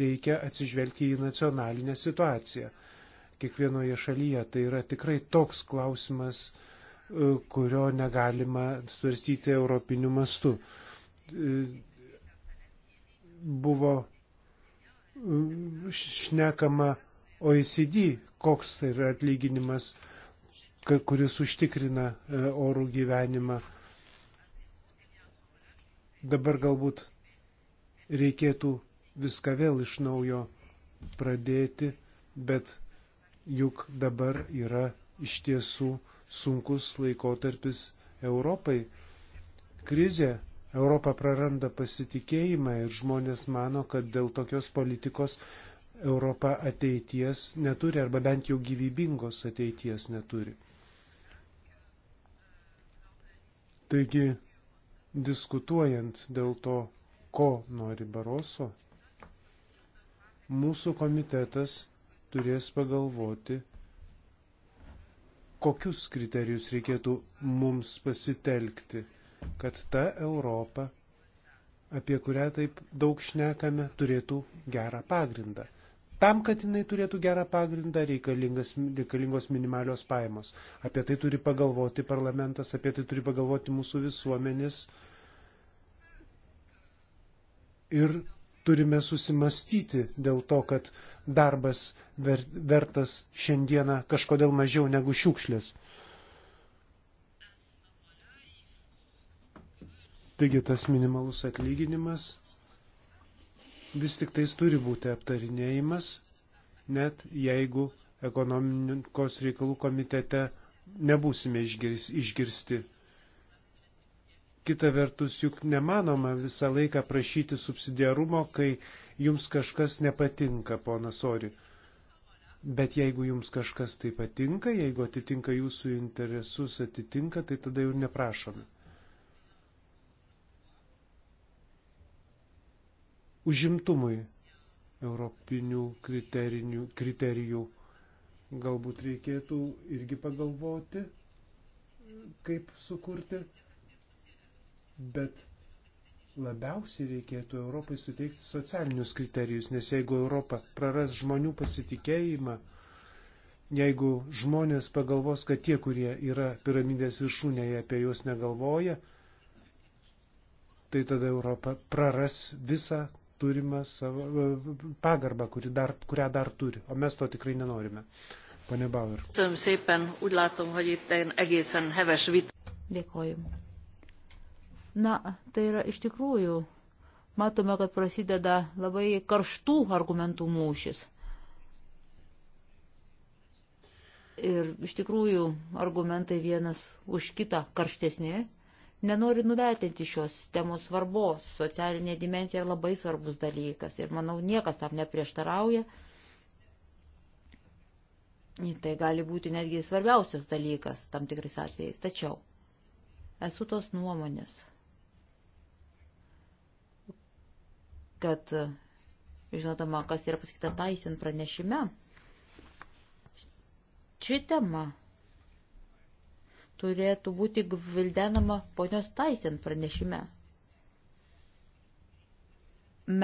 A: reikia atsižvelgti į nacionalinę situaciją kiekvienoje šalyje. Tai yra tikrai toks klausimas, e, kurio negalima svarstyti europiniu mastu. E, buvo e, šnekama OECD, koks yra atlyginimas, kuris užtikrina orų gyvenimą. Dabar galbūt reikėtų viską vėl iš naujo pradėti, bet juk dabar yra iš tiesų sunkus laikotarpis Europai. Krizė Europą praranda pasitikėjimą ir žmonės mano, kad dėl tokios politikos Europa ateities neturi arba bent jau gyvybingos ateities neturi. Taigi, diskutuojant dėl to, ko nori Baroso, mūsų komitetas turės pagalvoti, kokius kriterijus reikėtų mums pasitelkti, kad ta Europa, apie kurią taip daug šnekame, turėtų gerą pagrindą. Tam, kad jinai turėtų gerą pagrindą, reikalingos minimalios pajamos. Apie tai turi pagalvoti parlamentas, apie tai turi pagalvoti mūsų visuomenės. Ir turime susimastyti dėl to, kad darbas ver, vertas šiandieną kažkodėl mažiau negu šiukšlės. Taigi tas minimalus atlyginimas vis tik tais turi būti aptarinėjimas, net jeigu ekonomikos reikalų komitete nebūsime išgirsti Kita vertus, juk nemanoma visą laiką prašyti subsidiarumo, kai jums kažkas nepatinka, pona Sori. Bet jeigu jums kažkas tai patinka, jeigu atitinka jūsų interesus, atitinka, tai tada jau neprašome. Užimtumui europinių kriterijų galbūt reikėtų irgi pagalvoti, kaip sukurti bet labiausiai reikėtų Europai suteikti socialinius kriterijus, nes jeigu Europa praras žmonių pasitikėjimą, jeigu žmonės pagalvos, kad tie, kurie yra piramidės viršūnėje, apie juos negalvoja, tai tada Europa praras visą turimą savo e, pagarbą, kuri dar, kurią dar turi, o mes to tikrai nenorime. Pane Bauer.
C: Köszönöm szépen, úgy látom, hogy itt egészen heves vita.
A: Dėkoju. Na,
D: tai yra iš tikrųjų, matome, kad prasideda labai karštų argumentų mūšis. Ir iš tikrųjų argumentai vienas už kitą karštesni. Nenoriu nuvertinti šios temos svarbos. Socialinė dimensija yra labai svarbus dalykas ir manau niekas tam neprieštarauja. Tai gali būti netgi svarbiausias dalykas tam tikrais atvejais. Tačiau esu tos nuomonės, kad, žinodama, kas yra pasakyta taisint pranešime, ši tema turėtų būti gvildenama ponios taisint pranešime.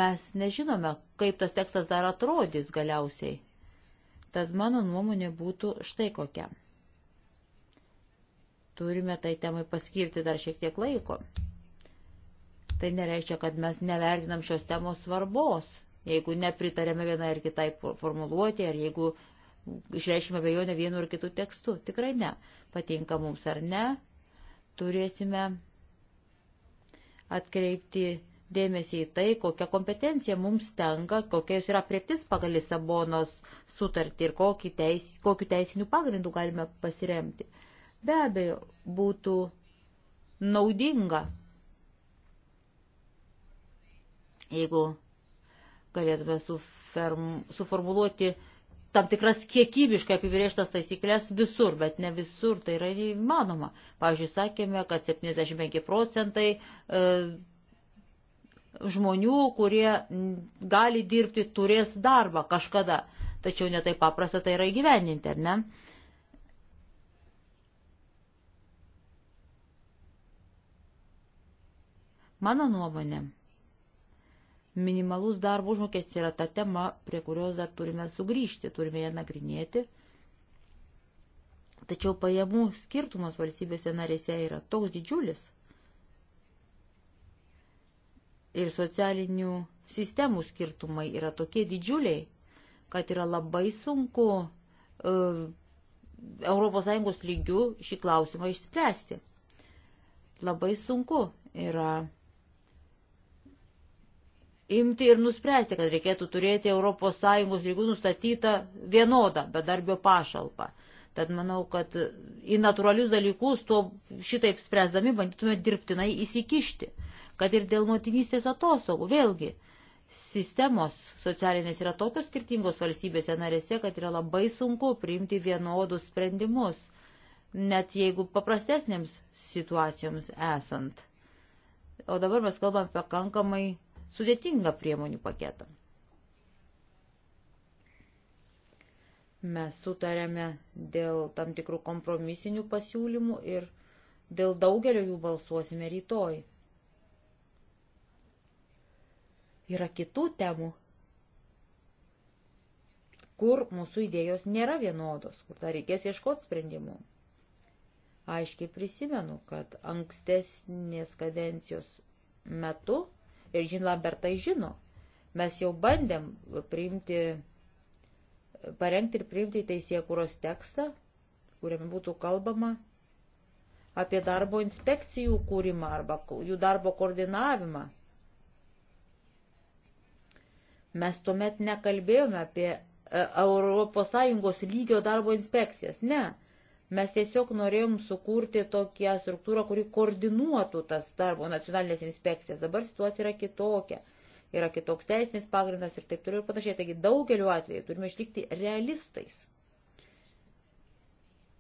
D: Mes nežinome, kaip tas tekstas dar atrodys galiausiai. Tad mano nuomonė būtų štai kokia. Turime tai temai paskirti dar šiek tiek laiko tai nereiškia, kad mes nevertinam šios temos svarbos, jeigu nepritarėme vienai ar kitai formuluoti, ar jeigu išreiškime abejonę vienu ar kitu tekstu. Tikrai ne. Patinka mums ar ne, turėsime atkreipti dėmesį į tai, kokią kompetenciją mums tenka, kokia jūs yra prieptis pagal Lisabonos sutartį ir kokį teis, kokiu teisiniu pagrindu galime pasiremti. Be abejo, būtų naudinga Jeigu galėtume suferm, suformuluoti tam tikras kiekybiškai apibrėžtas taisyklės visur, bet ne visur tai yra įmanoma. Pavyzdžiui, sakėme, kad 75 procentai e, žmonių, kurie gali dirbti, turės darbą kažkada. Tačiau netai paprasta tai yra įgyveninti, ar ne? Mano nuomonė. Minimalus darbo užmokestis yra ta tema, prie kurios dar turime sugrįžti, turime ją nagrinėti. Tačiau pajamų skirtumas valstybėse narėse yra toks didžiulis. Ir socialinių sistemų skirtumai yra tokie didžiuliai, kad yra labai sunku uh, e, ES lygių šį klausimą išspręsti. Labai sunku yra imti ir nuspręsti, kad reikėtų turėti ES lygų nustatytą vienodą bedarbio pašalpą. Tad manau, kad į natūralius dalykus tuo šitaip spręsdami bandytume dirbtinai įsikišti. Kad ir dėl motinystės atostogų, vėlgi, sistemos socialinės yra tokios skirtingos valstybėse narėse, kad yra labai sunku priimti vienodus sprendimus, net jeigu paprastesnėms situacijoms esant. O dabar mes kalbam pakankamai sudėtingą priemonių paketą. Mes sutarėme dėl tam tikrų kompromisinių pasiūlymų ir dėl daugelio jų balsuosime rytoj. Yra kitų temų, kur mūsų idėjos nėra vienodos, kur dar reikės ieškoti sprendimų. Aiškiai prisimenu, kad ankstesnės kadencijos metu ir Žin Lambertai žino. Mes jau bandėm priimti, parengti ir priimti teisėkūros tekstą, kuriame būtų kalbama apie darbo inspekcijų kūrimą arba jų darbo koordinavimą. Mes tuomet nekalbėjome apie ES lygio darbo inspekcijas, ne. Mes tiesiog norėjom sukurti tokią struktūrą, kuri koordinuotų tas darbo nacionalinės inspekcijas. Dabar situacija yra kitokia. Yra kitoks teisinis pagrindas ir taip toliau ir panašiai. Taigi daugeliu atveju turime išlikti realistais.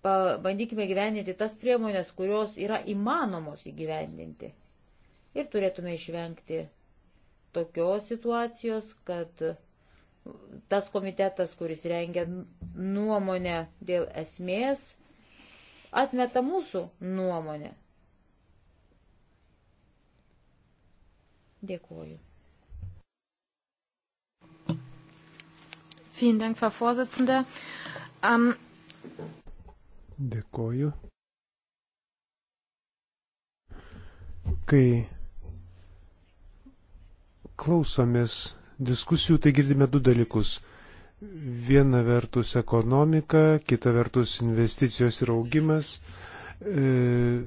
D: Bandykime gyveninti tas priemonės, kurios yra įmanomos įgyvendinti. Ir turėtume išvengti tokios situacijos, kad tas komitetas, kuris rengia nuomonę dėl esmės, atmeta mūsų nuomonę. Dėkuoju. Vielen Dank, Frau Vorsitzende. Um, ähm,
A: Dėkoju. Kai klausomės diskusijų, tai girdime du dalykus. Viena vertus ekonomika, kita vertus investicijos ir augimas. E,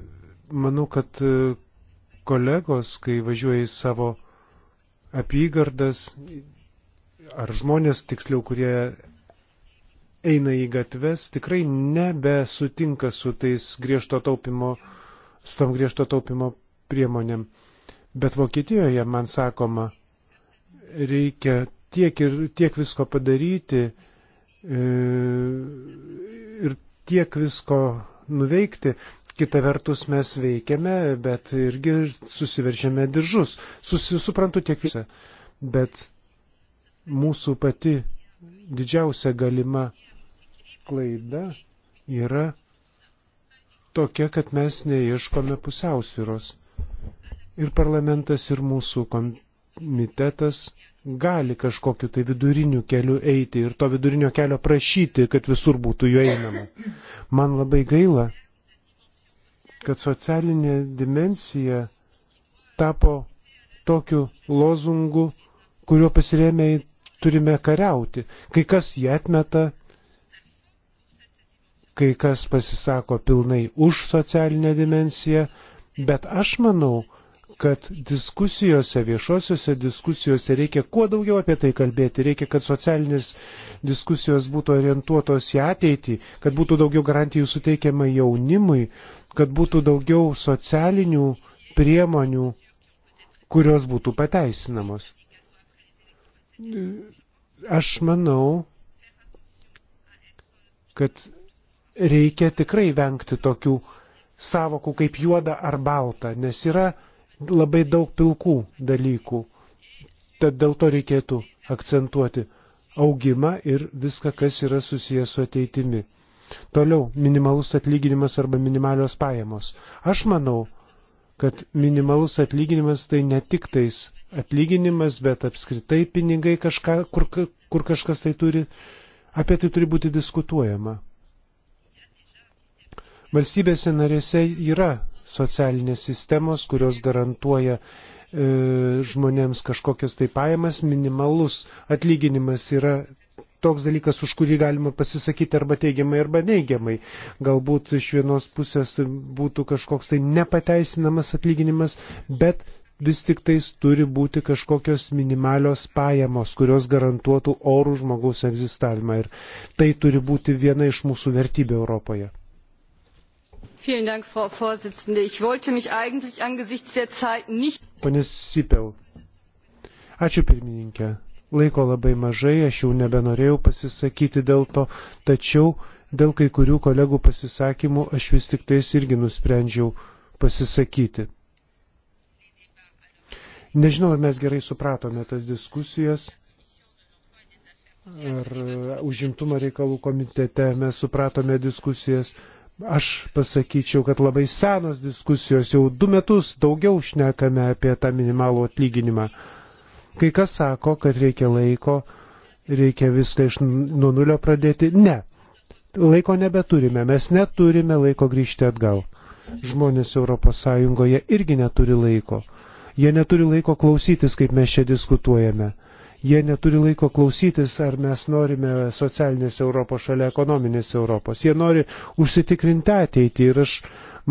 A: manau, kad e, kolegos, kai važiuoja į savo apygardas, ar žmonės tiksliau, kurie eina į gatves, tikrai nebesutinka su tais griežto taupimo, su tom griežto taupimo priemonėm. Bet Vokietijoje, man sakoma, reikia tiek ir tiek visko padaryti e, ir tiek visko nuveikti. Kita vertus mes veikiame, bet irgi susiveržėme diržus. Susisuprantu tiek visą. Bet mūsų pati didžiausia galima klaida yra tokia, kad mes neieškome pusiausviros. Ir parlamentas, ir mūsų komitetas gali kažkokiu tai viduriniu keliu eiti ir to vidurinio kelio prašyti, kad visur būtų juo einama. Man labai gaila, kad socialinė dimensija tapo tokiu lozungu, kuriuo pasiremiai turime kariauti. Kai kas jį atmeta, kai kas pasisako pilnai už socialinę dimensiją, bet aš manau, kad diskusijose, viešosiuose diskusijose reikia kuo daugiau apie tai kalbėti, reikia, kad socialinės diskusijos būtų orientuotos į ateitį, kad būtų daugiau garantijų suteikiama jaunimui, kad būtų daugiau socialinių priemonių, kurios būtų pateisinamos. Aš manau, kad reikia tikrai vengti tokių savokų kaip juoda ar balta, nes yra labai daug pilkų dalykų. Tad dėl to reikėtų akcentuoti augimą ir viską, kas yra susijęs su ateitimi. Toliau minimalus atlyginimas arba minimalios pajamos. Aš manau, kad minimalus atlyginimas tai ne tik tais atlyginimas, bet apskritai pinigai, kažką, kur, kur kažkas tai turi, apie tai turi būti diskutuojama. Valstybėse narėse yra socialinės sistemos, kurios garantuoja e, žmonėms kažkokias tai pajamas, minimalus atlyginimas yra toks dalykas, už kurį galima pasisakyti arba teigiamai, arba neigiamai. Galbūt iš vienos pusės būtų kažkoks tai nepateisinamas atlyginimas, bet vis tik tais turi būti kažkokios minimalios pajamos, kurios garantuotų orų žmogaus egzistavimą. Ir tai turi būti viena iš mūsų vertybių Europoje.
C: Dank, Frau Vorsitzende. Ich wollte mich eigentlich angesichts der Zeit nicht.
A: Panis Sipel. Ačiū pirmininkė. Laiko labai mažai, aš jau nebenorėjau pasisakyti dėl to, tačiau dėl kai kurių kolegų pasisakymų aš vis tik tais irgi nusprendžiau pasisakyti. Nežinau, ar mes gerai supratome tas diskusijas, ar užimtumo reikalų komitete mes supratome diskusijas, Aš pasakyčiau, kad labai senos diskusijos, jau du metus daugiau šnekame apie tą minimalų atlyginimą. Kai kas sako, kad reikia laiko, reikia viską iš nuo nulio pradėti. Ne, laiko nebeturime, mes neturime laiko grįžti atgal. Žmonės ES irgi neturi laiko. Jie neturi laiko klausytis, kaip mes čia diskutuojame. Jie neturi laiko klausytis, ar mes norime socialinės Europos šalia ekonominės Europos. Jie nori užsitikrinti ateitį ir aš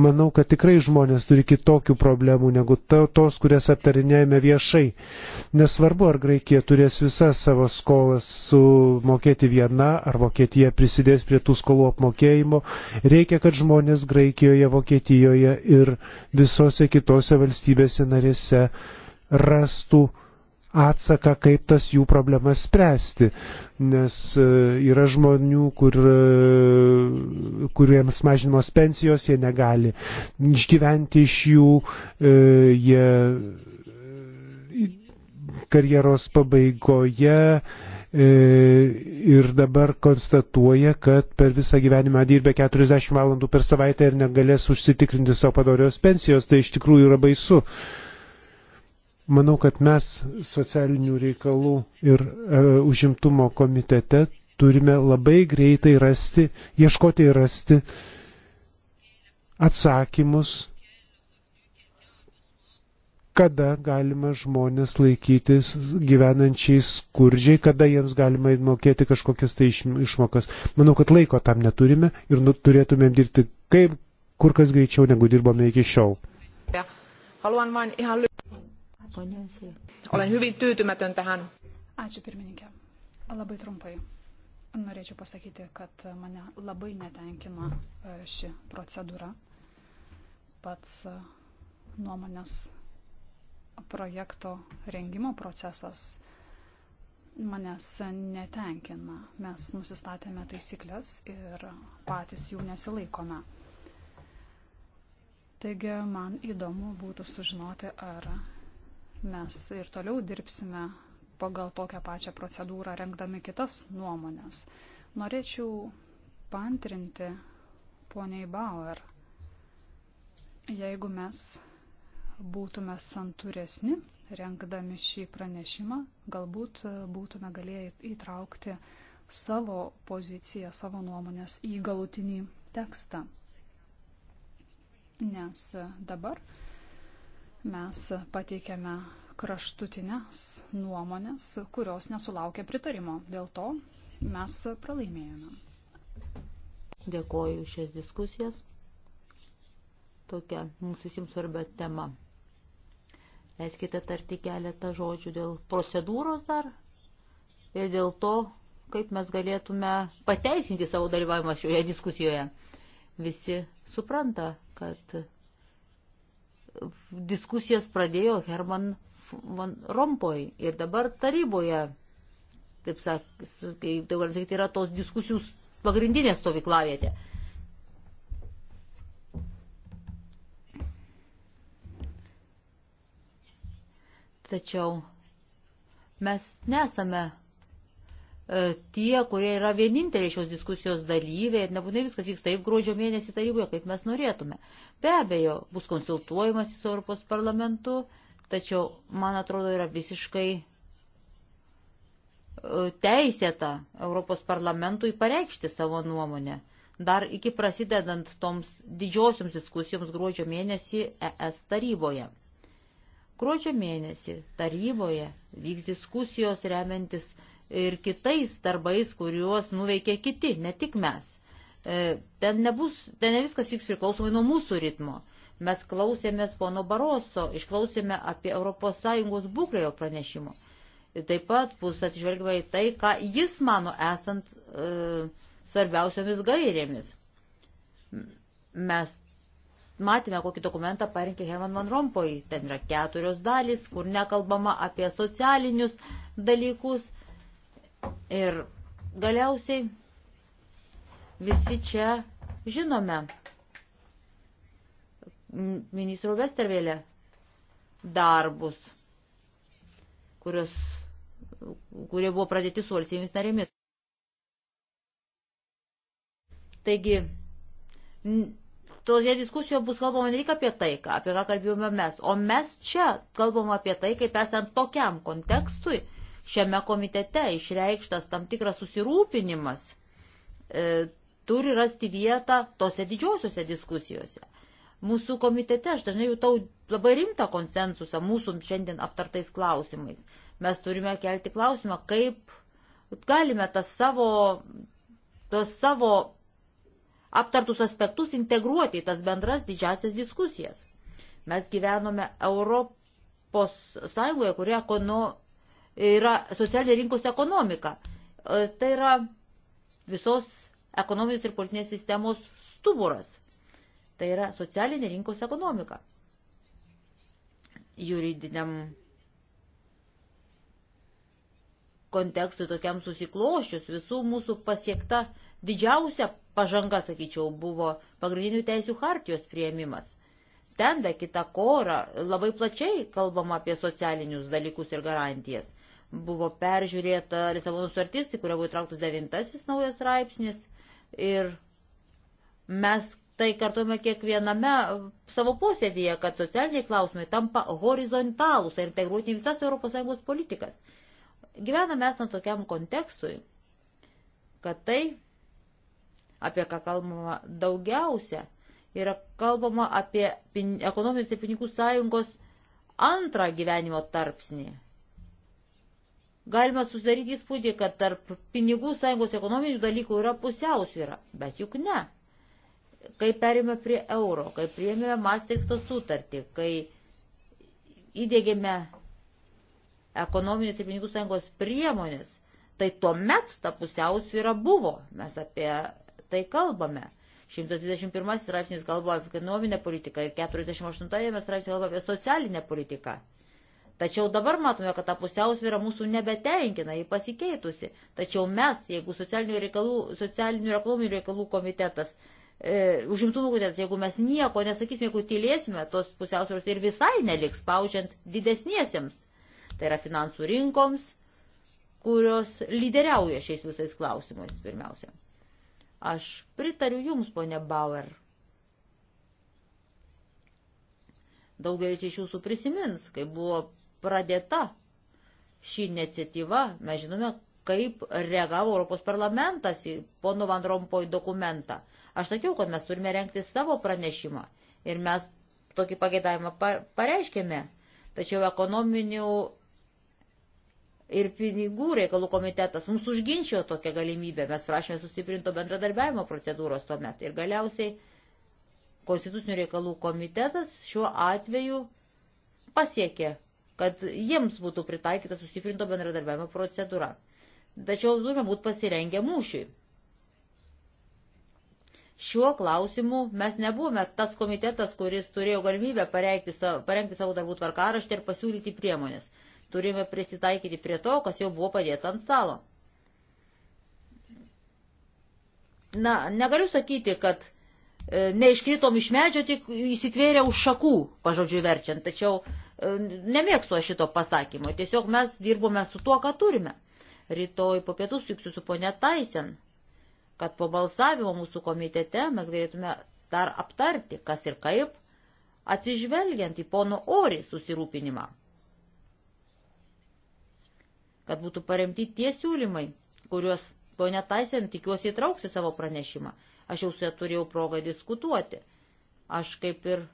A: manau, kad tikrai žmonės turi kitokių problemų negu ta, tos, kurias aptarinėjame viešai. Nesvarbu, ar Graikija turės visas savo skolas sumokėti viena, ar Vokietija prisidės prie tų skolų apmokėjimo, reikia, kad žmonės Graikijoje, Vokietijoje ir visose kitose valstybėse narėse rastų atsaką, kaip tas jų problemas spręsti. Nes e, yra žmonių, kur, e, kuriems mažinimos pensijos, jie negali išgyventi iš jų, e, jie karjeros pabaigoje ir dabar konstatuoja, kad per visą gyvenimą dirbė 40 valandų per savaitę ir negalės užsitikrinti savo padorios pensijos, tai iš tikrųjų yra baisu. Uh, Manau, kad mes socialinių reikalų ir e, užimtumo komitete turime labai greitai rasti, ieškoti ir rasti atsakymus, kada galima žmonės laikytis gyvenančiais skurdžiai, kada jiems galima įmokėti kažkokias tai išmokas. Manau, kad laiko tam neturime ir nu, turėtumėm dirbti kaip kur kas greičiau negu dirbome iki šiol.
B: Haluan vain ihan lyhyesti Pone Vesija. Olen hyvin tyytymätön tähän. Ačiū pirmininkė. Labai trumpai. Norėčiau pasakyti, kad mane labai netenkina e, ši procedūra. Pats e, nuomonės projekto rengimo procesas manęs netenkina. Mes nusistatėme taisyklės ir patys jų nesilaikome. Taigi man įdomu būtų sužinoti, ar Mes ir toliau dirbsime pagal tokią pačią procedūrą, rengdami kitas nuomonės. Norėčiau pantrinti poniai Bauer. Jeigu mes būtume santūresni, renkdami šį pranešimą, galbūt būtume galėję įtraukti savo poziciją, savo nuomonės į galutinį tekstą. Nes dabar mes pateikėme kraštutinės nuomonės, kurios nesulaukė pritarimo. Dėl to mes pralaimėjome. Dėkoju šias diskusijas. Tokia mums visiems
D: svarbia tema. Leiskite tarti keletą žodžių dėl procedūros dar ir dėl to, kaip mes galėtume pateisinti savo dalyvavimą šioje diskusijoje. Visi supranta, kad diskusijas pradėjo Herman Van Rompoj ir dabar taryboje, taip sakant, sakyti, yra tos diskusijų pagrindinė stovyklavietė. Tačiau mes nesame E, tie, kurie yra vieninteliai šios diskusijos dalyviai, nebūtinai viskas vyks taip gruodžio mėnesį taryboje, kaip mes norėtume. Be abejo, bus konsultuojamas su Europos parlamentu, tačiau, man atrodo, yra visiškai e, teisėta Europos parlamentui pareikšti savo nuomonę. Dar iki prasidedant toms didžiosioms diskusijoms gruodžio mėnesį ES taryboje. Gruodžio mėnesį taryboje vyks diskusijos remiantis ir kitais darbais, kuriuos nuveikia kiti, ne tik mes. E, ten, nebus, ten ne viskas vyks priklausomai nuo mūsų ritmo. Mes klausėmės pono Baroso, išklausėme apie ES būklėjo pranešimo. Taip pat bus atžvelgiama į tai, ką jis mano esant e, svarbiausiomis gairėmis. Mes matėme, kokį dokumentą parinkė Herman Van Rompuy. Ten yra keturios dalys, kur nekalbama apie socialinius dalykus, Ir galiausiai visi čia žinome ministro Vestervėlė darbus, kurios, kurie buvo pradėti su valstybėmis narėmis. Taigi, toje diskusijoje bus kalbama ne tik apie tai, ką, apie ką kalbėjome mes, o mes čia kalbame apie tai, kaip esant tokiam kontekstui, mm šiame komitete išreikštas tam tikras susirūpinimas e, turi rasti vietą tose didžiosiuose diskusijose. Mūsų komitete aš dažnai jutau labai rimtą konsensusą mūsų šiandien aptartais klausimais. Mes turime kelti klausimą, kaip galime tas savo, tos savo aptartus aspektus integruoti į tas bendras didžiasias diskusijas. Mes gyvenome Europos Sąjungoje, kurioje ekono, yra socialinė rinkos ekonomika. E, tai yra visos ekonominės ir politinės sistemos stuburas. Tai yra socialinė rinkos ekonomika. Juridiniam kontekstui tokiam susikloščius visų mūsų pasiekta didžiausia pažanga, sakyčiau, buvo pagrindinių teisių hartijos prieimimas. Ten be kita kora labai plačiai kalbama apie socialinius dalykus ir garantijas. Buvo peržiūrėta Lisabonų sutartis, į kurią buvo įtrauktas devintasis naujas straipsnis ir mes tai kartuome kiekviename savo posėdėje, kad socialiniai klausimai tampa horizontalūs ir integruoti į visas ES politikas. Gyvename esant tokiam kontekstui, kad tai, apie ką kalbama daugiausia, yra kalbama apie ekonominės ir pinigų sąjungos antrą gyvenimo tarpsnį galima susidaryti įspūdį, kad tarp pinigų sąjungos ekonominių dalykų yra pusiausvyra, bet juk ne. Kai perėmė prie euro, kai priėmėme Maastrichto sutartį, kai įdėgėme ekonominės ir pinigų sąjungos priemonės, tai tuomet ta pusiausvyra buvo. Mes apie tai kalbame. 121 straipsnis kalba apie ekonominę politiką ir 48 straipsnis kalba apie socialinę politiką. Tačiau dabar matome, kad ta pusiausvėra mūsų nebetenkina, ji pasikeitusi. Tačiau mes, jeigu socialinių reikalų, socialinių reklamų reikalų komitetas, e, užimtumų komitetas, jeigu mes nieko nesakysime, jeigu tylėsime, tos pusiausvėros ir visai neliks, paučiant didesniesiems. Tai yra finansų rinkoms, kurios lyderiauja šiais visais klausimais pirmiausia. Aš pritariu Jums, ponė Bauer. Daugelis iš Jūsų prisimins, kai buvo pradėta ši iniciatyva, mes žinome, kaip reagavo Europos parlamentas į pono Van Rompoj dokumentą. Aš sakiau, kad mes turime renkti savo pranešimą ir mes tokį pageidavimą pareiškėme. Tačiau ekonominių ir pinigų reikalų komitetas mums užginčiojo tokią galimybę. Mes prašėme sustiprinto bendradarbiavimo procedūros tuomet. Ir galiausiai Konstitucinių reikalų komitetas šiuo atveju pasiekė kad jiems būtų pritaikyta sustiprinto bendradarbiavimo procedūra. Tačiau turime būti pasirengę mūšiui. Šiuo klausimu mes nebuvome tas komitetas, kuris turėjo galimybę parengti savo, parengti savo darbų tvarkaraštį ir pasiūlyti priemonės. Turime prisitaikyti prie to, kas jau buvo padėta ant stalo. Na, negaliu sakyti, kad e, neiškritom iš medžio, tik įsitvėrė už šakų, pažodžiui verčiant. Tačiau Nemėgstu aš šito pasakymo, tiesiog mes dirbome su tuo, ką turime. Rytoj po pietų suiksiu su ponė Taisen, kad po balsavimo mūsų komitete mes galėtume dar aptarti, kas ir kaip, atsižvelgiant į pono orį susirūpinimą. Kad būtų paremti tie siūlymai, kuriuos ponia Taisen tikiuosi įtrauksi savo pranešimą. Aš jau su ja turėjau progą diskutuoti. Aš kaip ir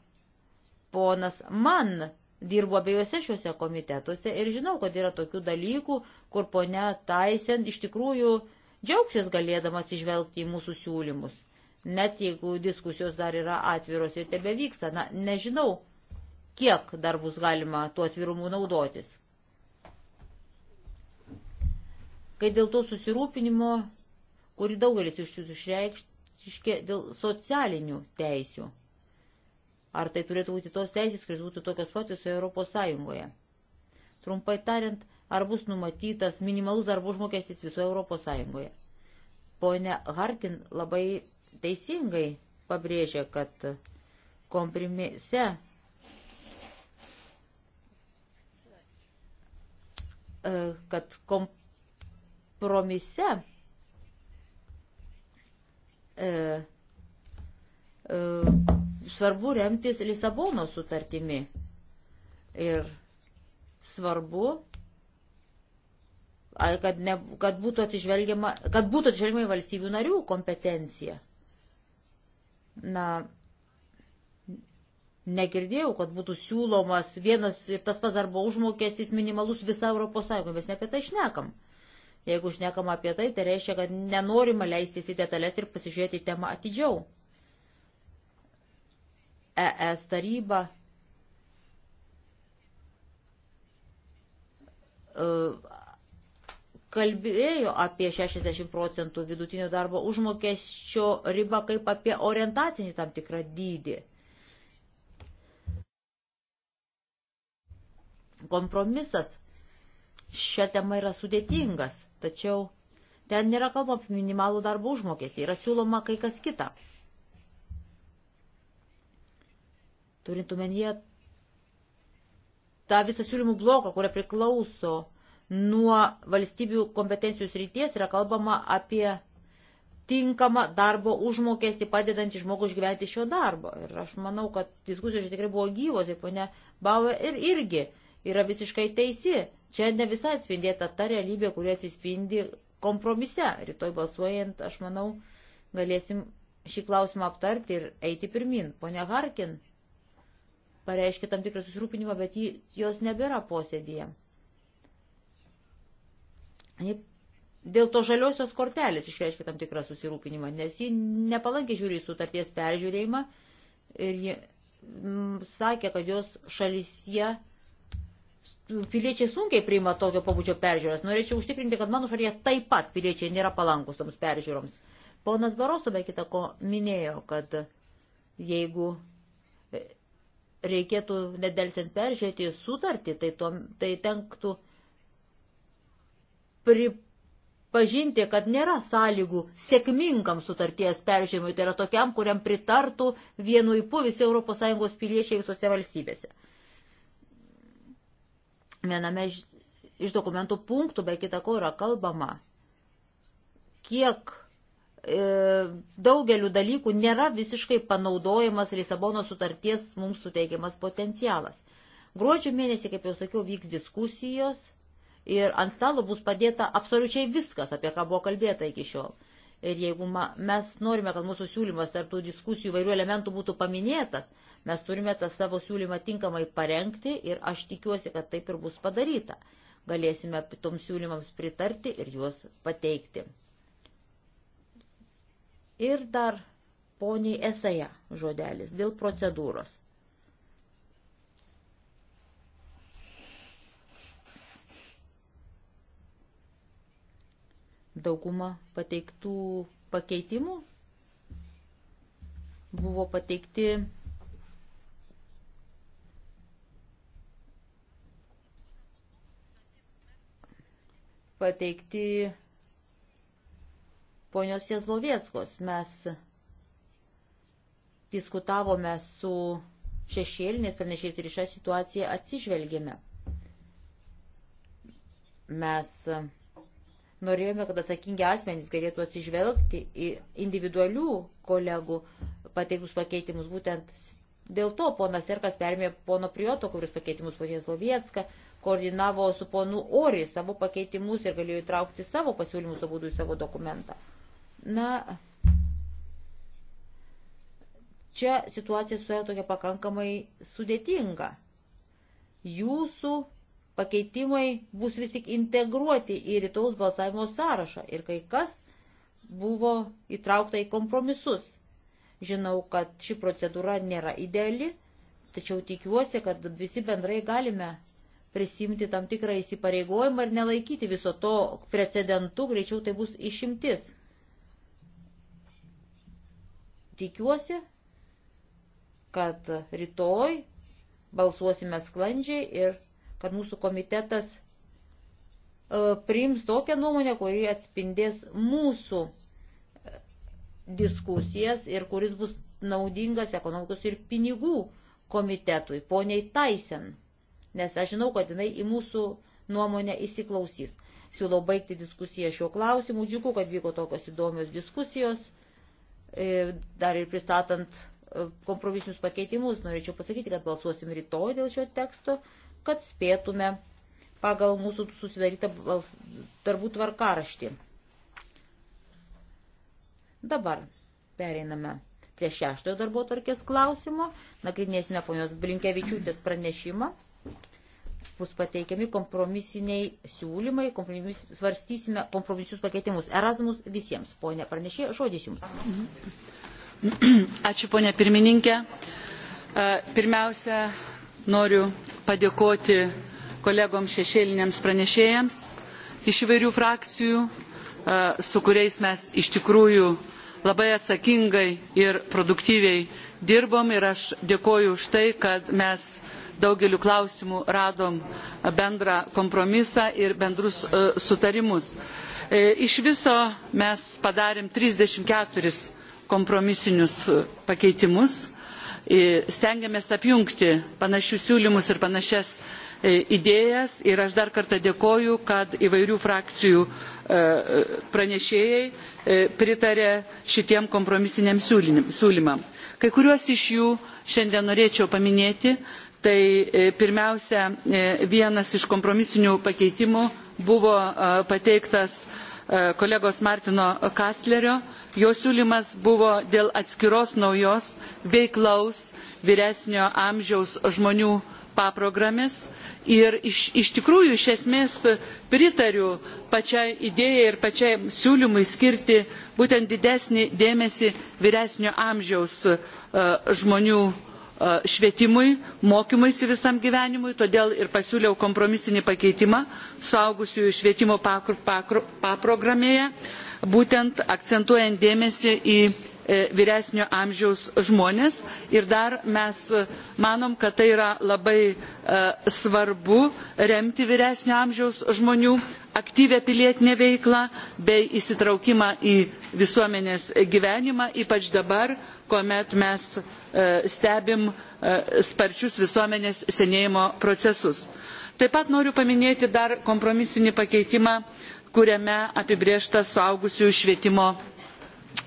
D: ponas man dirbu abiejose šiuose komitetuose ir žinau, kad yra tokių dalykų, kur ponia Taisen iš tikrųjų džiaugsis galėdamas išvelgti į mūsų siūlymus, net jeigu diskusijos dar yra atviros ir tebe vyksta. Na, nežinau, kiek dar bus galima tuo atvirumu naudotis. Kai dėl to susirūpinimo, kurį daugelis iš jūsų išreikškė dėl socialinių teisių. Ar tai turėtų būti tos teisės, kuris būtų tokios pat visoje Europos Sąjungoje? Trumpai tariant, ar bus numatytas minimalus darbo užmokestis visoje Europos Sąjungoje? Pone Harkin labai teisingai pabrėžė, kad kompromise e, kad kompromise e, e, svarbu remtis Lisabono sutartimi. Ir svarbu, kad, ne, kad, būtų atsižvelgiama, kad būtų atsižvelgiama į valstybių narių kompetenciją. Na, negirdėjau, kad būtų siūlomas vienas ir tas pats darbo užmokestis minimalus visą Europos Sąjungą, mes ne apie tai šnekam. Jeigu šnekam apie tai, tai reiškia, kad nenorima leistis į detalės ir pasižiūrėti temą atidžiau. ES taryba e, kalbėjo apie 60 procentų vidutinio darbo užmokesčio ribą kaip apie orientacinį tam tikrą dydį. Kompromisas šią temą yra sudėtingas, tačiau ten nėra kalbama apie minimalų darbo užmokestį, yra siūloma kai kas kita. turint omenyje tą visą siūlymų bloką, kuria priklauso nuo valstybių kompetencijų srities, yra kalbama apie tinkamą darbo užmokestį padedantį žmogų išgyventi šio darbo. Ir aš manau, kad diskusijos čia tikrai buvo gyvos ir ponia Bauer ir irgi yra visiškai teisi. Čia ne visai atspindėta ta realybė, kuri atsispindi kompromise. Rytoj balsuojant, aš manau, galėsim šį klausimą aptarti ir eiti pirmin. Pone Harkin pareiškė tam tikrą susirūpinimą, bet jį, jos nebėra posėdėje. Dėl to žaliosios kortelės išreiškia tam tikrą susirūpinimą, nes ji nepalankiai žiūri sutarties peržiūrėjimą ir ji m, mm, sakė, kad jos šalysie piliečiai sunkiai priima tokio pabudžio peržiūras. Norėčiau užtikrinti, kad mano šalyje taip pat piliečiai nėra palankus toms peržiūroms. Ponas Baroso be kita ko minėjo, kad jeigu reikėtų nedelsiant peržiūrėti sutartį, tai, to, tai tenktų pripažinti, kad nėra sąlygų sėkmingam sutarties peržiūrimui, tai yra tokiam, kuriam pritartų vienu įpu visi ES piliečiai visose valstybėse. Viename iš dokumentų punktų, be kita ko, yra kalbama, kiek E, daugeliu dalykų nėra visiškai panaudojamas Lisabono sutarties mums suteikiamas potencialas. Gruodžio mėnesį, kaip jau sakiau, vyks diskusijos ir ant stalo bus padėta absoliučiai viskas, apie ką buvo kalbėta iki šiol. Ir jeigu ma, mes norime, kad mūsų siūlymas tarp tų diskusijų vairių elementų būtų paminėtas, mes turime tą savo siūlymą tinkamai parengti ir aš tikiuosi, kad taip ir bus padaryta. Galėsime toms siūlymams pritarti ir juos pateikti. Ir dar poniai Esaja žodelis dėl procedūros. Dauguma pateiktų pakeitimų buvo pateikti pateikti ponios Jezlovieckos. Mes diskutavome su šešėlinės pranešiais ir į šią situaciją atsižvelgėme. Mes norėjome, kad atsakingi asmenys galėtų atsižvelgti į individualių kolegų pateiktus pakeitimus. Būtent dėl to ponas Erkas permė pono Prioto, kuris pakeitimus ponės Lovietska, koordinavo su ponu Ori savo pakeitimus ir galėjo įtraukti savo pasiūlymus abudu į savo dokumentą. Na, čia situacija susidaro tokia pakankamai sudėtinga. Jūsų pakeitimai bus vis tik integruoti į rytaus balsavimo sąrašą ir kai kas buvo įtraukta į kompromisus. Žinau, kad ši procedūra nėra ideali, tačiau tikiuosi, kad visi bendrai galime prisimti tam tikrą įsipareigojimą ir nelaikyti viso to precedentu, greičiau tai bus išimtis. Tikiuosi, kad rytoj balsuosime sklandžiai ir kad mūsų komitetas e, priims tokią nuomonę, kuri atspindės mūsų e, diskusijas ir kuris bus naudingas ekonomikos ir pinigų komitetui, poniai Taisen, nes aš žinau, kad jinai į mūsų nuomonę įsiklausys. Siūlau baigti diskusiją šiuo klausimu. Džiugu, kad vyko tokios įdomios diskusijos. E, dar ir pristatant e, kompromisinius pakeitimus, norėčiau pasakyti, kad balsuosim rytoj dėl šio teksto, kad spėtume pagal mūsų susidarytą darbų tvarkaraštį. Dabar pereiname prie šeštojo darbo tvarkės klausimo, nagrinėsime ponios Blinkevičiūtės pranešimą bus pateikiami kompromisiniai siūlymai, kompromis, svarstysime kompromisinius pakeitimus. Erasmus visiems, ponė pranešė, žodis jums.
C: Ačiū, ponė pirmininkė. E, pirmiausia, noriu padėkoti kolegoms šešėliniams pranešėjams iš įvairių frakcijų, e, su kuriais mes iš tikrųjų labai atsakingai ir produktyviai dirbom ir aš dėkoju už tai, kad mes daugeliu klausimų radom bendrą kompromisą ir bendrus e, sutarimus. E, iš viso mes padarėm 34 kompromisinius e, pakeitimus, stengiamės apjungti panašius siūlymus ir panašias idėjas ir aš dar kartą dėkoju, kad įvairių frakcijų pranešėjai pritarė šitiem kompromisiniam siūlymam. Kai kuriuos iš jų šiandien norėčiau paminėti, tai e, pirmiausia e, vienas iš kompromisinių pakeitimų buvo e, pateiktas kolegos Martino Kastlerio. Jo siūlymas buvo dėl atskiros naujos veiklaus vyresnio amžiaus žmonių paprogramis ir iš, iš tikrųjų iš esmės pritariu pačiai idėjai ir pačiai siūlymui skirti būtent didesnį dėmesį vyresnio amžiaus žmonių E, švietimui, mokymaisi visam gyvenimui, todėl ir pasiūliau kompromisinį pakeitimą suaugusiųjų švietimo paprogramėje, būtent akcentuojant dėmesį į e, vyresnio amžiaus žmonės ir dar mes manom, kad tai yra labai e, svarbu remti vyresnio amžiaus žmonių aktyvę pilietinę veiklą bei įsitraukimą į visuomenės gyvenimą, ypač dabar, kuomet mes e, stebim e, sparčius visuomenės senėjimo procesus. Taip pat noriu paminėti dar kompromisinį pakeitimą, kuriame apibriešta suaugusiųjų švietimo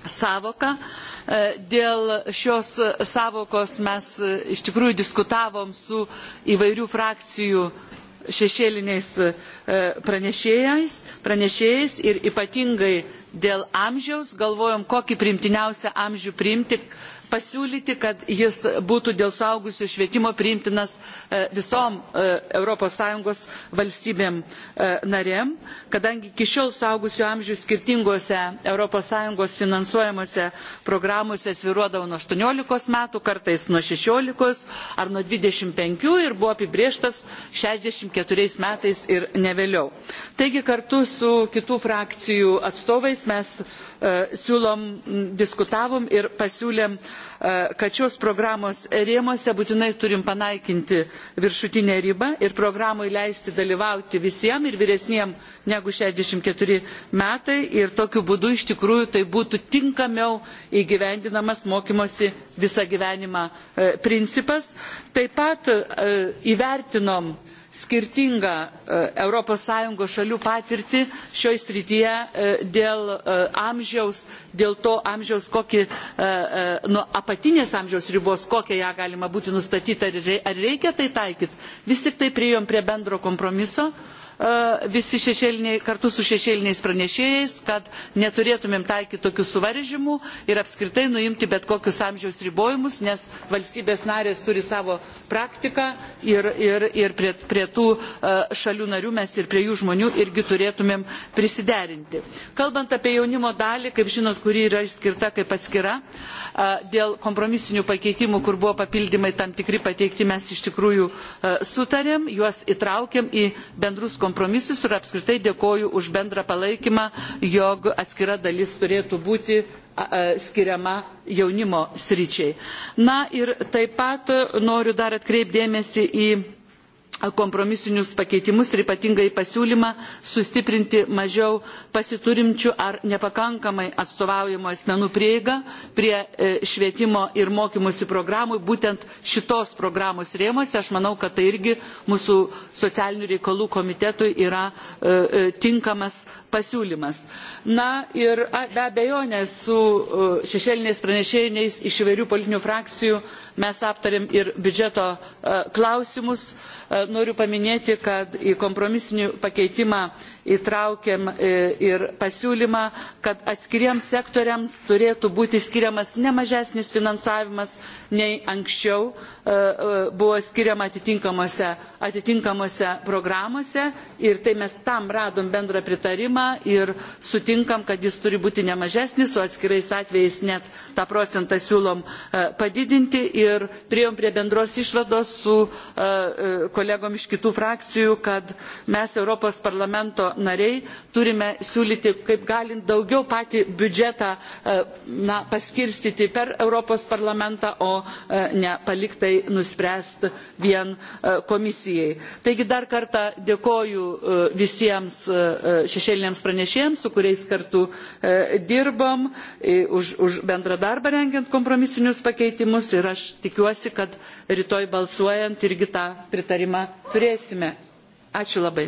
C: savoka. E, dėl šios savokos mes iš tikrųjų diskutavom su įvairių frakcijų šešėliniais pranešėjais, pranešėjais ir ypatingai dėl amžiaus galvojom kokį primtiniausią amžių priimti pasiūlyti, kad jis būtų dėl saugusių švietimo priimtinas e, visom ES valstybėm e, narėm, kadangi iki šiol saugusių amžių skirtingose ES finansuojamose programuose sviruodavo nuo 18 metų, kartais nuo 16 ar nuo 25 ir buvo apibrieštas 64 metais ir ne vėliau. Taigi kartu su kitų frakcijų atstovais mes E, siūlom, diskutavom ir pasiūlėm, e, kad šios programos rėmose būtinai turim panaikinti viršutinę ribą ir programai leisti dalyvauti visiems ir vyresniems negu 64 metai ir tokiu būdu iš tikrųjų tai būtų tinkamiau įgyvendinamas mokymosi visą gyvenimą e, principas. Taip pat įvertinom skirtingą ES šalių patirtį šioje srityje e, dėl e, amžiaus, dėl to amžiaus, kokį, e, nuo apatinės amžiaus ribos, kokią ją galima būti nustatyti, ar reikia tai taikyti. Vis tik tai priejom prie bendro kompromiso E, visi šešėliniai, kartu su šešėliniais pranešėjais, kad neturėtumėm taikyti tokių suvaržymų ir apskritai nuimti bet kokius amžiaus ribojimus, nes valstybės narės turi savo praktiką ir, ir, ir prie, prie tų e, šalių narių mes ir prie jų žmonių irgi turėtumėm prisiderinti. Kalbant apie jaunimo dalį, kaip žinot, kuri yra išskirta kaip atskira, e, dėl kompromisinių pakeitimų, kur buvo papildymai tam tikri pateikti, mes iš tikrųjų sutarėm, juos įtraukėm į bendrus kompromisus kompromisus ir apskritai dėkoju už bendrą palaikymą, jog atskira dalis turėtų būti skiriama jaunimo sričiai. Na ir taip pat noriu dar atkreipdėmėsi į kompromisinius pakeitimus ir ypatingai pasiūlymą sustiprinti mažiau pasiturinčių ar nepakankamai atstovaujamų asmenų prieigą prie e, švietimo ir mokymosi programų būtent šitos programos rėmuose. Aš manau, kad tai irgi mūsų socialinių reikalų komitetui yra e, e, tinkamas pasiūlymas. Na ir be abejonės su šešėliniais pranešėjais iš įvairių politinių frakcijų mes aptarėm ir biudžeto e, klausimus. E, noriu paminėti, kad į kompromisinį pakeitimą įtraukėm e, ir pasiūlymą, kad atskiriems sektoriams turėtų būti skiriamas ne mažesnis finansavimas nei anksčiau, E, e, buvo skiriama atitinkamose, atitinkamose programuose ir tai mes tam radom bendrą pritarimą ir sutinkam, kad jis turi būti nemažesnis, o atskirais atvejais net tą procentą siūlom e, padidinti ir prieėm prie bendros išvados su kolegom iš kitų frakcijų, kad mes Europos parlamento nariai turime siūlyti kaip galint daugiau patį biudžetą na, paskirstyti per Europos parlamentą, o ne paliktai tai nuspręsti vien e, komisijai. Taigi dar kartą dėkoju e, visiems e, šešėliniams pranešėjams, su kuriais kartu dirbam, už, už bendrą darbą rengiant kompromisinius pakeitimus ir aš tikiuosi, kad rytoj balsuojant irgi tą pritarimą turėsime. Ačiū labai.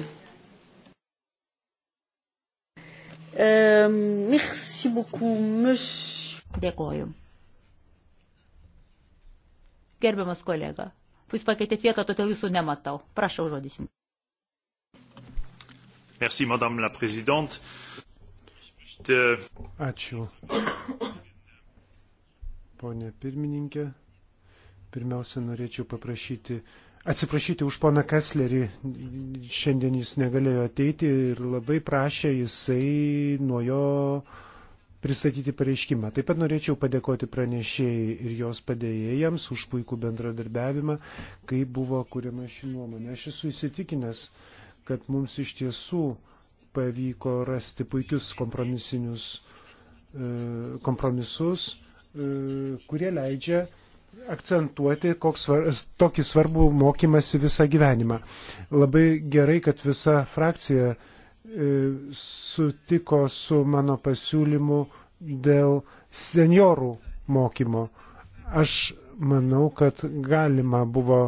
C: Euh, merci beaucoup, monsieur. Dėkoju.
D: Gerbiamas kolega, jūs pakeitėt vietą, todėl jūsų nematau. Prašau žodis jums. Merci, madame la présidente. De...
A: Ačiū. Pone pirmininkė, pirmiausia, norėčiau paprašyti atsiprašyti už poną Kesslerį. Šiandien jis negalėjo ateiti ir labai prašė jisai nuo jo pristatyti pareiškimą. Taip pat norėčiau padėkoti pranešėjai ir jos padėjėjams už puikų bendradarbiavimą, kai buvo kuriama ši nuomonė. Aš esu įsitikinęs, kad mums iš tiesų pavyko rasti puikius kompromisinius e, kompromisus, e, kurie leidžia akcentuoti svar, tokį svarbų mokymasi visą gyvenimą. Labai gerai, kad visa frakcija uh, E, sutiko su mano pasiūlymu dėl seniorų mokymo. Aš manau, kad galima buvo,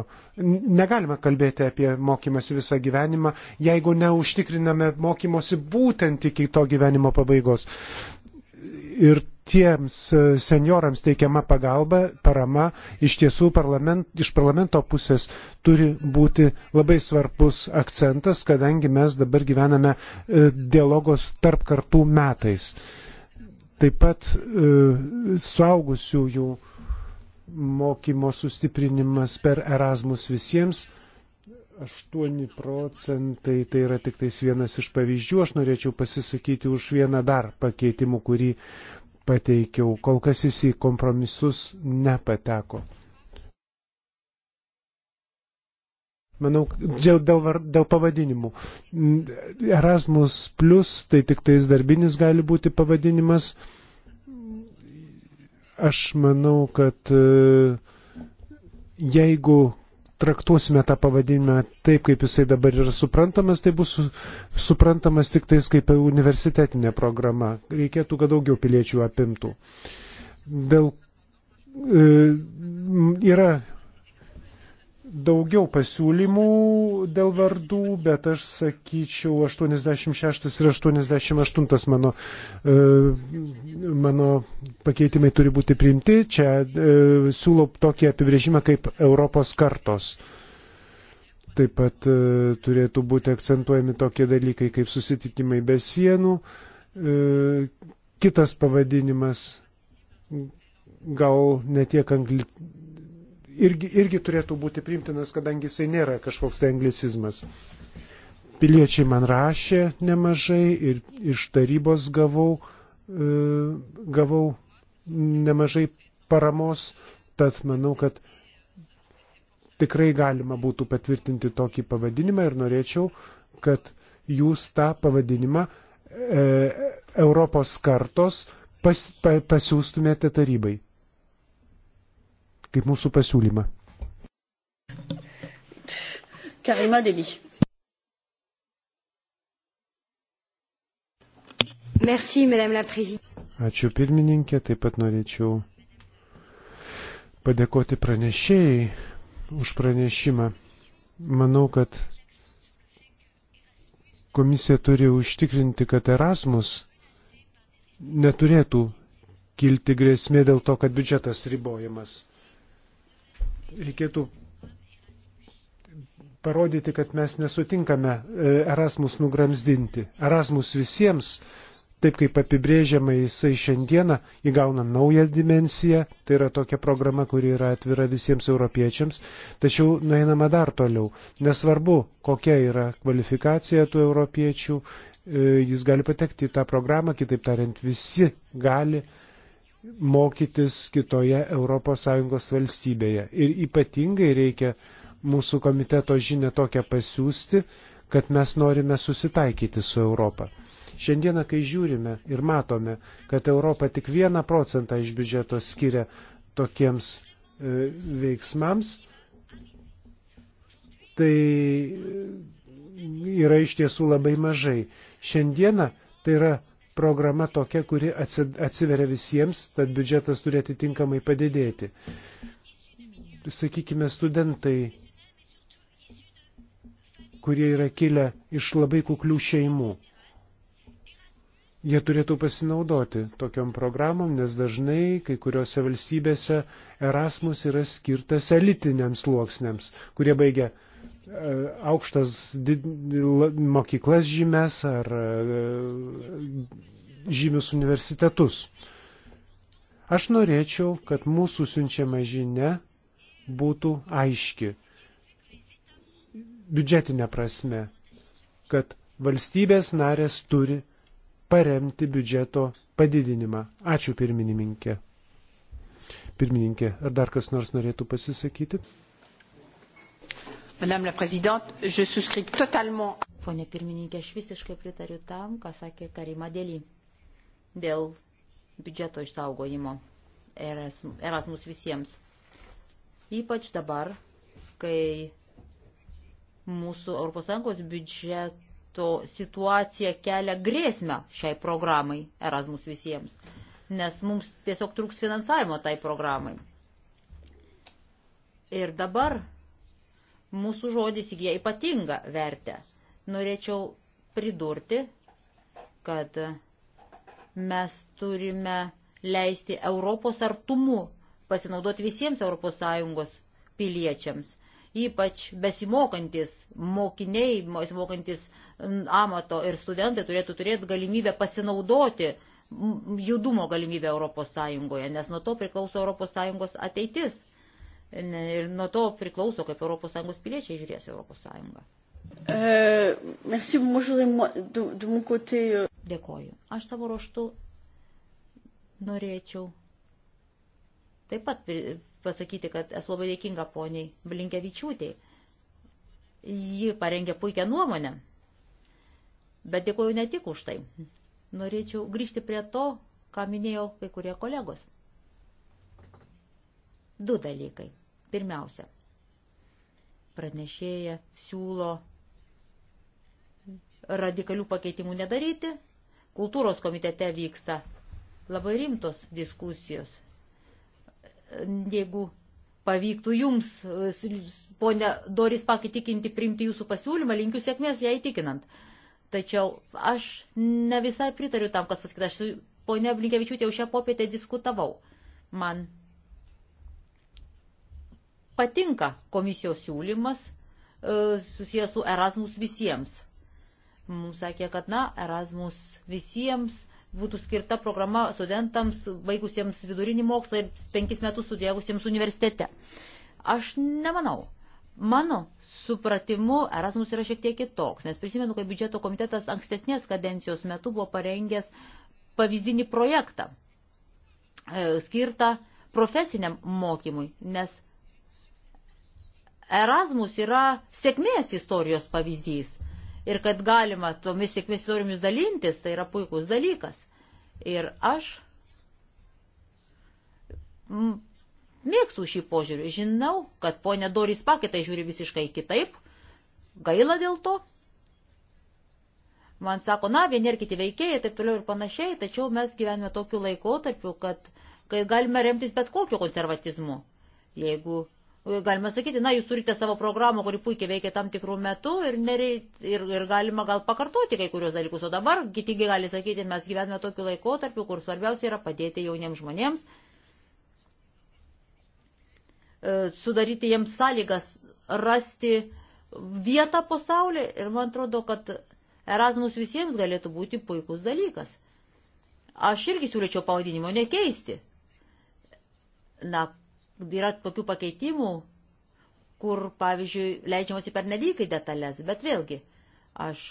A: negalima kalbėti apie mokymasi visą gyvenimą, jeigu neužtikriname mokymosi būtent iki to gyvenimo pabaigos. Ir tiems e, seniorams teikiama pagalba, parama iš tiesų parlament, iš parlamento pusės turi būti labai svarbus akcentas, kadangi mes dabar gyvename e, dialogos tarp kartų metais. Taip pat e, suaugusiųjų mokymo sustiprinimas per Erasmus visiems 8 procentai tai yra tik tais vienas iš pavyzdžių. Aš norėčiau pasisakyti už vieną dar pakeitimų, kurį pateikiau. Kol kas jis į kompromisus nepateko. Manau, dėl, dėl, dėl pavadinimų. Erasmus plus tai tik tais darbinis gali būti pavadinimas. Aš manau, kad e, jeigu traktuosime tą pavadinimą taip, kaip jisai dabar yra suprantamas, tai bus suprantamas tik tais kaip universitetinė programa. Reikėtų, kad daugiau piliečių apimtų. Dėl e, yra daugiau pasiūlymų dėl vardų, bet aš sakyčiau 86 ir 88 mano, e, mano pakeitimai turi būti priimti. Čia e, siūlau tokį apibrėžimą kaip Europos kartos. Taip pat e, turėtų būti akcentuojami tokie dalykai kaip susitikimai be sienų. Kitas pavadinimas gal netiek angli irgi, irgi turėtų būti primtinas, kadangi jisai nėra kažkoks tai anglicizmas. Piliečiai man rašė nemažai ir iš tarybos gavau, e, gavau nemažai paramos, tad manau, kad tikrai galima būtų patvirtinti tokį pavadinimą ir norėčiau, kad jūs tą pavadinimą e, Europos kartos pas, pa, pasiūstumėte tarybai kaip mūsų pasiūlymą. Karima Deli. Merci, Madame la Présidente. Ačiū pirmininkė, taip pat norėčiau padėkoti pranešėjai už pranešimą. Manau, kad komisija turi užtikrinti, kad Erasmus neturėtų kilti grėsmė dėl to, kad biudžetas ribojamas reikėtų parodyti, kad mes nesutinkame e, Erasmus nugramzdinti. Erasmus visiems, taip kaip apibrėžiama jisai šiandieną, įgauna naują dimensiją, tai yra tokia programa, kuri yra atvira visiems europiečiams, tačiau nueinama dar toliau. Nesvarbu, kokia yra kvalifikacija tų europiečių, e, jis gali patekti į tą programą, kitaip tariant, visi gali uh, mokytis kitoje ES valstybėje. Ir ypatingai reikia mūsų komiteto žinę tokią pasiūsti, kad mes norime susitaikyti su Europą. Šiandieną, kai žiūrime ir matome, kad Europa tik vieną procentą iš biudžeto skiria tokiems e, veiksmams, tai yra iš tiesų labai mažai. Šiandieną tai yra programa tokia, kuri atsiveria visiems, tad biudžetas turi atitinkamai padidėti. Sakykime, studentai, kurie yra kilę iš labai kuklių šeimų, jie turėtų pasinaudoti tokiom programom, nes dažnai kai kuriuose valstybėse Erasmus yra skirtas elitiniams sluoksniams, kurie baigia E, aukštas did, mokyklas žymės ar e, žymius universitetus. Aš norėčiau, kad mūsų siunčiama žinia būtų aiški biudžetinė prasme, kad valstybės narės turi paremti biudžeto padidinimą. Ačiū pirmininkė. Pirmininkė, ar dar kas nors norėtų pasisakyti? Madame
D: la Présidente, je souscris totalement. Pone pirmininkė, aš visiškai pritariu tam, ką sakė Karima Dėly dėl biudžeto išsaugojimo Erasmus visiems. Ypač dabar, kai mūsų ES biudžeto situacija kelia grėsmę šiai programai Erasmus visiems, nes mums tiesiog trūks finansavimo tai programai. Ir dabar mūsų žodis įgyja ypatingą vertę. Norėčiau pridurti, kad mes turime leisti Europos artumu pasinaudoti visiems ES piliečiams, ypač besimokantis mokiniai, besimokantis amato ir studentai turėtų turėti galimybę pasinaudoti judumo galimybę ES, nes nuo to priklauso ES ateitis. Ir nuo to priklauso, kaip ES piliečiai žiūrės ES.
C: Euh, euh,
D: dėkoju. Aš savo ruoštų norėčiau taip pat pasakyti, kad esu labai dėkinga poniai Blinkevičiūtėj. Ji parengė puikią nuomonę. Bet dėkoju ne tik už tai. Norėčiau grįžti prie to, ką minėjo kai kurie kolegos. Du dalykai. Pirmiausia, pranešėja siūlo radikalių pakeitimų nedaryti. Kultūros komitete vyksta labai rimtos diskusijos. Jeigu pavyktų jums, ponia Doris Pak, įtikinti priimti jūsų pasiūlymą, linkiu sėkmės ją įtikinant. Tačiau aš ne visai pritariu tam, kas pasakyta. Aš su ponia Blinkevičiūtė jau šią popietę diskutavau. Man patinka komisijos siūlymas e, susijęs su Erasmus visiems. Mums sakė, kad, na, Erasmus visiems būtų skirta programa studentams, baigusiems vidurinį mokslą ir penkis metus studijavusiems universitete. Aš nemanau. Mano supratimu, Erasmus yra šiek tiek kitoks, nes prisimenu, kad biudžeto komitetas ankstesnės kadencijos metu buvo parengęs pavyzdinį projektą e, skirtą profesiniam mokymui, nes Erasmus yra sėkmės istorijos pavyzdys ir kad galima tomis sėkmės istorijomis dalintis, tai yra puikus dalykas. Ir aš mėgstu šį požiūrį. Žinau, kad ponė Doris Pakitai žiūri visiškai kitaip. Gaila dėl to. Man sako, na, vieni ir kiti veikėjai, taip toliau ir panašiai, tačiau mes gyvenime tokiu laikotarpiu, kad, kad galime remtis bet kokiu konservatizmu. Jeigu galima sakyti, na, jūs turite savo programą, kuri puikiai veikia tam tikrų metų ir, nereit, ir, ir galima gal pakartoti kai kurios dalykus. O dabar kitigi gali sakyti, mes gyvename tokiu laikotarpiu, kur svarbiausia yra padėti jauniems žmonėms, e, sudaryti jiems sąlygas rasti vietą po saulė ir man atrodo, kad Erasmus visiems galėtų būti puikus dalykas. Aš irgi siūlyčiau pavadinimo nekeisti. Na, yra tokių pakeitimų, kur, pavyzdžiui, leidžiamasi per nelygai detalės, bet vėlgi, aš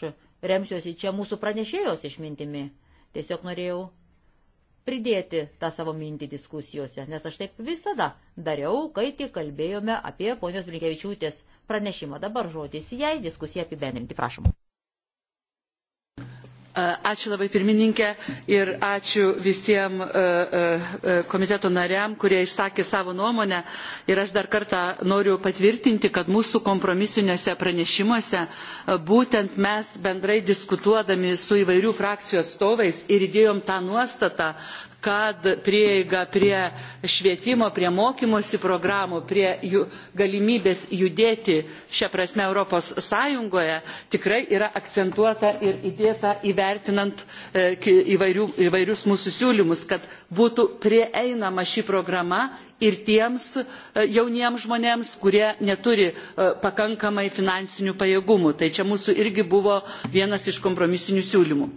D: remsiuosi čia mūsų pranešėjos išmintimi. Tiesiog norėjau pridėti tą savo mintį diskusijose, nes aš taip visada dariau, kai tik kalbėjome apie ponios Blinkevičiūtės pranešimą. Dabar žodis jai, diskusiją apibendrinti, prašom.
C: Ačiū labai pirmininkė ir ačiū visiems e, e, e, komiteto nariam, kurie išsakė savo nuomonę. Ir aš dar kartą noriu patvirtinti, kad mūsų kompromisiniuose pranešimuose būtent mes bendrai diskutuodami su įvairių frakcijų atstovais ir įdėjom tą nuostatą, kad prieiga prie švietimo, prie mokymosi programų, prie jų galimybės judėti šią prasme Europos Sąjungoje tikrai yra akcentuota ir įdėta įvertinant e, įvairių, įvairius mūsų siūlymus, kad būtų prieinama ši programa ir tiems e, jauniems žmonėms, kurie neturi e, pakankamai finansinių pajėgumų. Tai čia mūsų irgi buvo vienas iš kompromisinių siūlymų.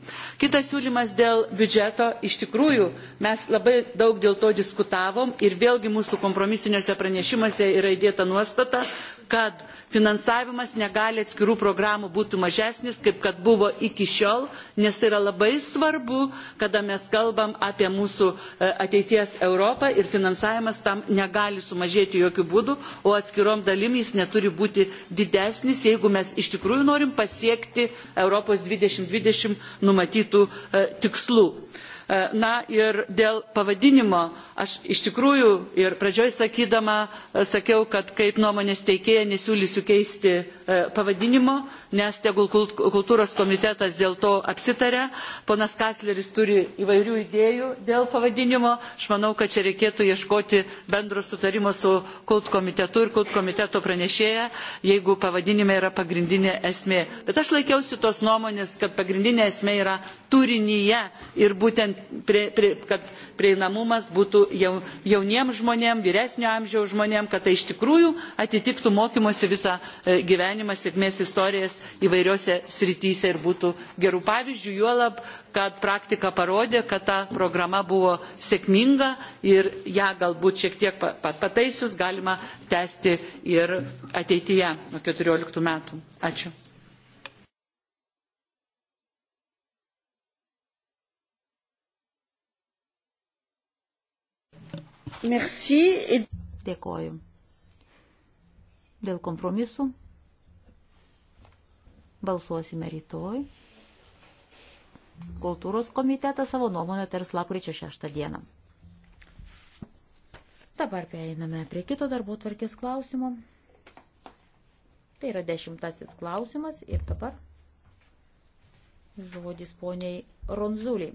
C: Kitas siūlymas dėl biudžeto. Iš tikrųjų, mes labai daug dėl to diskutavom ir vėlgi mūsų kompromisiniuose pranešimuose yra įdėta nuostata, kad finansavimas negali atskirų programų būti mažesnis, kaip kad buvo iki šiol, nes tai yra labai svarbu, kada mes kalbam apie mūsų e, ateities Europą ir finansavimas tam negali sumažėti jokių būdų, o atskirom dalim jis neturi būti didesnis, jeigu mes iš tikrųjų norim pasiekti Europos 2020 numatytų e, tikslų. E, na ir dėl pavadinimo aš iš tikrųjų ir pradžioj sakydama e, sakiau, kad kaip nuomonės teikėja nesiūlysiu keisti e, pavadinimo, nes tegul kultūros komitetas dėl to apsitarė. Ponas Kasleris turi įvairių idėjų dėl pavadinimo. Aš manau, kad čia reikėtų ieškoti bendro sutarimo su kult komitetu ir kult komiteto pranešėja, jeigu pavadinime yra pagrindinė esmė. Bet aš laikiausi tos nuomonės, kad pagrindinė esmė yra turinyje ir būtent prie, prie, kad prieinamumas būtų jau, jauniems žmonėms, vyresnio amžiaus žmonėms, kad tai iš tikrųjų atitiktų mokymosi visą e, gyvenimą, sėkmės istorijas įvairiose srityse ir būtų gerų pavyzdžių, juolab, kad praktika parodė, kad ta programa buvo sėkminga ir ją galbūt šiek tiek pataisius galima tęsti ir ateityje nuo 14 metų. Ačiū. Merci.
D: Et... Dėkoju. Dėl kompromisų balsuosime rytoj. Kultūros komitetas savo nuomonę tars lapkričio 6 dieną. Dabar prieiname prie kito darbo tvarkės klausimo. Tai yra dešimtasis klausimas ir dabar žodis poniai Ronzuliai.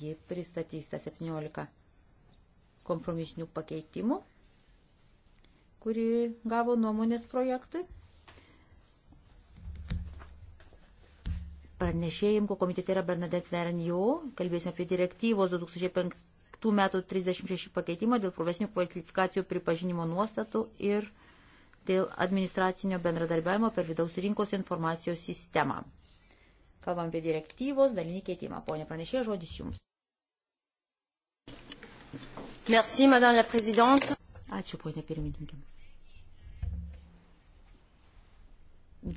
D: Ji pristatys tą 17 kompromisinių pakeitimų, kurį gavo nuomonės projektui. Pranešėjimko komitete yra Bernadette Vernio, kalbėsime apie direktyvos 2005 metų 36 pakeitimą dėl profesinių kvalifikacijų pripažinimo nuostatų ir dėl administracinio bendradarbiavimo per vidaus rinkos informacijos sistemą. Kalbam apie direktyvos dalinį keitimą. Pone pranešė, žodis jums. Merci, madame la prezidente. Ačiū, ponė pirmininkė.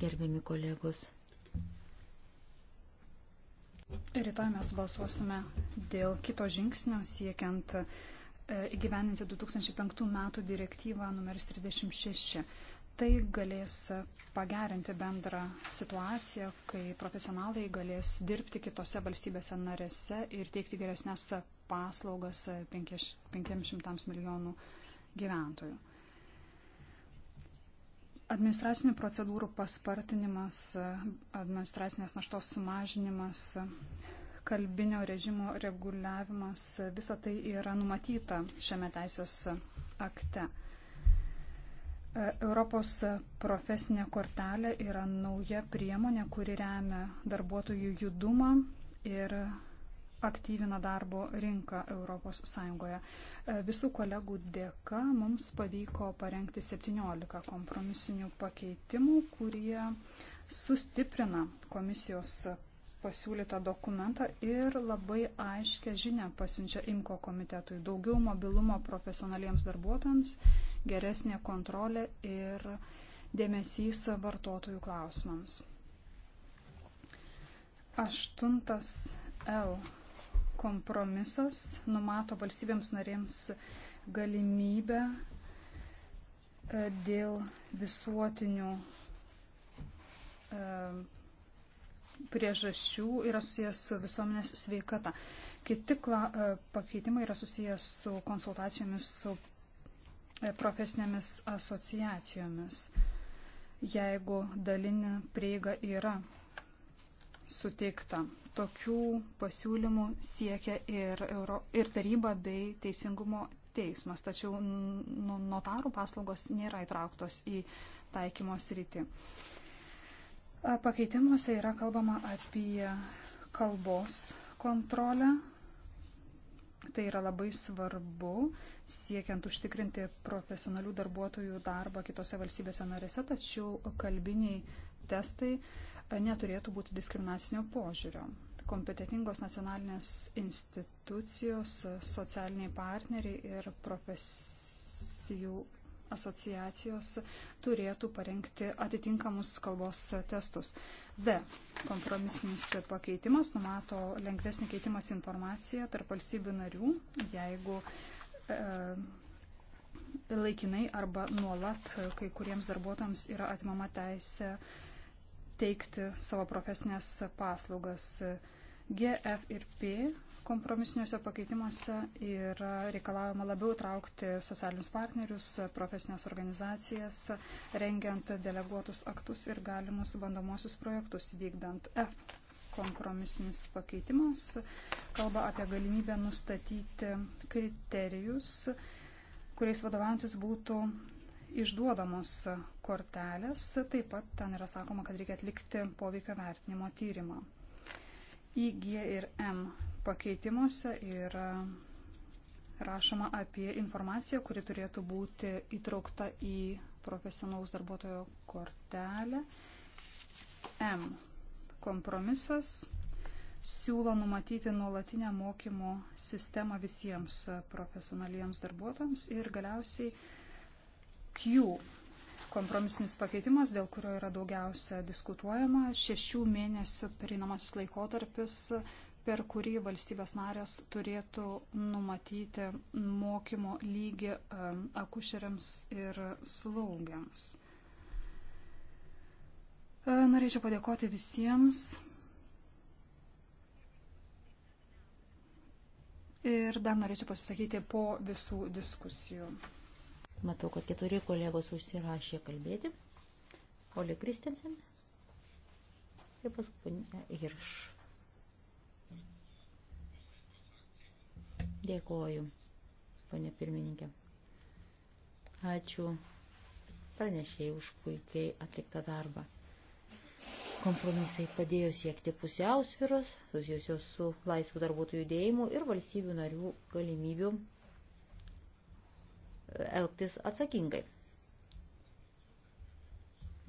D: Gerbiami kolegos.
B: Rytoj mes balsuosime dėl kito žingsnio siekiant e, įgyveninti 2005 metų direktyvą numeris 36. Tai galės pagerinti bendrą situaciją, kai profesionalai galės dirbti kitose valstybėse narėse ir teikti geresnės paslaugas 500 e, milijonų gyventojų. Administracinių procedūrų paspartinimas, e, administracinės naštos sumažinimas, kalbinio režimo reguliavimas, e, visa tai yra numatyta šiame teisės akte. Europos profesinė kortelė yra nauja priemonė, kuri remia darbuotojų judumą ir aktyvina darbo rinką ES. E, visų kolegų dėka mums pavyko parengti 17 kompromisinių pakeitimų, kurie sustiprina komisijos pasiūlytą dokumentą ir labai aiškę žinę pasiunčia IMKO komitetui. Daugiau mobilumo profesionaliems darbuotojams, geresnė kontrolė ir dėmesys vartotojų klausimams. Aštuntas L kompromisas numato valstybėms narėms galimybę e, dėl visuotinių e, priežasčių yra susijęs su visuomenės sveikata. Kiti e, pakeitimai yra susijęs su konsultacijomis su profesinėmis asociacijomis. Jeigu dalinė prieiga yra suteikta tokių pasiūlymų siekia ir, Euro, ir taryba bei teisingumo teismas, tačiau nu, notarų paslaugos nėra įtrauktos į taikymo sritį. Pakeitimuose yra kalbama apie kalbos kontrolę. Tai yra labai svarbu, siekiant užtikrinti profesionalių darbuotojų darbą kitose valstybėse narėse, tačiau kalbiniai testai uh, neturėtų būti diskriminacinio požiūrio. Kompetitingos nacionalinės institucijos, socialiniai partneriai ir profesijų asociacijos turėtų parengti atitinkamus kalbos testus. D. Kompromisinis pakeitimas numato lengvesnį keitimas informaciją tarp valstybių narių, jeigu e, laikinai arba nuolat kai kuriems darbuotojams yra atimama teisė e, teikti savo profesinės paslaugas. G, F ir P kompromisiniuose pakeitimuose yra reikalavima labiau traukti socialinius partnerius, profesinės organizacijas, rengiant deleguotus aktus ir galimus bandomosius projektus vykdant F kompromisinis pakeitimas kalba apie galimybę nustatyti kriterijus, kuriais vadovantis būtų išduodamos kortelės, taip pat ten yra sakoma, kad reikia atlikti poveikio vertinimo tyrimą. Į G ir M pakeitimuose yra rašoma apie informaciją, kuri turėtų būti įtraukta į profesionalus darbuotojo kortelę. M. Kompromisas siūlo numatyti nuolatinę mokymo sistemą visiems profesionaliems darbuotojams ir galiausiai Q kompromisinis pakeitimas, dėl kurio yra daugiausia diskutuojama, šešių mėnesių pereinamasis laikotarpis, per kurį valstybės narės turėtų numatyti mokymo lygį akušeriams ir slaugiams. E, norėčiau padėkoti visiems. Ir dar norėčiau pasisakyti po visų diskusijų.
D: Matau, kad keturi kolegos užsirašė kalbėti. Oli Kristensen ir paskutinė Hirš. Dėkoju, ponė pirmininkė. Ačiū pranešėjai už puikiai atliktą darbą. Kompromisai padėjo siekti pusiausviros, susijusios su laisvų darbuotojų judėjimu ir valstybių narių galimybių elgtis atsakingai.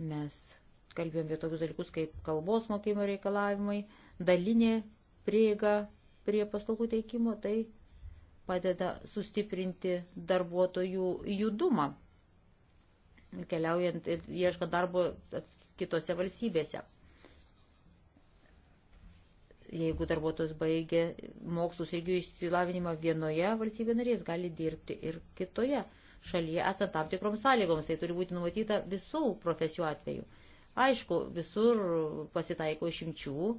D: Mes kalbėjom apie tokius dalykus kaip kalbos mokymo reikalavimai, dalinė prieiga prie paslaugų teikimo, tai padeda sustiprinti darbuotojų judumą, keliaujant ir ieškant darbo kitose valstybėse jeigu darbuotojas baigia mokslus ir jų išsilavinimą vienoje valstybė narės, gali dirbti ir kitoje šalyje, esant tam tikroms sąlygoms, tai turi būti numatyta visų profesijų atveju. Aišku, visur pasitaiko išimčių,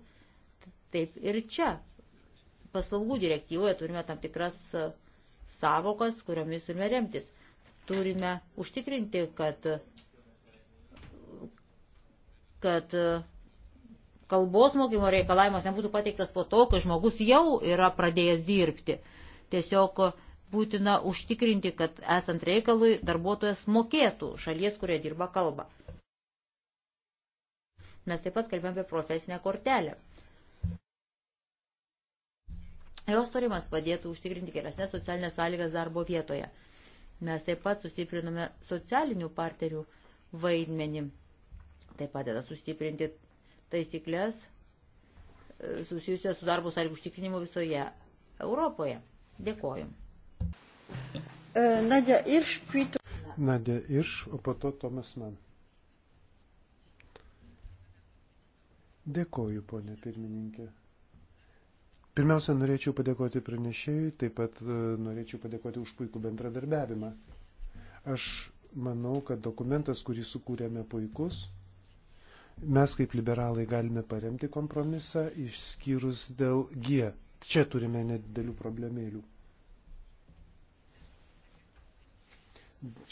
D: taip ir čia. Paslaugų direktyvoje turime tam tikras savokas, kuriomis turime remtis. Turime užtikrinti, kad, kad kalbos mokymo reikalavimas nebūtų pateiktas po to, kai žmogus jau yra pradėjęs dirbti. Tiesiog būtina užtikrinti, kad esant reikalui darbuotojas mokėtų šalies, kurioje dirba kalbą. Mes taip pat kalbėjome apie profesinę kortelę. Jos turimas padėtų užtikrinti geresnės socialinės sąlygas darbo vietoje. Mes taip pat sustiprinome socialinių partnerių vaidmenį. Tai padeda sustiprinti taisyklės e, susijusias su darbo sąlygų užtikrinimu visoje Europoje. Dėkoju. E, Nadė
B: Irš, pytų.
A: Nadė Irš, o po to Tomas Man. Dėkoju, ponė pirmininkė. Pirmiausia, norėčiau padėkoti pranešėjui, taip pat e, norėčiau padėkoti už puikų bendradarbiavimą. Aš manau, kad dokumentas, kurį sukūrėme puikus, Mes kaip liberalai galime paremti kompromisą, išskyrus dėl G. Čia turime nedidelių problemėlių.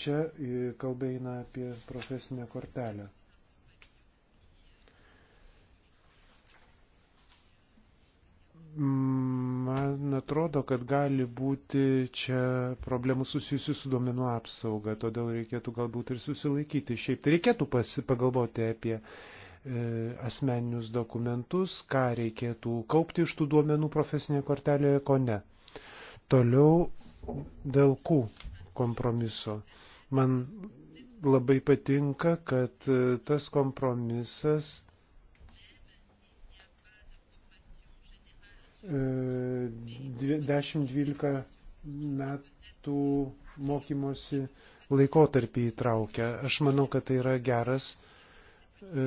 A: Čia e, kalba eina apie profesinę kortelę. Man atrodo, kad gali būti čia problemų susijusių su duomenų apsauga, todėl reikėtų galbūt ir susilaikyti. Šiaip tai reikėtų pagalvoti apie uh, E, asmeninius dokumentus, ką reikėtų kaupti iš tų duomenų profesinėje kortelėje, ko ne. Toliau dėl kų kompromiso. Man labai patinka, kad e, tas kompromisas e, dešimt dvylika metų mokymosi laikotarpį įtraukia. Aš manau, kad tai yra geras E,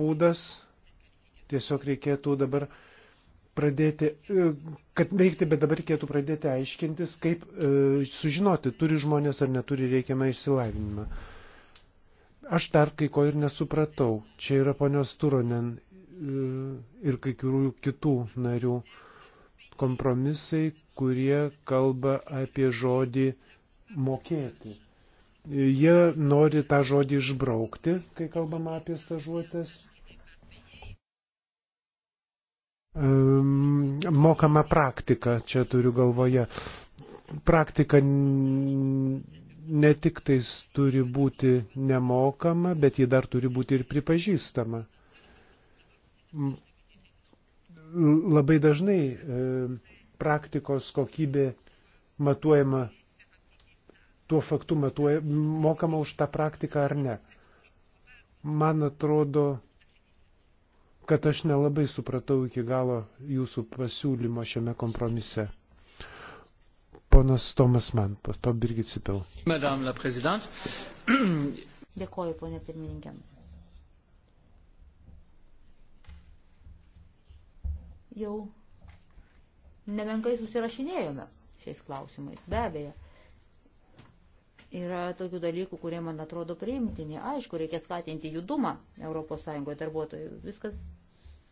A: būdas. Tiesiog reikėtų dabar pradėti, e, kad veikti, bet dabar reikėtų pradėti aiškintis, kaip e, sužinoti, turi žmonės ar neturi reikiamą išsilavinimą. Aš dar kai ko ir nesupratau. Čia yra ponios Turonen ir kai kurių kitų narių kompromisai, kurie kalba apie žodį mokėti. Jie nori tą žodį išbraukti, kai kalbama apie stažuotės. Mokama praktika, čia turiu galvoje. Praktika ne tik tais turi būti nemokama, bet ji dar turi būti ir pripažįstama. Labai dažnai praktikos kokybė matuojama tuo faktu matuoja, mokama už tą praktiką ar ne. Man atrodo, kad aš nelabai supratau iki galo jūsų pasiūlymo šiame kompromise. Ponas Tomas man, po to Birgit Sipil.
D: Dėkoju, ponė pirmininkė. Jau nemenkai susirašinėjome šiais klausimais, be abejo. Yra tokių dalykų, kurie man atrodo priimtini. Aišku, reikia skatinti judumą ES darbuotojų. Viskas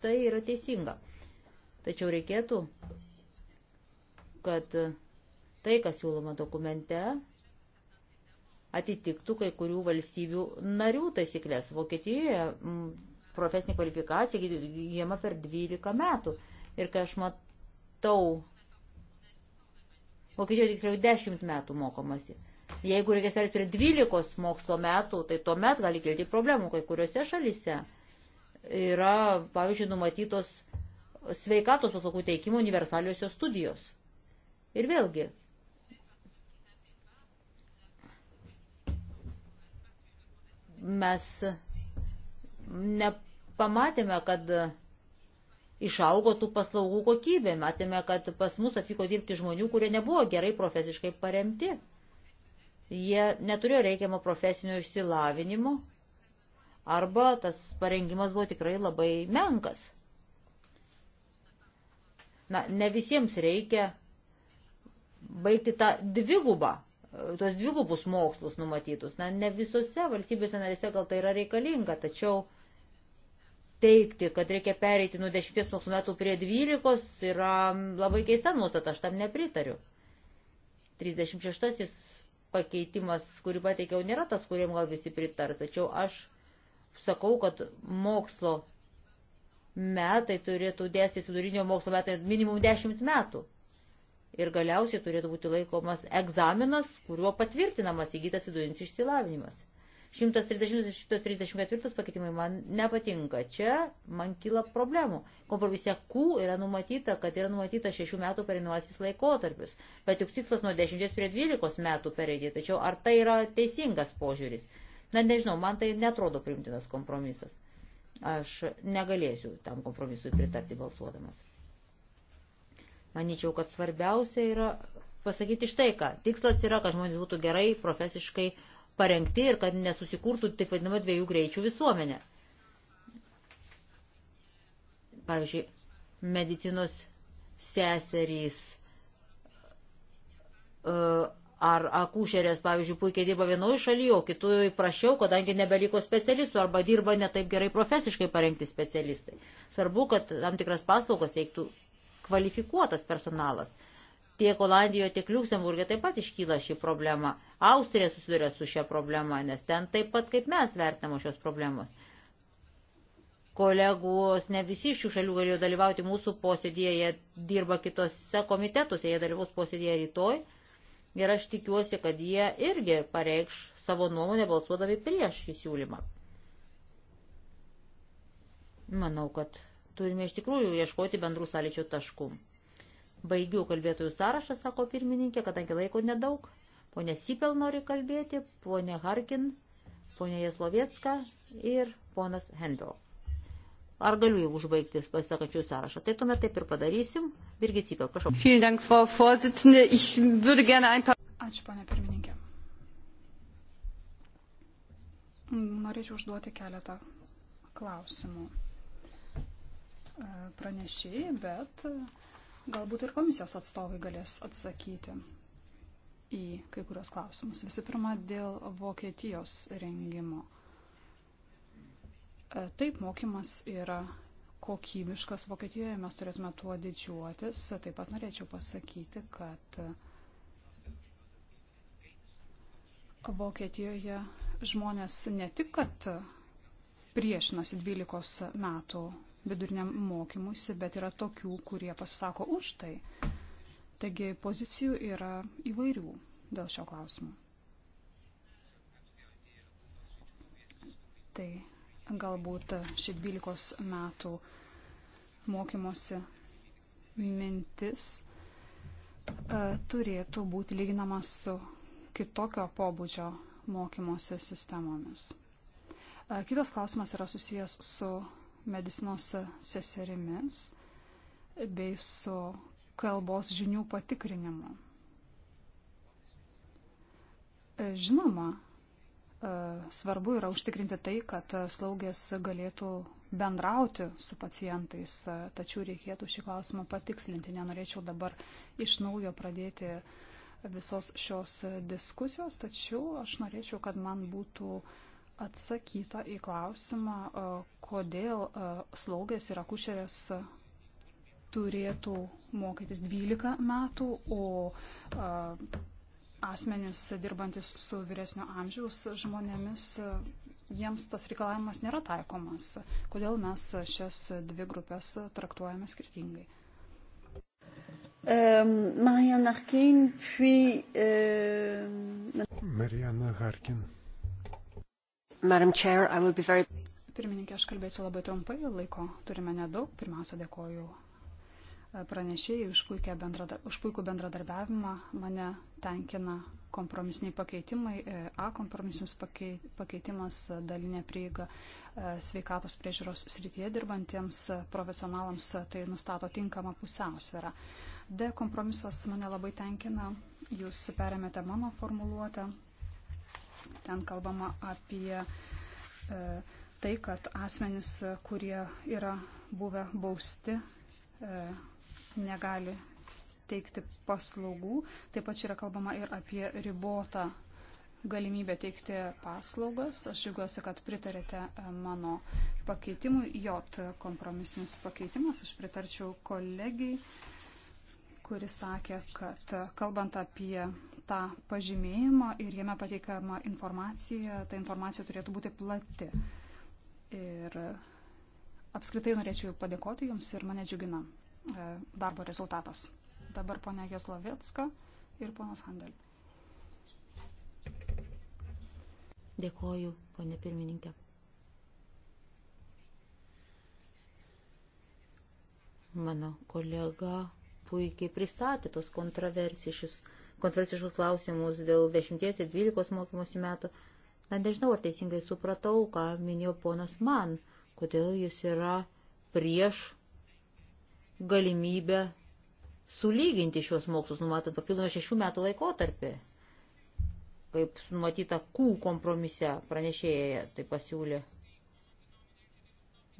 D: tai yra teisinga. Tačiau reikėtų, kad tai, kas siūloma dokumente, atitiktų kai kurių valstybių narių taisyklės. Vokietijoje profesinė kvalifikacija įgyjama per 12 metų. Ir kai aš matau, Vokietijoje tiksliau 10 metų mokomasi. Jeigu reikės perėti prie 12 mokslo metų, tai tuomet gali kilti problemų kai kuriuose šalyse. Yra, pavyzdžiui, numatytos sveikatos paslaugų teikimo universaliosios studijos. Ir vėlgi. Mes nepamatėme, kad išaugo tų paslaugų kokybė. Matėme, kad pas mus atvyko dirbti žmonių, kurie nebuvo gerai profesiškai paremti. Jie neturėjo reikiamo profesinio išsilavinimo arba tas parengimas buvo tikrai labai menkas. Na, ne visiems reikia baigti tą dvigubą, tos dvigubus mokslus numatytus. Na, ne visose valstybėse narėse gal tai yra reikalinga, tačiau teikti, kad reikia pereiti nuo 10 mokslo metų prie 12 yra labai keista nuostata, aš tam nepritariu. 36 pakeitimas, kurį pateikiau, nėra tas, kuriam gal visi pritars, tačiau aš sakau, kad mokslo metai turėtų dėstyti vidurinio mokslo metai minimum 10 metų. Ir galiausiai turėtų būti laikomas egzaminas, kuriuo patvirtinamas įgytas vidurinis išsilavinimas. 130-134 pakeitimai man nepatinka. Čia man kyla problemų. Kompromise Q yra numatyta, kad yra numatyta 6 metų perinuosis laikotarpis, bet juk tikslas nuo 10 prie 12 metų pereiti. Tačiau ar tai yra teisingas požiūris? Na nežinau, man tai netrodo primtinas kompromisas. Aš negalėsiu tam kompromisui pritarti balsuodamas. Manyčiau, kad svarbiausia yra pasakyti štai ką. Tikslas yra, kad žmonės būtų gerai profesiškai parengti ir kad nesusikurtų taip vadinama dviejų greičių visuomenė. Pavyzdžiui, medicinos seserys e, ar akušerės, pavyzdžiui, puikiai dirba vienoje šalyje, o kitoje prašiau, kadangi nebeliko specialistų arba dirba netaip gerai profesiškai parengti specialistai. Svarbu, kad tam tikras paslaugas teiktų kvalifikuotas personalas tiek Olandijoje, tiek Liuksemburgė taip pat iškyla šį problemą. Austrija susiduria su šią problemą, nes ten taip pat kaip mes vertinamos šios problemos. Kolegos, ne visi iš šių šalių galėjo dalyvauti mūsų posėdėje, jie dirba kitose komitetuose, jie dalyvaus posėdėje rytoj. Ir aš tikiuosi, kad jie irgi pareikš savo nuomonę balsuodami prieš šį siūlymą. Manau, kad turime iš tikrųjų ieškoti bendrų sąlyčių taškų. Baigiu kalbėtojų sąrašą, sako pirmininkė, kadangi laiko nedaug. Pone Sipel nori kalbėti, ponė Harkin, ponė Jeslovietska ir ponas Hendel. Ar galiu jau užbaigti pasisakančių sąrašą? Tai tuomet taip ir padarysim. Birgit Sipel, prašau.
B: Ačiū, ponė pirmininkė. Norėčiau užduoti keletą klausimų pranešėjai, bet Galbūt ir komisijos atstovai galės atsakyti į kai kurios klausimus. Visų pirma, dėl Vokietijos rengimo. E, taip, mokymas yra kokybiškas Vokietijoje, mes turėtume tuo didžiuotis. Taip pat norėčiau pasakyti, kad Vokietijoje žmonės ne tik, kad priešinasi 12 metų viduriniam mokymuisi, bet yra tokių, kurie pasisako už tai. Taigi pozicijų yra įvairių dėl šio klausimo. Tai galbūt ši 12 metų mokymosi mintis e, turėtų būti lyginama su kitokio pobūdžio mokymosi sistemomis. E, kitas klausimas yra susijęs su medicinos seserimis bei su kalbos žinių patikrinimu. Žinoma, e, svarbu yra užtikrinti tai, kad slaugės galėtų bendrauti su pacientais, e, tačiau reikėtų šį klausimą patikslinti. Nenorėčiau dabar iš naujo pradėti visos šios diskusijos, tačiau aš norėčiau, kad man būtų uh, atsakyta į klausimą, e, kodėl e, slaugės ir akušerės turėtų mokytis 12 metų, o e, asmenys dirbantis su vyresnio amžiaus žmonėmis, jiems tas reikalavimas nėra taikomas. Kodėl mes šias dvi grupės traktuojame skirtingai?
C: Um, Mariana Harkin, puis...
B: Euh...
A: Mariana Harkin.
C: Chair, very...
B: Pirmininkė, aš kalbėsiu labai trumpai, laiko turime nedaug. Pirmiausia, dėkoju e, pranešėjai už, bendradar... už puikų bendradarbiavimą. Mane tenkina kompromisiniai pakeitimai, e, A kompromisinis pakeitimas, e, dalinė prieiga sveikatos priežiūros srityje dirbantiems profesionalams, tai nustato tinkamą pusiausvyrą. D kompromisas mane labai tenkina, jūs perėmėte mano formuluotę, Ten kalbama apie e, tai, kad asmenys, kurie yra buvę bausti, e, negali teikti paslaugų. Taip pat čia yra kalbama ir apie ribotą galimybę teikti paslaugas. Aš džiaugiuosi, kad pritarėte e, mano pakeitimui. Jot kompromisinis pakeitimas, aš pritarčiau kolegijai, kuris sakė, kad kalbant apie tą pažymėjimą ir jame pateikiama informacija, ta informacija turėtų būti plati. Ir apskritai norėčiau padėkoti Jums ir mane džiugina e, darbo rezultatas. Dabar ponia Jeslovėtska ir ponas Handel.
D: Dėkoju, ponė pirmininkė. Mano kolega puikiai pristatė tos kontroversiškus kontroversiškus klausimus dėl 10 ir 12 mokymosi metų. Na, nežinau, ar teisingai supratau, ką minėjo ponas man, kodėl jis yra prieš galimybę sulyginti šios mokslus, numatant papildomą šešių metų laikotarpį, kaip numatyta Q kompromise pranešėja tai pasiūlė.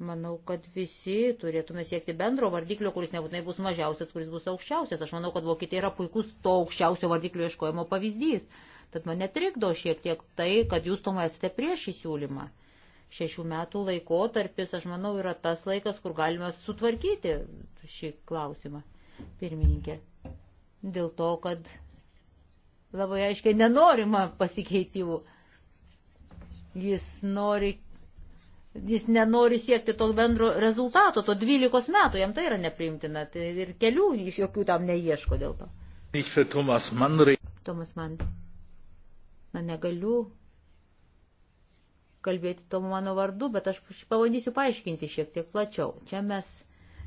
D: Manau, kad visi turėtume siekti bendro vardiklio, kuris nebūtinai bus mažiausias, kuris bus aukščiausias. Aš manau, kad Vokietija yra puikus to aukščiausio vardiklio ieškojimo pavyzdys. Tad mane trikdo šiek tiek tai, kad jūs tomai esate prieš įsiūlymą. Šešių metų laikotarpis, aš manau, yra tas laikas, kur galime sutvarkyti šį klausimą, pirmininkė. Dėl to, kad labai aiškiai nenorima pasikeitimų. Jis nori jis nenori siekti to bendro rezultato, to 12 metų, jam tai yra nepriimtina tai ir kelių jis jokių tam neieško dėl to.
A: Tomas Mann.
D: Tomas Mann. Na negaliu kalbėti to mano vardu, bet aš pabandysiu paaiškinti šiek tiek plačiau. Čia mes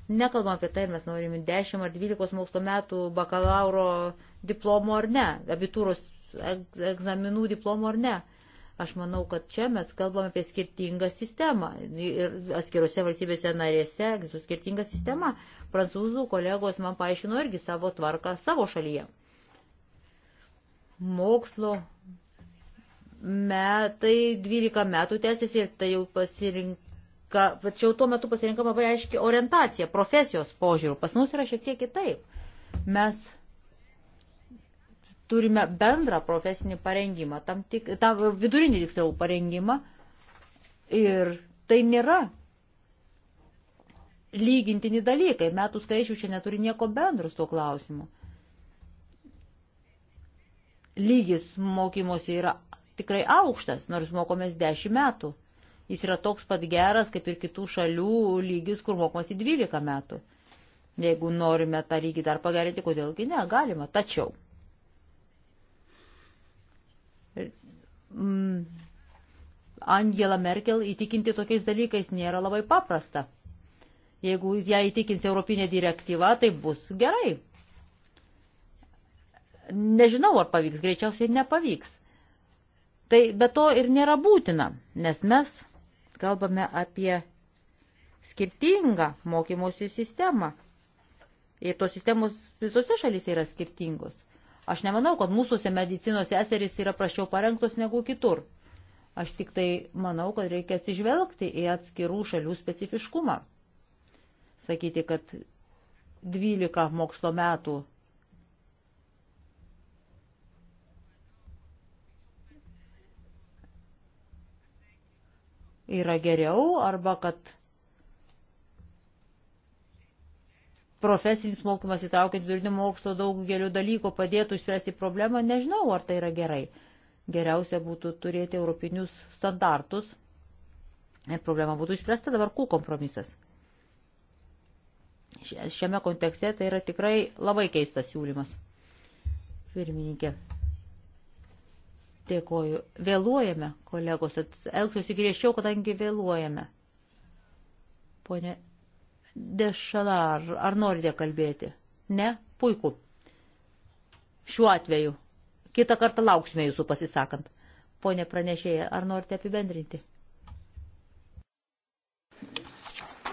D: nekalbam apie tai, mes norim 10 ar 12 mokslo metų bakalauro diplomo ar ne, abitūros egzaminų diplomo ar ne. Aš manau, kad čia mes kalbame apie skirtingą sistemą. Ir atskiruose valstybėse narėse egzistuoja skirtinga sistema. Prancūzų kolegos man paaiškino irgi savo tvarką savo šalyje. Mokslo metai, 12 metų tęsiasi ir tai jau pasirinka, tačiau tuo metu pasirinka labai aiški orientacija, profesijos požiūrų. Pas mus yra šiek tiek kitaip. Mes turime bendrą profesinį parengimą, tam tik, tą vidurinį tiksliau parengimą. Ir tai nėra lygintini dalykai. Metų skaičių čia neturi nieko bendro su tuo klausimu. Lygis mokymosi yra tikrai aukštas, nors mokomės 10 metų. Jis yra toks pat geras, kaip ir kitų šalių lygis, kur mokomasi 12 metų. Jeigu norime tą lygį dar pagerinti, kodėlgi ne, galima. Tačiau Mm, Angela Merkel įtikinti tokiais dalykais nėra labai paprasta. Jeigu ją įtikins Europinė direktyva, tai bus gerai. Nežinau, ar pavyks, greičiausiai nepavyks. Tai be to ir nėra būtina, nes mes kalbame apie skirtingą mokymosi sistemą. Ir tos sistemos visose šalyse yra skirtingos. Aš nemanau, kad mūsųse medicinos seserys yra prašiau parengtos negu kitur. Aš tik tai manau, kad reikia atsižvelgti į atskirų šalių specifiškumą. Sakyti, kad 12 mokslo metų yra geriau arba kad profesinis mokymas įtraukiant vidurinio mokslo daug gerių dalykų padėtų išspręsti problemą, nežinau, ar tai yra gerai. Geriausia būtų turėti europinius standartus ir problema būtų išspręsta dabar kų kompromisas. Šiame kontekste tai yra tikrai labai keistas siūlymas. Pirmininkė. Dėkoju. Vėluojame, kolegos, elgsiuosi griežčiau, kadangi vėluojame. Pone Dešalar, ar norite kalbėti? Ne? Puiku. Šiuo atveju. Kitą kartą lauksime jūsų pasisakant. Pone pranešėja, ar norite apibendrinti?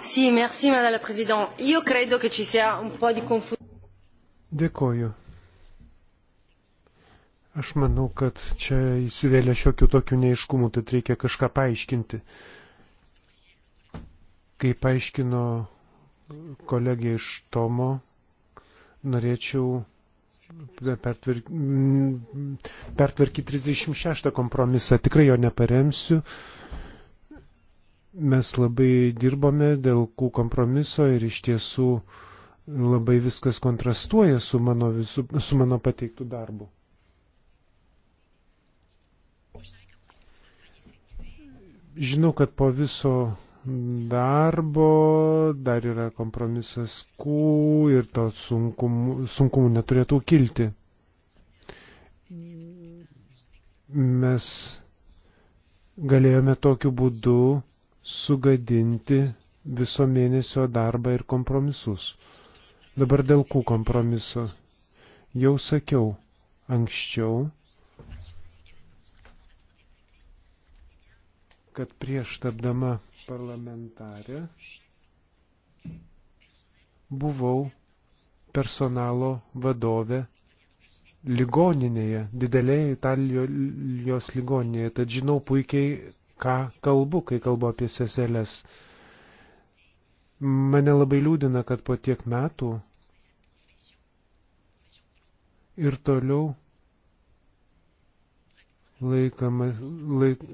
D: Sì, merci Madame la Presidente. Io credo che ci sia un po' di confusione.
A: Dėkoju. Aš manau, kad čia įsivėlė šiokių tokių neiškumų, tad reikia kažką paaiškinti. Kaip aiškino kolegė iš Tomo, norėčiau pertvarkyti 36 kompromisą, tikrai jo neparemsiu. Mes labai dirbome dėl kų kompromiso ir iš tiesų labai viskas kontrastuoja su mano, visu, su mano pateiktų darbu. Žinau, kad po viso darbo, dar yra kompromisas Q ir to sunkumų, sunkumų neturėtų kilti. Mes galėjome tokiu būdu sugadinti viso mėnesio darbą ir kompromisus. Dabar dėl kų kompromiso. Jau sakiau anksčiau, kad prieš tapdama parlamentarė buvau personalo vadovė ligoninėje, didelėje Italijos ligoninėje, tad žinau puikiai, ką kalbu, kai kalbu apie seselės. Mane labai liūdina, kad po tiek metų ir toliau laikamas, laik,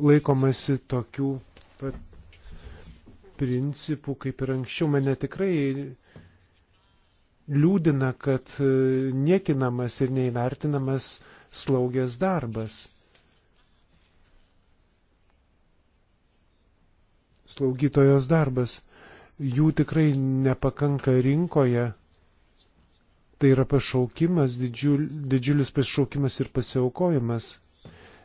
A: laikomasi tokių pat principų kaip ir anksčiau. Mane tikrai liūdina, kad e, niekinamas ir neįvertinamas slaugės darbas. Slaugytojos darbas. Jų tikrai nepakanka rinkoje. Tai yra pašaukimas, didžiul, didžiulis pašaukimas ir pasiaukojimas.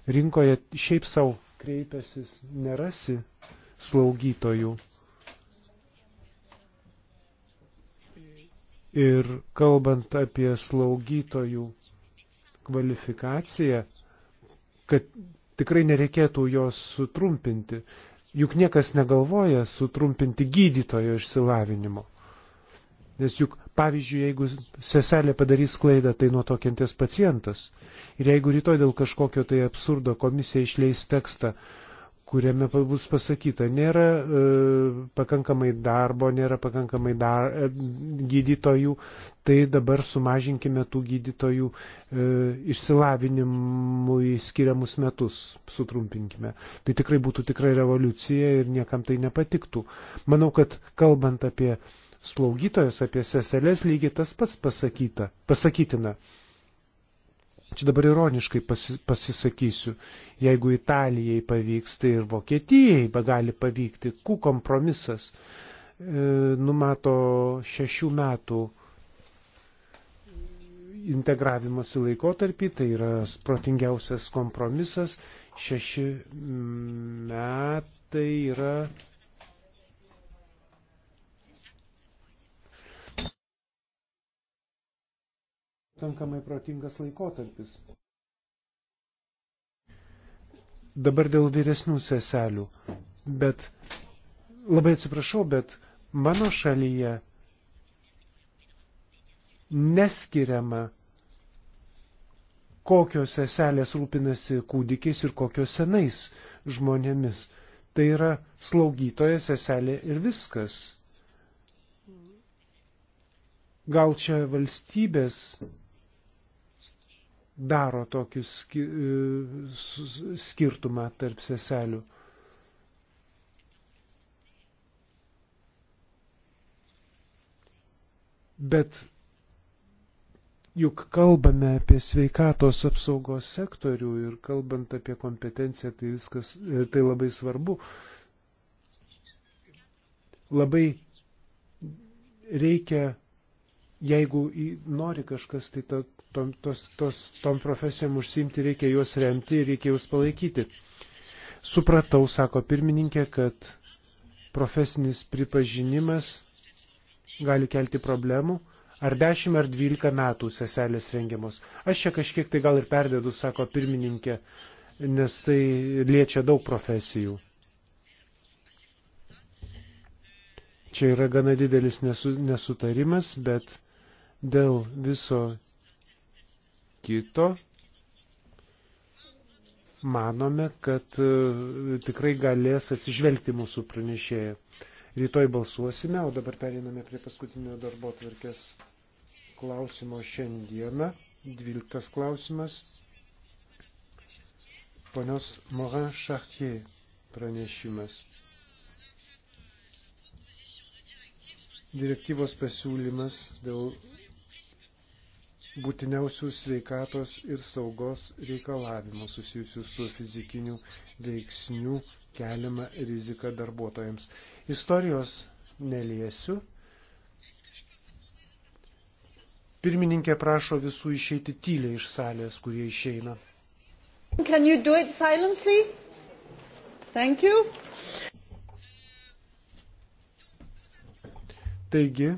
A: Rinkoje šiaip savo kreipiasis, nerasi slaugytojų. Ir kalbant apie slaugytojų kvalifikaciją, kad tikrai nereikėtų jos sutrumpinti. Juk niekas negalvoja sutrumpinti gydytojo išsilavinimo. Nes juk Pavyzdžiui, jeigu seselė padarys klaidą, tai nuo to kenties pacientas. Ir jeigu rytoj dėl kažkokio tai absurdo komisija išleis tekstą, kuriame bus pasakyta, nėra e, pakankamai darbo, nėra pakankamai dar, e, gydytojų, tai dabar sumažinkime tų gydytojų e, išsilavinimui skiriamus metus, sutrumpinkime. Tai tikrai būtų tikrai revoliucija ir niekam tai nepatiktų. Manau, kad kalbant apie slaugytojus, apie seseles lygiai tas pats pasakyta, pasakytina. Čia dabar ironiškai pasi, pasisakysiu, jeigu Italijai pavyks, tai ir Vokietijai gali pavykti. Kų kompromisas e, numato šešių metų integravimosi laikotarpį, tai yra protingiausias kompromisas. Šeši metai yra pakankamai protingas laikotarpis. Dabar dėl vyresnių seselių, bet labai atsiprašau, bet mano šalyje neskiriama, kokios seselės rūpinasi kūdikiais ir kokios senais žmonėmis. Tai yra slaugytoja, seselė ir viskas. Gal čia valstybės daro tokį e, skirtumą tarp seselių. Bet juk kalbame apie sveikatos apsaugos sektorių ir kalbant apie kompetenciją, tai viskas, e, tai labai svarbu. Labai reikia, jeigu nori kažkas, tai to, tom, tos, tos, tom profesijom užsimti, reikia juos remti ir reikia juos palaikyti. Supratau, sako pirmininkė, kad profesinis pripažinimas gali kelti problemų. Ar 10 ar 12 metų seselės rengiamos. Aš čia kažkiek tai gal ir perdėdu, sako pirmininkė, nes tai liečia daug profesijų. Čia yra gana didelis nesutarimas, bet dėl viso kito. Manome, kad e, tikrai galės atsižvelgti mūsų pranešėją. Rytoj balsuosime, o dabar periname prie paskutinio darbo tvarkės klausimo šiandieną. Dvyliktas klausimas. Ponios Morin Chartier pranešimas. direktyvos pasiūlymas dėl būtiniausių sveikatos ir saugos reikalavimų susijusių su fizikiniu veiksniu keliama rizika darbuotojams. Istorijos neliesiu. Pirmininkė prašo visų išeiti tyliai iš salės, kurie išeina.
B: Can you do it silently?
C: Thank you.
A: Taigi,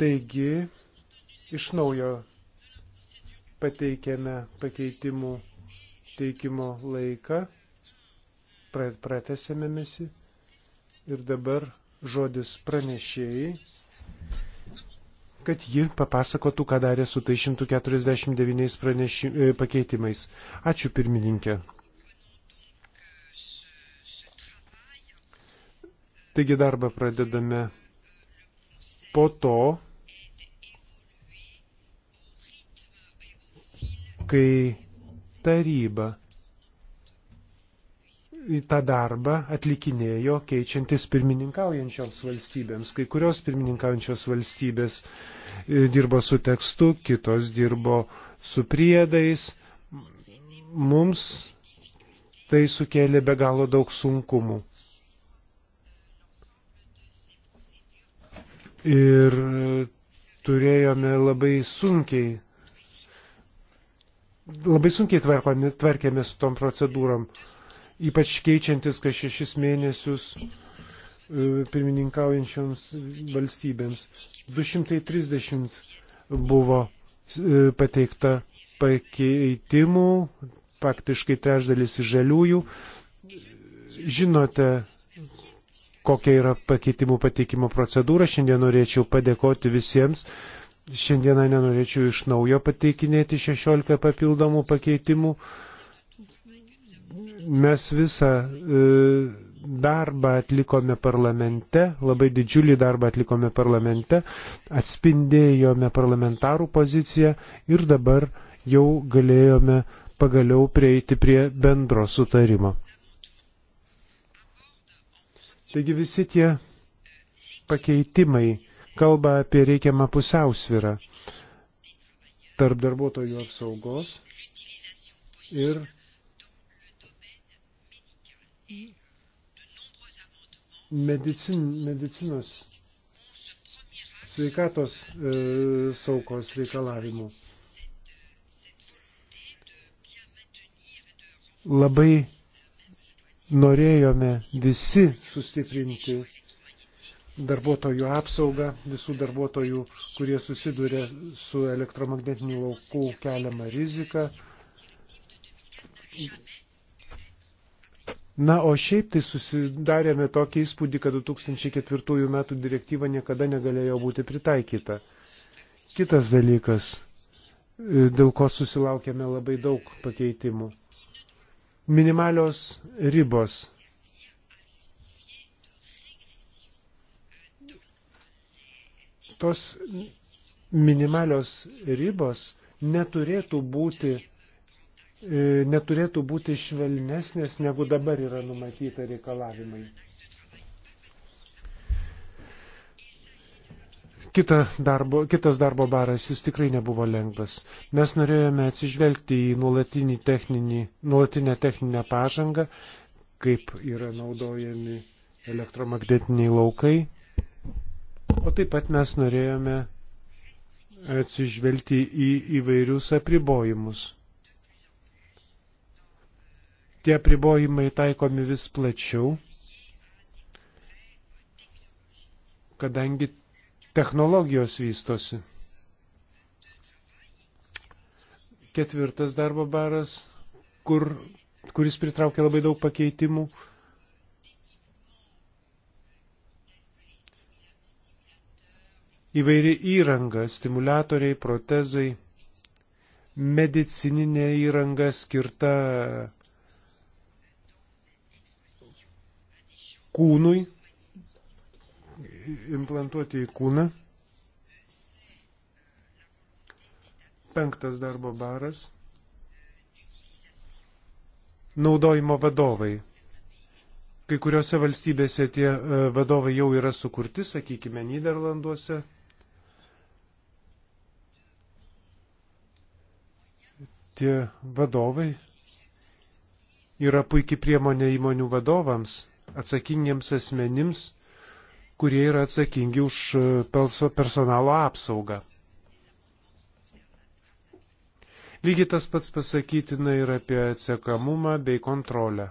A: Taigi, iš naujo pateikėme pakeitimų teikimo laiką, pratesėme misi ir dabar žodis pranešėjai, kad ji papasakotų, ką darė su tai 149 praneši, e, pakeitimais. Ačiū pirmininkė. Taigi darbą pradedame po to, kai taryba tą darbą atlikinėjo keičiantis pirmininkaujančioms valstybėms. Kai kurios pirmininkaujančios valstybės e, dirbo su tekstu, kitos dirbo su priedais. Mums tai sukėlė be galo daug sunkumų. ir turėjome labai sunkiai, labai sunkiai tvarkome, tvarkėmės su tom procedūrom, ypač keičiantis kas šešis mėnesius e, pirmininkaujančioms valstybėms. 230 buvo e, pateikta pakeitimų, faktiškai trešdalis iš žaliųjų. Žinote, kokia yra pakeitimų pateikimo procedūra. Šiandien norėčiau padėkoti visiems. Šiandieną nenorėčiau iš naujo pateikinėti 16 papildomų pakeitimų. Mes visą e, darbą atlikome parlamente, labai didžiulį darbą atlikome parlamente, atspindėjome parlamentarų poziciją ir dabar jau galėjome pagaliau prieiti prie bendro sutarimo. Taigi visi tie pakeitimai kalba apie reikiamą pusiausvirą tarp darbuotojų apsaugos ir medicin, medicinos sveikatos e, saukos reikalavimų. Labai norėjome visi sustiprinti darbuotojų apsaugą, visų darbuotojų, kurie susiduria su elektromagnetiniu lauku keliama rizika. Na, o šiaip tai susidarėme tokį įspūdį, kad 2004 metų direktyva niekada negalėjo būti pritaikyta. Kitas dalykas, e, dėl ko susilaukėme labai daug pakeitimų minimalios ribos. Tos minimalios ribos neturėtų būti, e, neturėtų būti švelnesnės, negu dabar yra numatyta reikalavimai. kita darbo, kitas darbo baras, jis tikrai nebuvo lengvas. Mes norėjome atsižvelgti į nuolatinį techninį, nuolatinę techninę pažangą, kaip yra naudojami elektromagnetiniai laukai. O taip pat mes norėjome atsižvelgti į įvairius apribojimus. Tie apribojimai taikomi vis plačiau, kadangi technologijos vystosi. Ketvirtas darbo baras, kur, kuris pritraukia labai daug pakeitimų. Įvairi įranga, stimulatoriai, protezai, medicininė įranga skirta kūnui, implantuoti į kūną. Penktas darbo baras. Naudojimo vadovai. Kai kuriuose valstybėse tie e, vadovai jau yra sukurti, sakykime, Niderlanduose. Tie vadovai yra puikiai priemonė įmonių vadovams, atsakingiems asmenims kurie yra atsakingi už e, personalo apsaugą. Lygiai tas pats pasakytina ir apie atsekamumą bei kontrolę.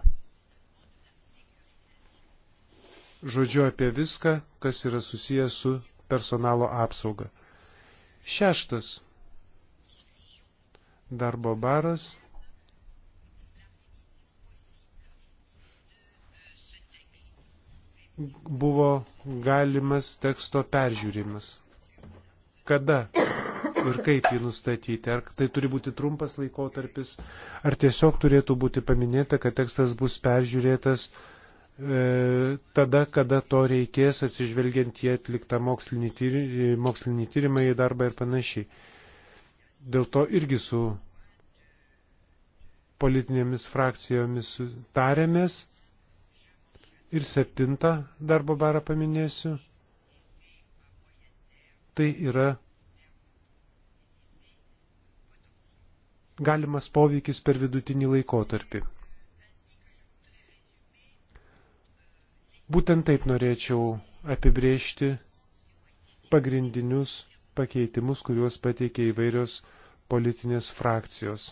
A: Žodžiu apie viską, kas yra susijęs su personalo apsauga. Šeštas. Darbo baras buvo galimas teksto peržiūrimas. Kada ir kaip jį nustatyti? Ar tai turi būti trumpas laikotarpis, ar tiesiog turėtų būti paminėta, kad tekstas bus peržiūrėtas e, tada, kada to reikės, atsižvelgiant į atliktą mokslinį, tyri, mokslinį tyrimą į darbą ir panašiai. Dėl to irgi su politinėmis frakcijomis tarėmės Ir septintą darbo barą paminėsiu. Tai yra galimas poveikis per vidutinį laikotarpį. Būtent taip norėčiau apibrėžti pagrindinius pakeitimus, kuriuos pateikė įvairios politinės frakcijos.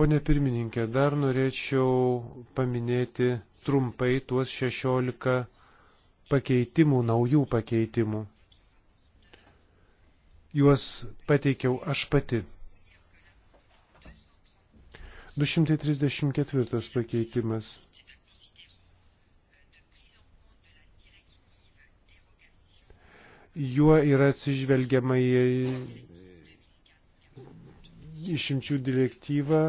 A: Pone pirmininkė, dar norėčiau paminėti trumpai tuos 16 pakeitimų, naujų pakeitimų. Juos pateikiau aš pati. 234 pakeitimas. Juo yra atsižvelgiama į išimčių direktyvą,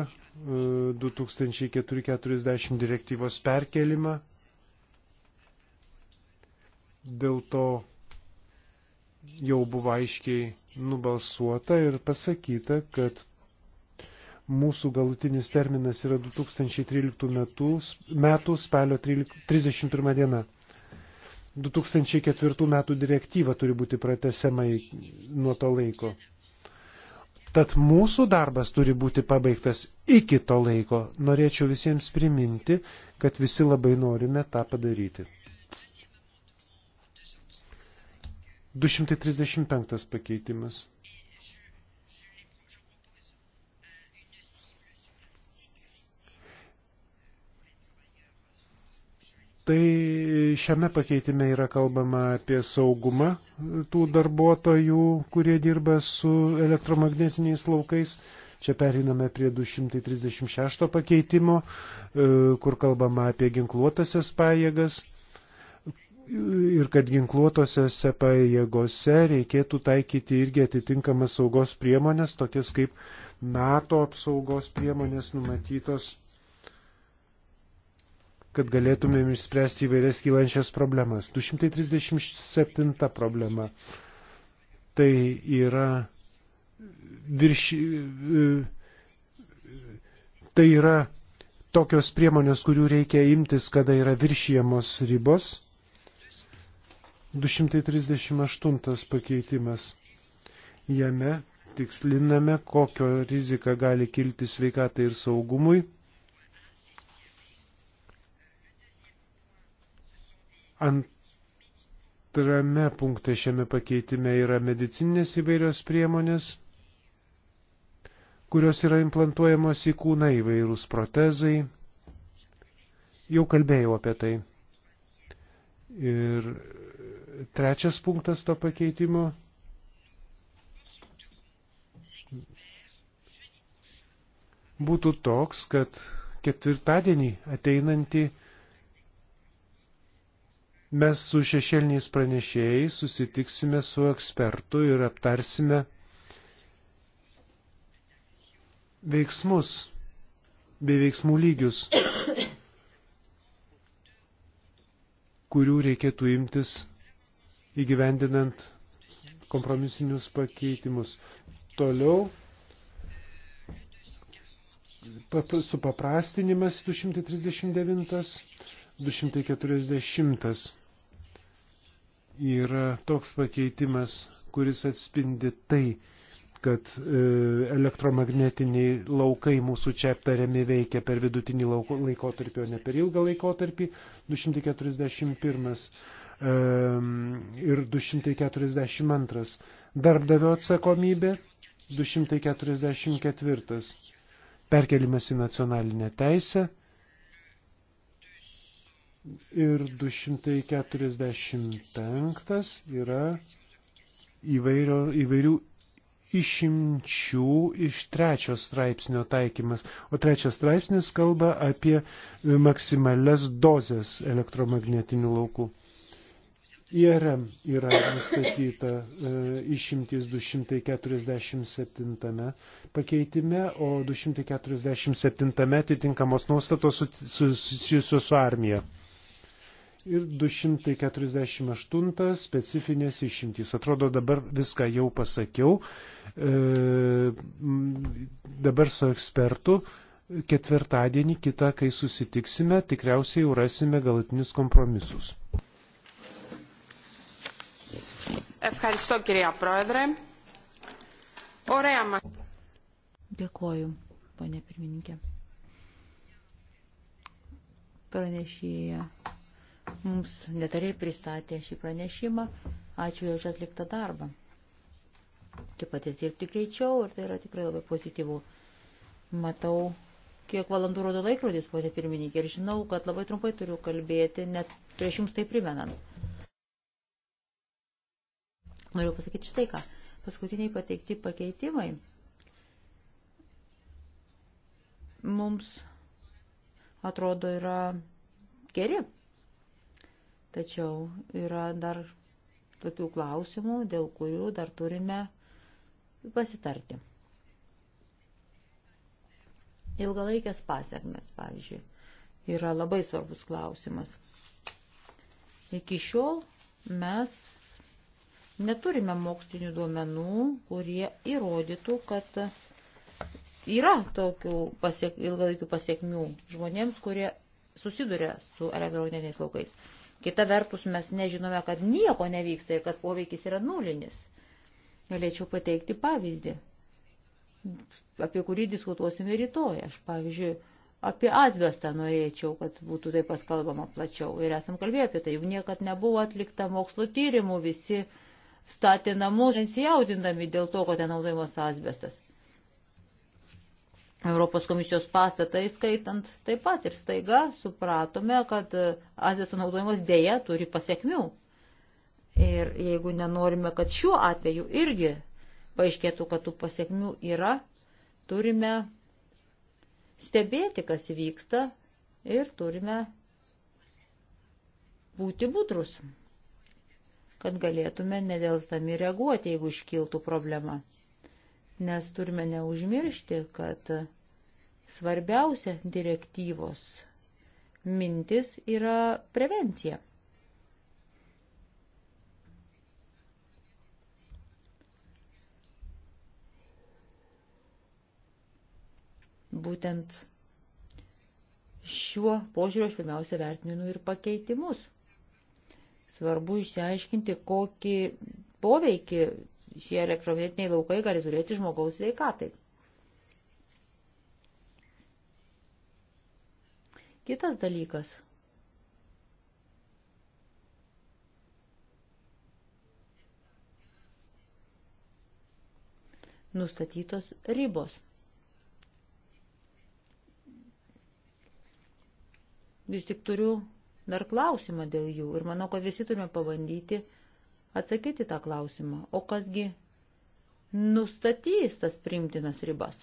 A: 2440 e, direktyvos perkelimą. Dėl to jau buvo aiškiai nubalsuota ir pasakyta, kad mūsų galutinis terminas yra 2013 metų, metų spalio 13, 31 diena. 2004 metų direktyva turi būti pratesiama nuo to laiko. Tad mūsų darbas turi būti pabaigtas iki to laiko. Norėčiau visiems priminti, kad visi labai norime tą padaryti. 235 pakeitimas. Tai šiame pakeitime yra kalbama apie saugumą tų darbuotojų, kurie dirba su elektromagnetiniais laukais. Čia periname prie 236 pakeitimo, e, kur kalbama apie ginkluotasias pajėgas. Ir kad ginkluotosiose pajėgose reikėtų taikyti irgi atitinkamas saugos priemonės, tokias kaip NATO apsaugos priemonės numatytos kad galėtumėm išspręsti įvairias kylančias problemas. 237 problema. Tai yra virš. Tai yra tokios priemonės, kurių reikia imtis, kada yra viršijamos ribos. 238 pakeitimas. Jame tiksliname, kokią riziką gali kilti sveikatai ir saugumui Antrame punkte šiame pakeitime yra medicinės įvairios priemonės, kurios yra implantuojamos į kūną įvairūs protezai. Jau kalbėjau apie tai. Ir trečias punktas to pakeitimo. Būtų toks, kad ketvirtadienį ateinantį Mes su šešėliniais pranešėjais susitiksime su ekspertu ir aptarsime veiksmus bei veiksmų lygius, kurių reikėtų imtis įgyvendinant kompromisinius pakeitimus. Toliau supaprastinimas 239, 240 yra toks pakeitimas, kuris atspindi tai, kad e, elektromagnetiniai laukai mūsų čia aptariami veikia per vidutinį laikotarpį, o ne per ilgą laikotarpį. 241 ir 242. Darbdavio atsakomybė 244. Perkelimas į nacionalinę teisę ir 245 yra įvairio, įvairių išimčių iš trečio straipsnio taikymas. O trečias straipsnis kalba apie e, maksimales dozes elektromagnetinių laukų. IRM yra nustatyta e, išimtis 247 pakeitime, o 247 atitinkamos nuostatos susijusios su armija. Su, su, su, su, su, su, su, su, su, ir 248 specifinės išimtys. Atrodo, dabar viską jau pasakiau. E, dabar su ekspertu ketvirtadienį kitą, kai susitiksime, tikriausiai jau rasime galutinius kompromisus.
D: Ευχαριστώ κυρία Πρόεδρε. Ωραία μας. Dėkoju, ponė pirmininkė. Pranešėja mums detaliai pristatė šį pranešimą. Ačiū jau už atliktą darbą. Čia patys dirbti greičiau ir tai yra tikrai labai pozityvu. Matau, kiek valandų rodo laikrodis, ponė pirmininkė, ir žinau, kad labai trumpai turiu kalbėti, net prieš jums tai primenant. Noriu pasakyti štai ką. Paskutiniai pateikti pakeitimai mums atrodo yra geri. Tačiau yra dar tokių klausimų, dėl kurių dar turime pasitarti. Ilgalaikės pasiekmes, pavyzdžiui, yra labai svarbus klausimas. Iki šiol mes neturime mokslinių duomenų, kurie įrodytų, kad yra tokių pasiek, ilgalaikių pasiekmių žmonėms, kurie susiduria su elektromagnetiniais laukais. Kita vertus, mes nežinome, kad nieko nevyksta ir kad poveikis yra nulinis. Galėčiau pateikti pavyzdį, apie kurį diskutuosime rytoj. Aš, pavyzdžiui, apie asbestą norėčiau, kad būtų taip pat kalbama plačiau. Ir esam kalbėję apie tai, juk niekad nebuvo atlikta mokslo tyrimų, visi statė namus, nesijaudindami dėl to, kad ten naudojamas asbestas. Europos komisijos pastatą įskaitant taip pat ir staiga supratome, kad azijos sunaudojimas dėja turi pasiekmių. Ir jeigu nenorime, kad šiuo atveju irgi paaiškėtų, kad tų pasiekmių yra, turime stebėti, kas vyksta ir turime būti budrus, kad galėtume nedėlstami reaguoti, jeigu iškiltų problema nes turime neužmiršti, kad svarbiausia direktyvos mintis yra prevencija. Būtent šiuo požiūriu aš pirmiausia vertinu ir pakeitimus. Svarbu išsiaiškinti, kokį poveikį šie elektromagnetiniai laukai gali turėti žmogaus veikatai. Kitas dalykas. Nustatytos ribos. Vis tik turiu dar klausimą dėl jų ir manau, kad visi turime pabandyti uh, atsakyti tą klausimą, o kasgi nustatys tas primtinas ribas.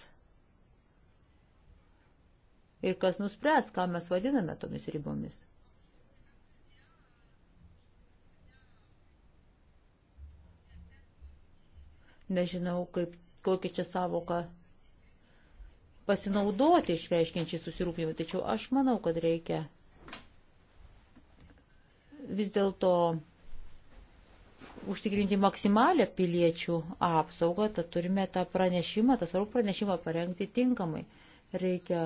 D: Ir kas nuspręs, ką mes vadiname tomis ribomis. Nežinau, kaip, kokią čia savoką pasinaudoti išreiškiančiai susirūpinimą, tačiau aš manau, kad reikia vis dėlto užtikrinti maksimalę piliečių apsaugą, tad turime tą pranešimą, tą svarbų pranešimą parengti tinkamai. Reikia,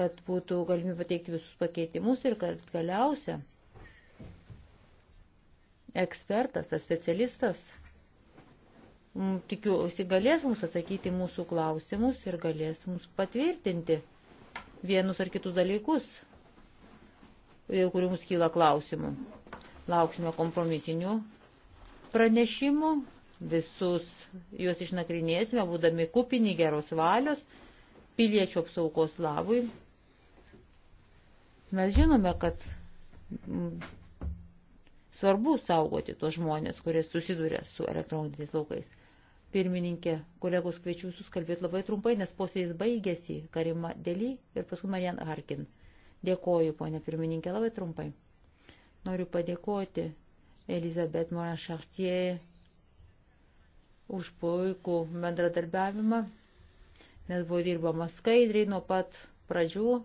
D: kad būtų galimi pateikti visus pakeitimus ir kad galiausia ekspertas, tas specialistas, tikiuosi, galės mums atsakyti mūsų klausimus ir galės mums patvirtinti vienus ar kitus dalykus, dėl kurių mums kyla klausimų. Lauksime kompromisinių pranešimų, visus juos išnagrinėsime, būdami kupini geros valios, piliečių apsaugos labui. Mes žinome, kad mm, svarbu saugoti tuos žmonės, kurie susiduria su elektroniniais laukais. Pirmininkė, kolegos kviečiu visus kalbėti labai trumpai, nes posėdis baigėsi Karima Deli ir paskui Marian Harkin. Dėkoju, ponė pirmininkė, labai trumpai. Noriu padėkoti Elizabet Moran-Šartie už puikų bendradarbiavimą, nes buvo dirbama skaidriai nuo pat pradžių.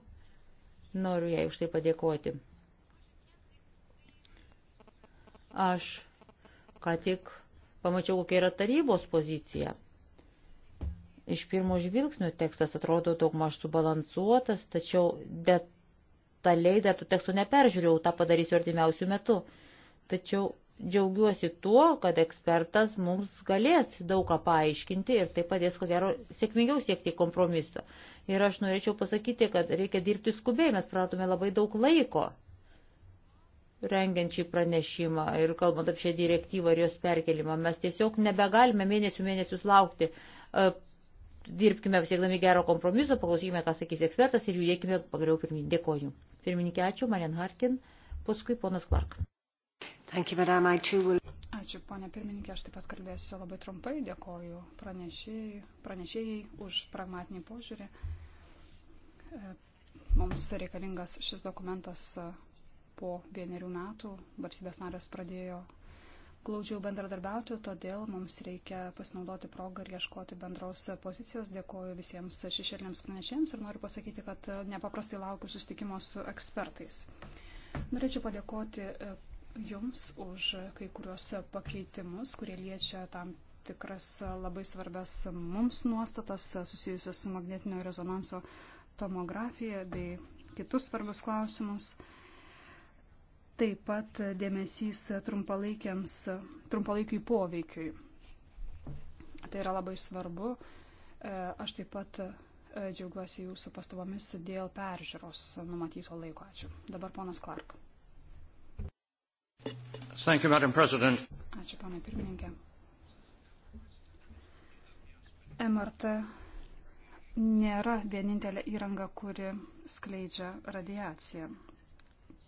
D: Noriu jai už tai padėkoti. Aš ką tik pamačiau, kokia yra tarybos pozicija. Iš pirmo žvilgsnio tekstas atrodo daug maž subalansuotas, tačiau detaliai dar tų tekstų neperžiūrėjau, tą padarysiu artimiausių metų. Tačiau džiaugiuosi tuo, kad ekspertas mums galės daug ką paaiškinti ir tai padės, ko gero, sėkmingiau siekti kompromiso. Ir aš norėčiau pasakyti, kad reikia dirbti skubiai, mes pratome labai daug laiko rengiant šį pranešimą ir kalbant apie šią direktyvą ir jos perkelimą. Mes tiesiog nebegalime mėnesių mėnesius laukti. E, dirbkime siekdami gero kompromiso, paklausykime, ką sakys ekspertas ir judėkime pagaliau pirmin. Dėkoju. Pirmininkė, ačiū, Marian Harkin, paskui ponas Clark.
A: Ačiū,
B: ponė pirmininkė, aš taip pat kalbėsiu labai trumpai, dėkoju pranešėjai, pranešėjai už pragmatinį požiūrį. E, mums reikalingas šis dokumentas e, po vienerių metų, valstybės narės pradėjo glaudžiau bendradarbiauti, todėl mums reikia pasinaudoti progą ir ieškoti bendros pozicijos. Dėkoju visiems šešėliniams pranešėjams ir noriu pasakyti, kad nepaprastai laukiu sustikimo su ekspertais. Norėčiau padėkoti e, Jums už kai kuriuos pakeitimus, kurie liečia tam tikras labai svarbes mums nuostatas susijusios su magnetinio rezonanso tomografija bei kitus svarbus klausimus. Taip pat dėmesys trumpalaikiui poveikiui. Tai yra labai svarbu. E, aš taip pat e, džiaugiuosi jūsų pastabomis dėl peržiūros numatyto laiko. Ačiū. Dabar ponas Clark. Thank you, Madam President. Ačiū, pana pirmininkė. MRT nėra vienintelė įranga, kuri skleidžia radiaciją.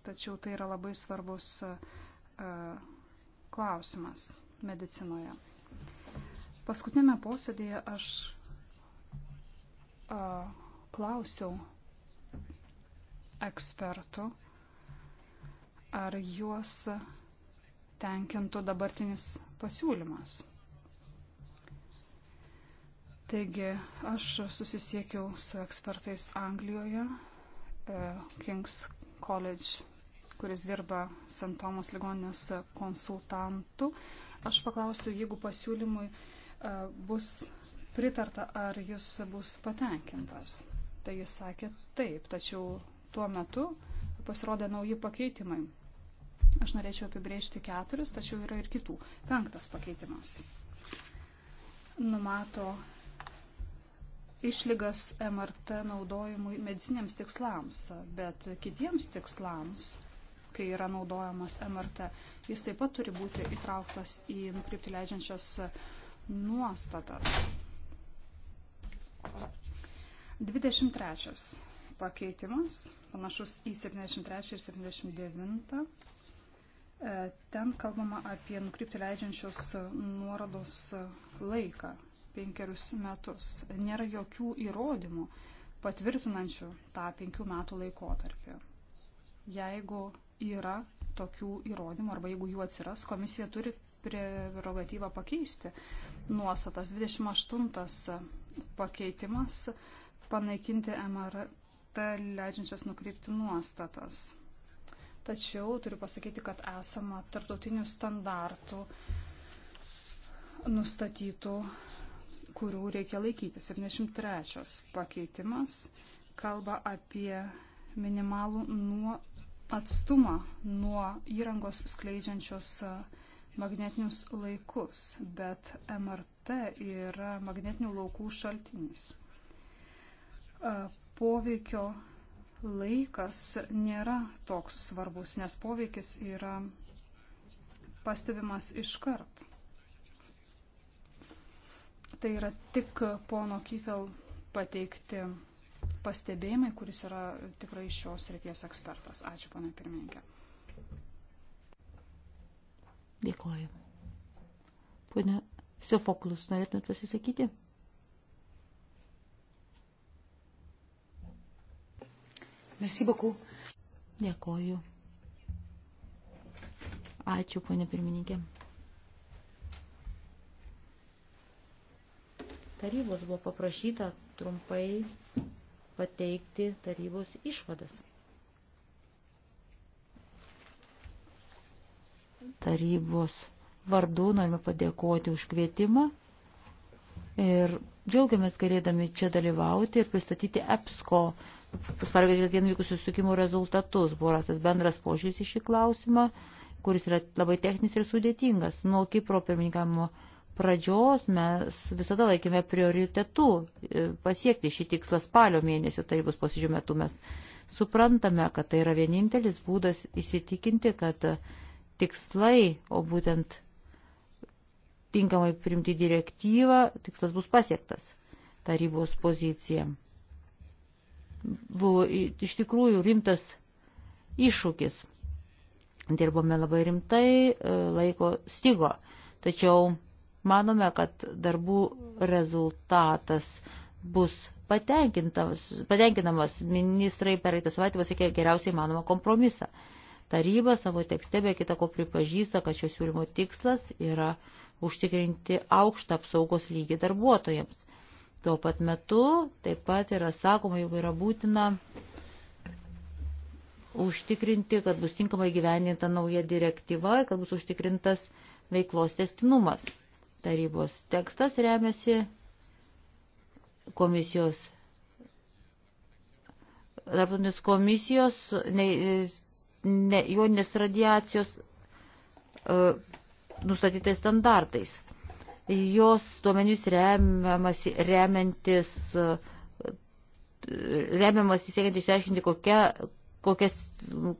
B: Tačiau tai yra labai svarbus e, klausimas medicinoje. Paskutinėme posėdėje aš e, klausiau ekspertų, ar juos tenkintų dabartinis pasiūlymas. Taigi aš susisiekiau su ekspertais Anglijoje, e, King's College, kuris dirba St. Thomas ligoninės konsultantų. Aš paklausiu, jeigu pasiūlymui e, bus pritarta, ar jis bus patenkintas. Tai jis sakė taip, tačiau tuo metu pasirodė nauji pakeitimai. Aš norėčiau apibrėžti keturis, tačiau yra ir kitų. Penktas pakeitimas numato išlygas MRT naudojimui mediciniams tikslams, bet kitiems tikslams, kai yra naudojamas MRT, jis taip pat turi būti įtrauktas į nukreipti leidžiančias nuostatas. 23 pakeitimas, panašus į 73 ir 79 E, ten kalbama apie nukrypti leidžiančios nuorodos laiką - penkerius metus. Nėra jokių įrodymų patvirtinančių tą penkių metų laikotarpį. Jeigu yra tokių įrodymų arba jeigu jų atsiras, komisija turi prerogatyvą pakeisti nuostatas. 28 pakeitimas panaikinti MRT leidžiančias nukrypti nuostatas tačiau turiu pasakyti, kad esama tarptautinių standartų nustatytų, kurių reikia laikyti. 73 pakeitimas kalba apie minimalų nuo atstumą nuo įrangos skleidžiančios magnetinius laikus, bet MRT yra magnetinių laukų šaltinis. Poveikio laikas nėra toks svarbus, nes poveikis yra pastebimas iškart. Tai yra tik pono Kyfel pateikti pastebėjimai, kuris yra tikrai šios ryties ekspertas. Ačiū, pana pirmininkė.
D: Dėkoju. Pone Siofoklus, norėtumėt pasisakyti? Merci beaucoup. Dėkoju. Ačiū, ponė pirmininkė. Tarybos buvo paprašyta trumpai pateikti tarybos išvadas. Tarybos vardu norime padėkoti už kvietimą ir džiaugiamės galėdami čia dalyvauti ir pristatyti EPSCO spalio dieną vykusių susitikimų rezultatus. Buvo rastas bendras požiūris į šį klausimą, kuris yra labai techninis ir sudėtingas. Nuo Kipro pirmininkavimo pradžios mes visada laikėme prioritetu e, pasiekti šį tikslą spalio mėnesio tarybos posėdžių metu. Mes suprantame, kad tai yra vienintelis būdas įsitikinti, kad e, tikslai, o būtent tinkamai primti direktyvą, tikslas bus pasiektas tarybos pozicija buvo iš tikrųjų rimtas iššūkis. Dirbome labai rimtai, e, laiko stigo, tačiau manome, kad darbų rezultatas bus patenkinamas. Ministrai per kitą savaitę pasiekė geriausiai manomą kompromisą. Taryba savo tekste be kitako pripažįsta, kad šio siūlymo tikslas yra užtikrinti aukštą apsaugos lygį darbuotojams. Tuo pat metu taip pat yra sakoma, jog yra būtina užtikrinti, kad bus tinkamai gyveninta nauja direktyva ir kad bus užtikrintas veiklos testinumas. Tarybos tekstas remiasi komisijos, tarptautinės komisijos, ne, ne, joninės radiacijos e, nustatytais standartais jos duomenys remiamas, remiantis, remiamas įsiekiant išsiaiškinti, kokia, kokias,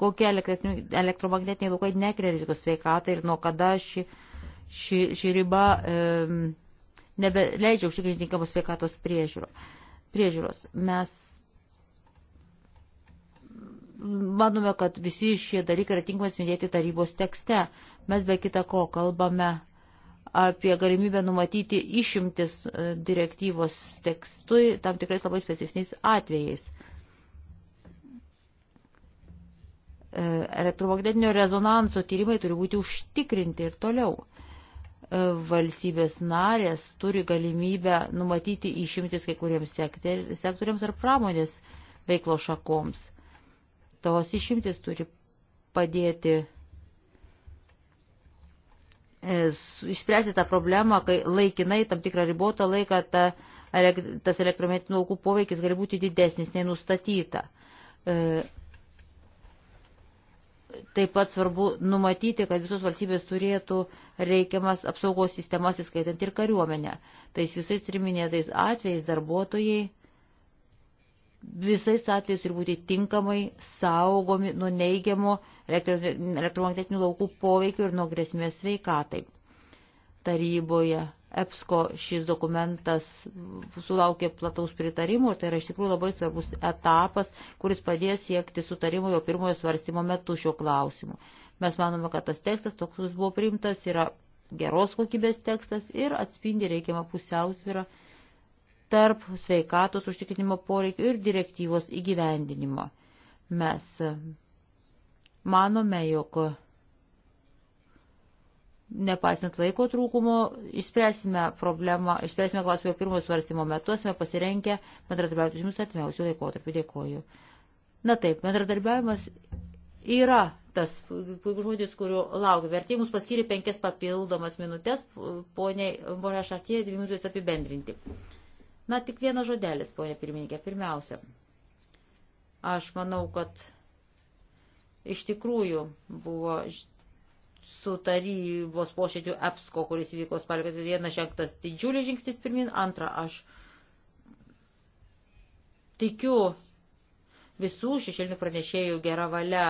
D: kokie elektromagnetiniai laukai nekria rizikos sveikatai ir nuo kada ši, ši, ši riba e, nebeleidžia užtikrinti tinkamos sveikatos priežiūro, priežiūros. Mes manome, kad visi šie dalykai yra tinkamas minėti tarybos tekste. Mes be kita ko kalbame apie galimybę numatyti išimtis e, direktyvos tekstui tam tikrais labai specifiniais atvejais. E, elektromagnetinio rezonanso tyrimai turi būti užtikrinti ir toliau. E, valstybės narės turi galimybę numatyti išimtis kai kuriems sektoriams ar pramonės veiklo šakoms. Tos išimtis turi padėti E, išspręsti tą problemą, kai laikinai tam tikrą ribotą laiką ta, tas elektromagnetinių laukų poveikis gali būti didesnis nei nustatyta. E, taip pat svarbu numatyti, kad visos valstybės turėtų reikiamas apsaugos sistemas, įskaitant ir kariuomenę. Tais visais triminėtais atvejais darbuotojai visais atvejais turi būti tinkamai saugomi nuo neigiamo elektromagnetinių laukų poveikių ir nuo grėsmės sveikatai. Taryboje EPSCO šis dokumentas sulaukė plataus pritarimo, tai yra iš tikrųjų labai svarbus etapas, kuris padės siekti sutarimo jo pirmojo svarstymo metu šio klausimu. Mes manome, kad tas tekstas, toks kuris buvo priimtas, yra geros kokybės tekstas ir atspindi reikiamą pusiausvyrą tarp sveikatos užtikrinimo poreikio ir direktyvos įgyvendinimo. Mes Manome, jog nepaisant laiko trūkumo, išspręsime problemą, išspręsime klausimą pirmojo svarstymo metu, esame pasirenkę bendradarbiauti su jums atmiausių laikotarpių. Dėkoju. Na taip, bendradarbiavimas yra tas puikus žodis, kuriuo laukiu. Vertimus paskiri penkias papildomas minutės, poniai Borė Šartie, dvi minutės apibendrinti. Na, tik vienas žodelis, ponė pirmininkė, pirmiausia. Aš manau, kad iš tikrųjų buvo su tarybos posėdžiu EPSCO, kuris vyko spalio 4 dieną, žengtas didžiulis žingsnis pirmin. Antra, aš tikiu visų šešėlinių pranešėjų gerą valią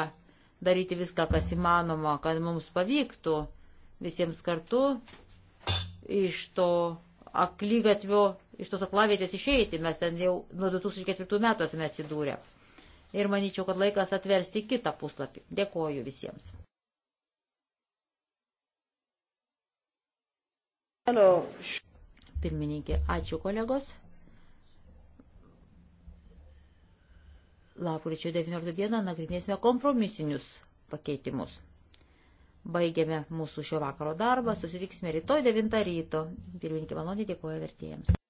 D: daryti viską, kas įmanoma, kad mums pavyktų visiems kartu iš to aklygatvio, iš tos aklavietės išeiti. Mes ten jau nuo 2004 metų esame atsidūrę ir manyčiau, kad laikas atversti kitą puslapį. Dėkoju visiems. Hello. Pirmininkė, ačiū kolegos. Lapkričio 19 dieną nagrinėsime kompromisinius pakeitimus. Baigėme mūsų šio vakaro darbą, susitiksime rytoj 9 ryto. Pirmininkė Malonė dėkoja vertėjams.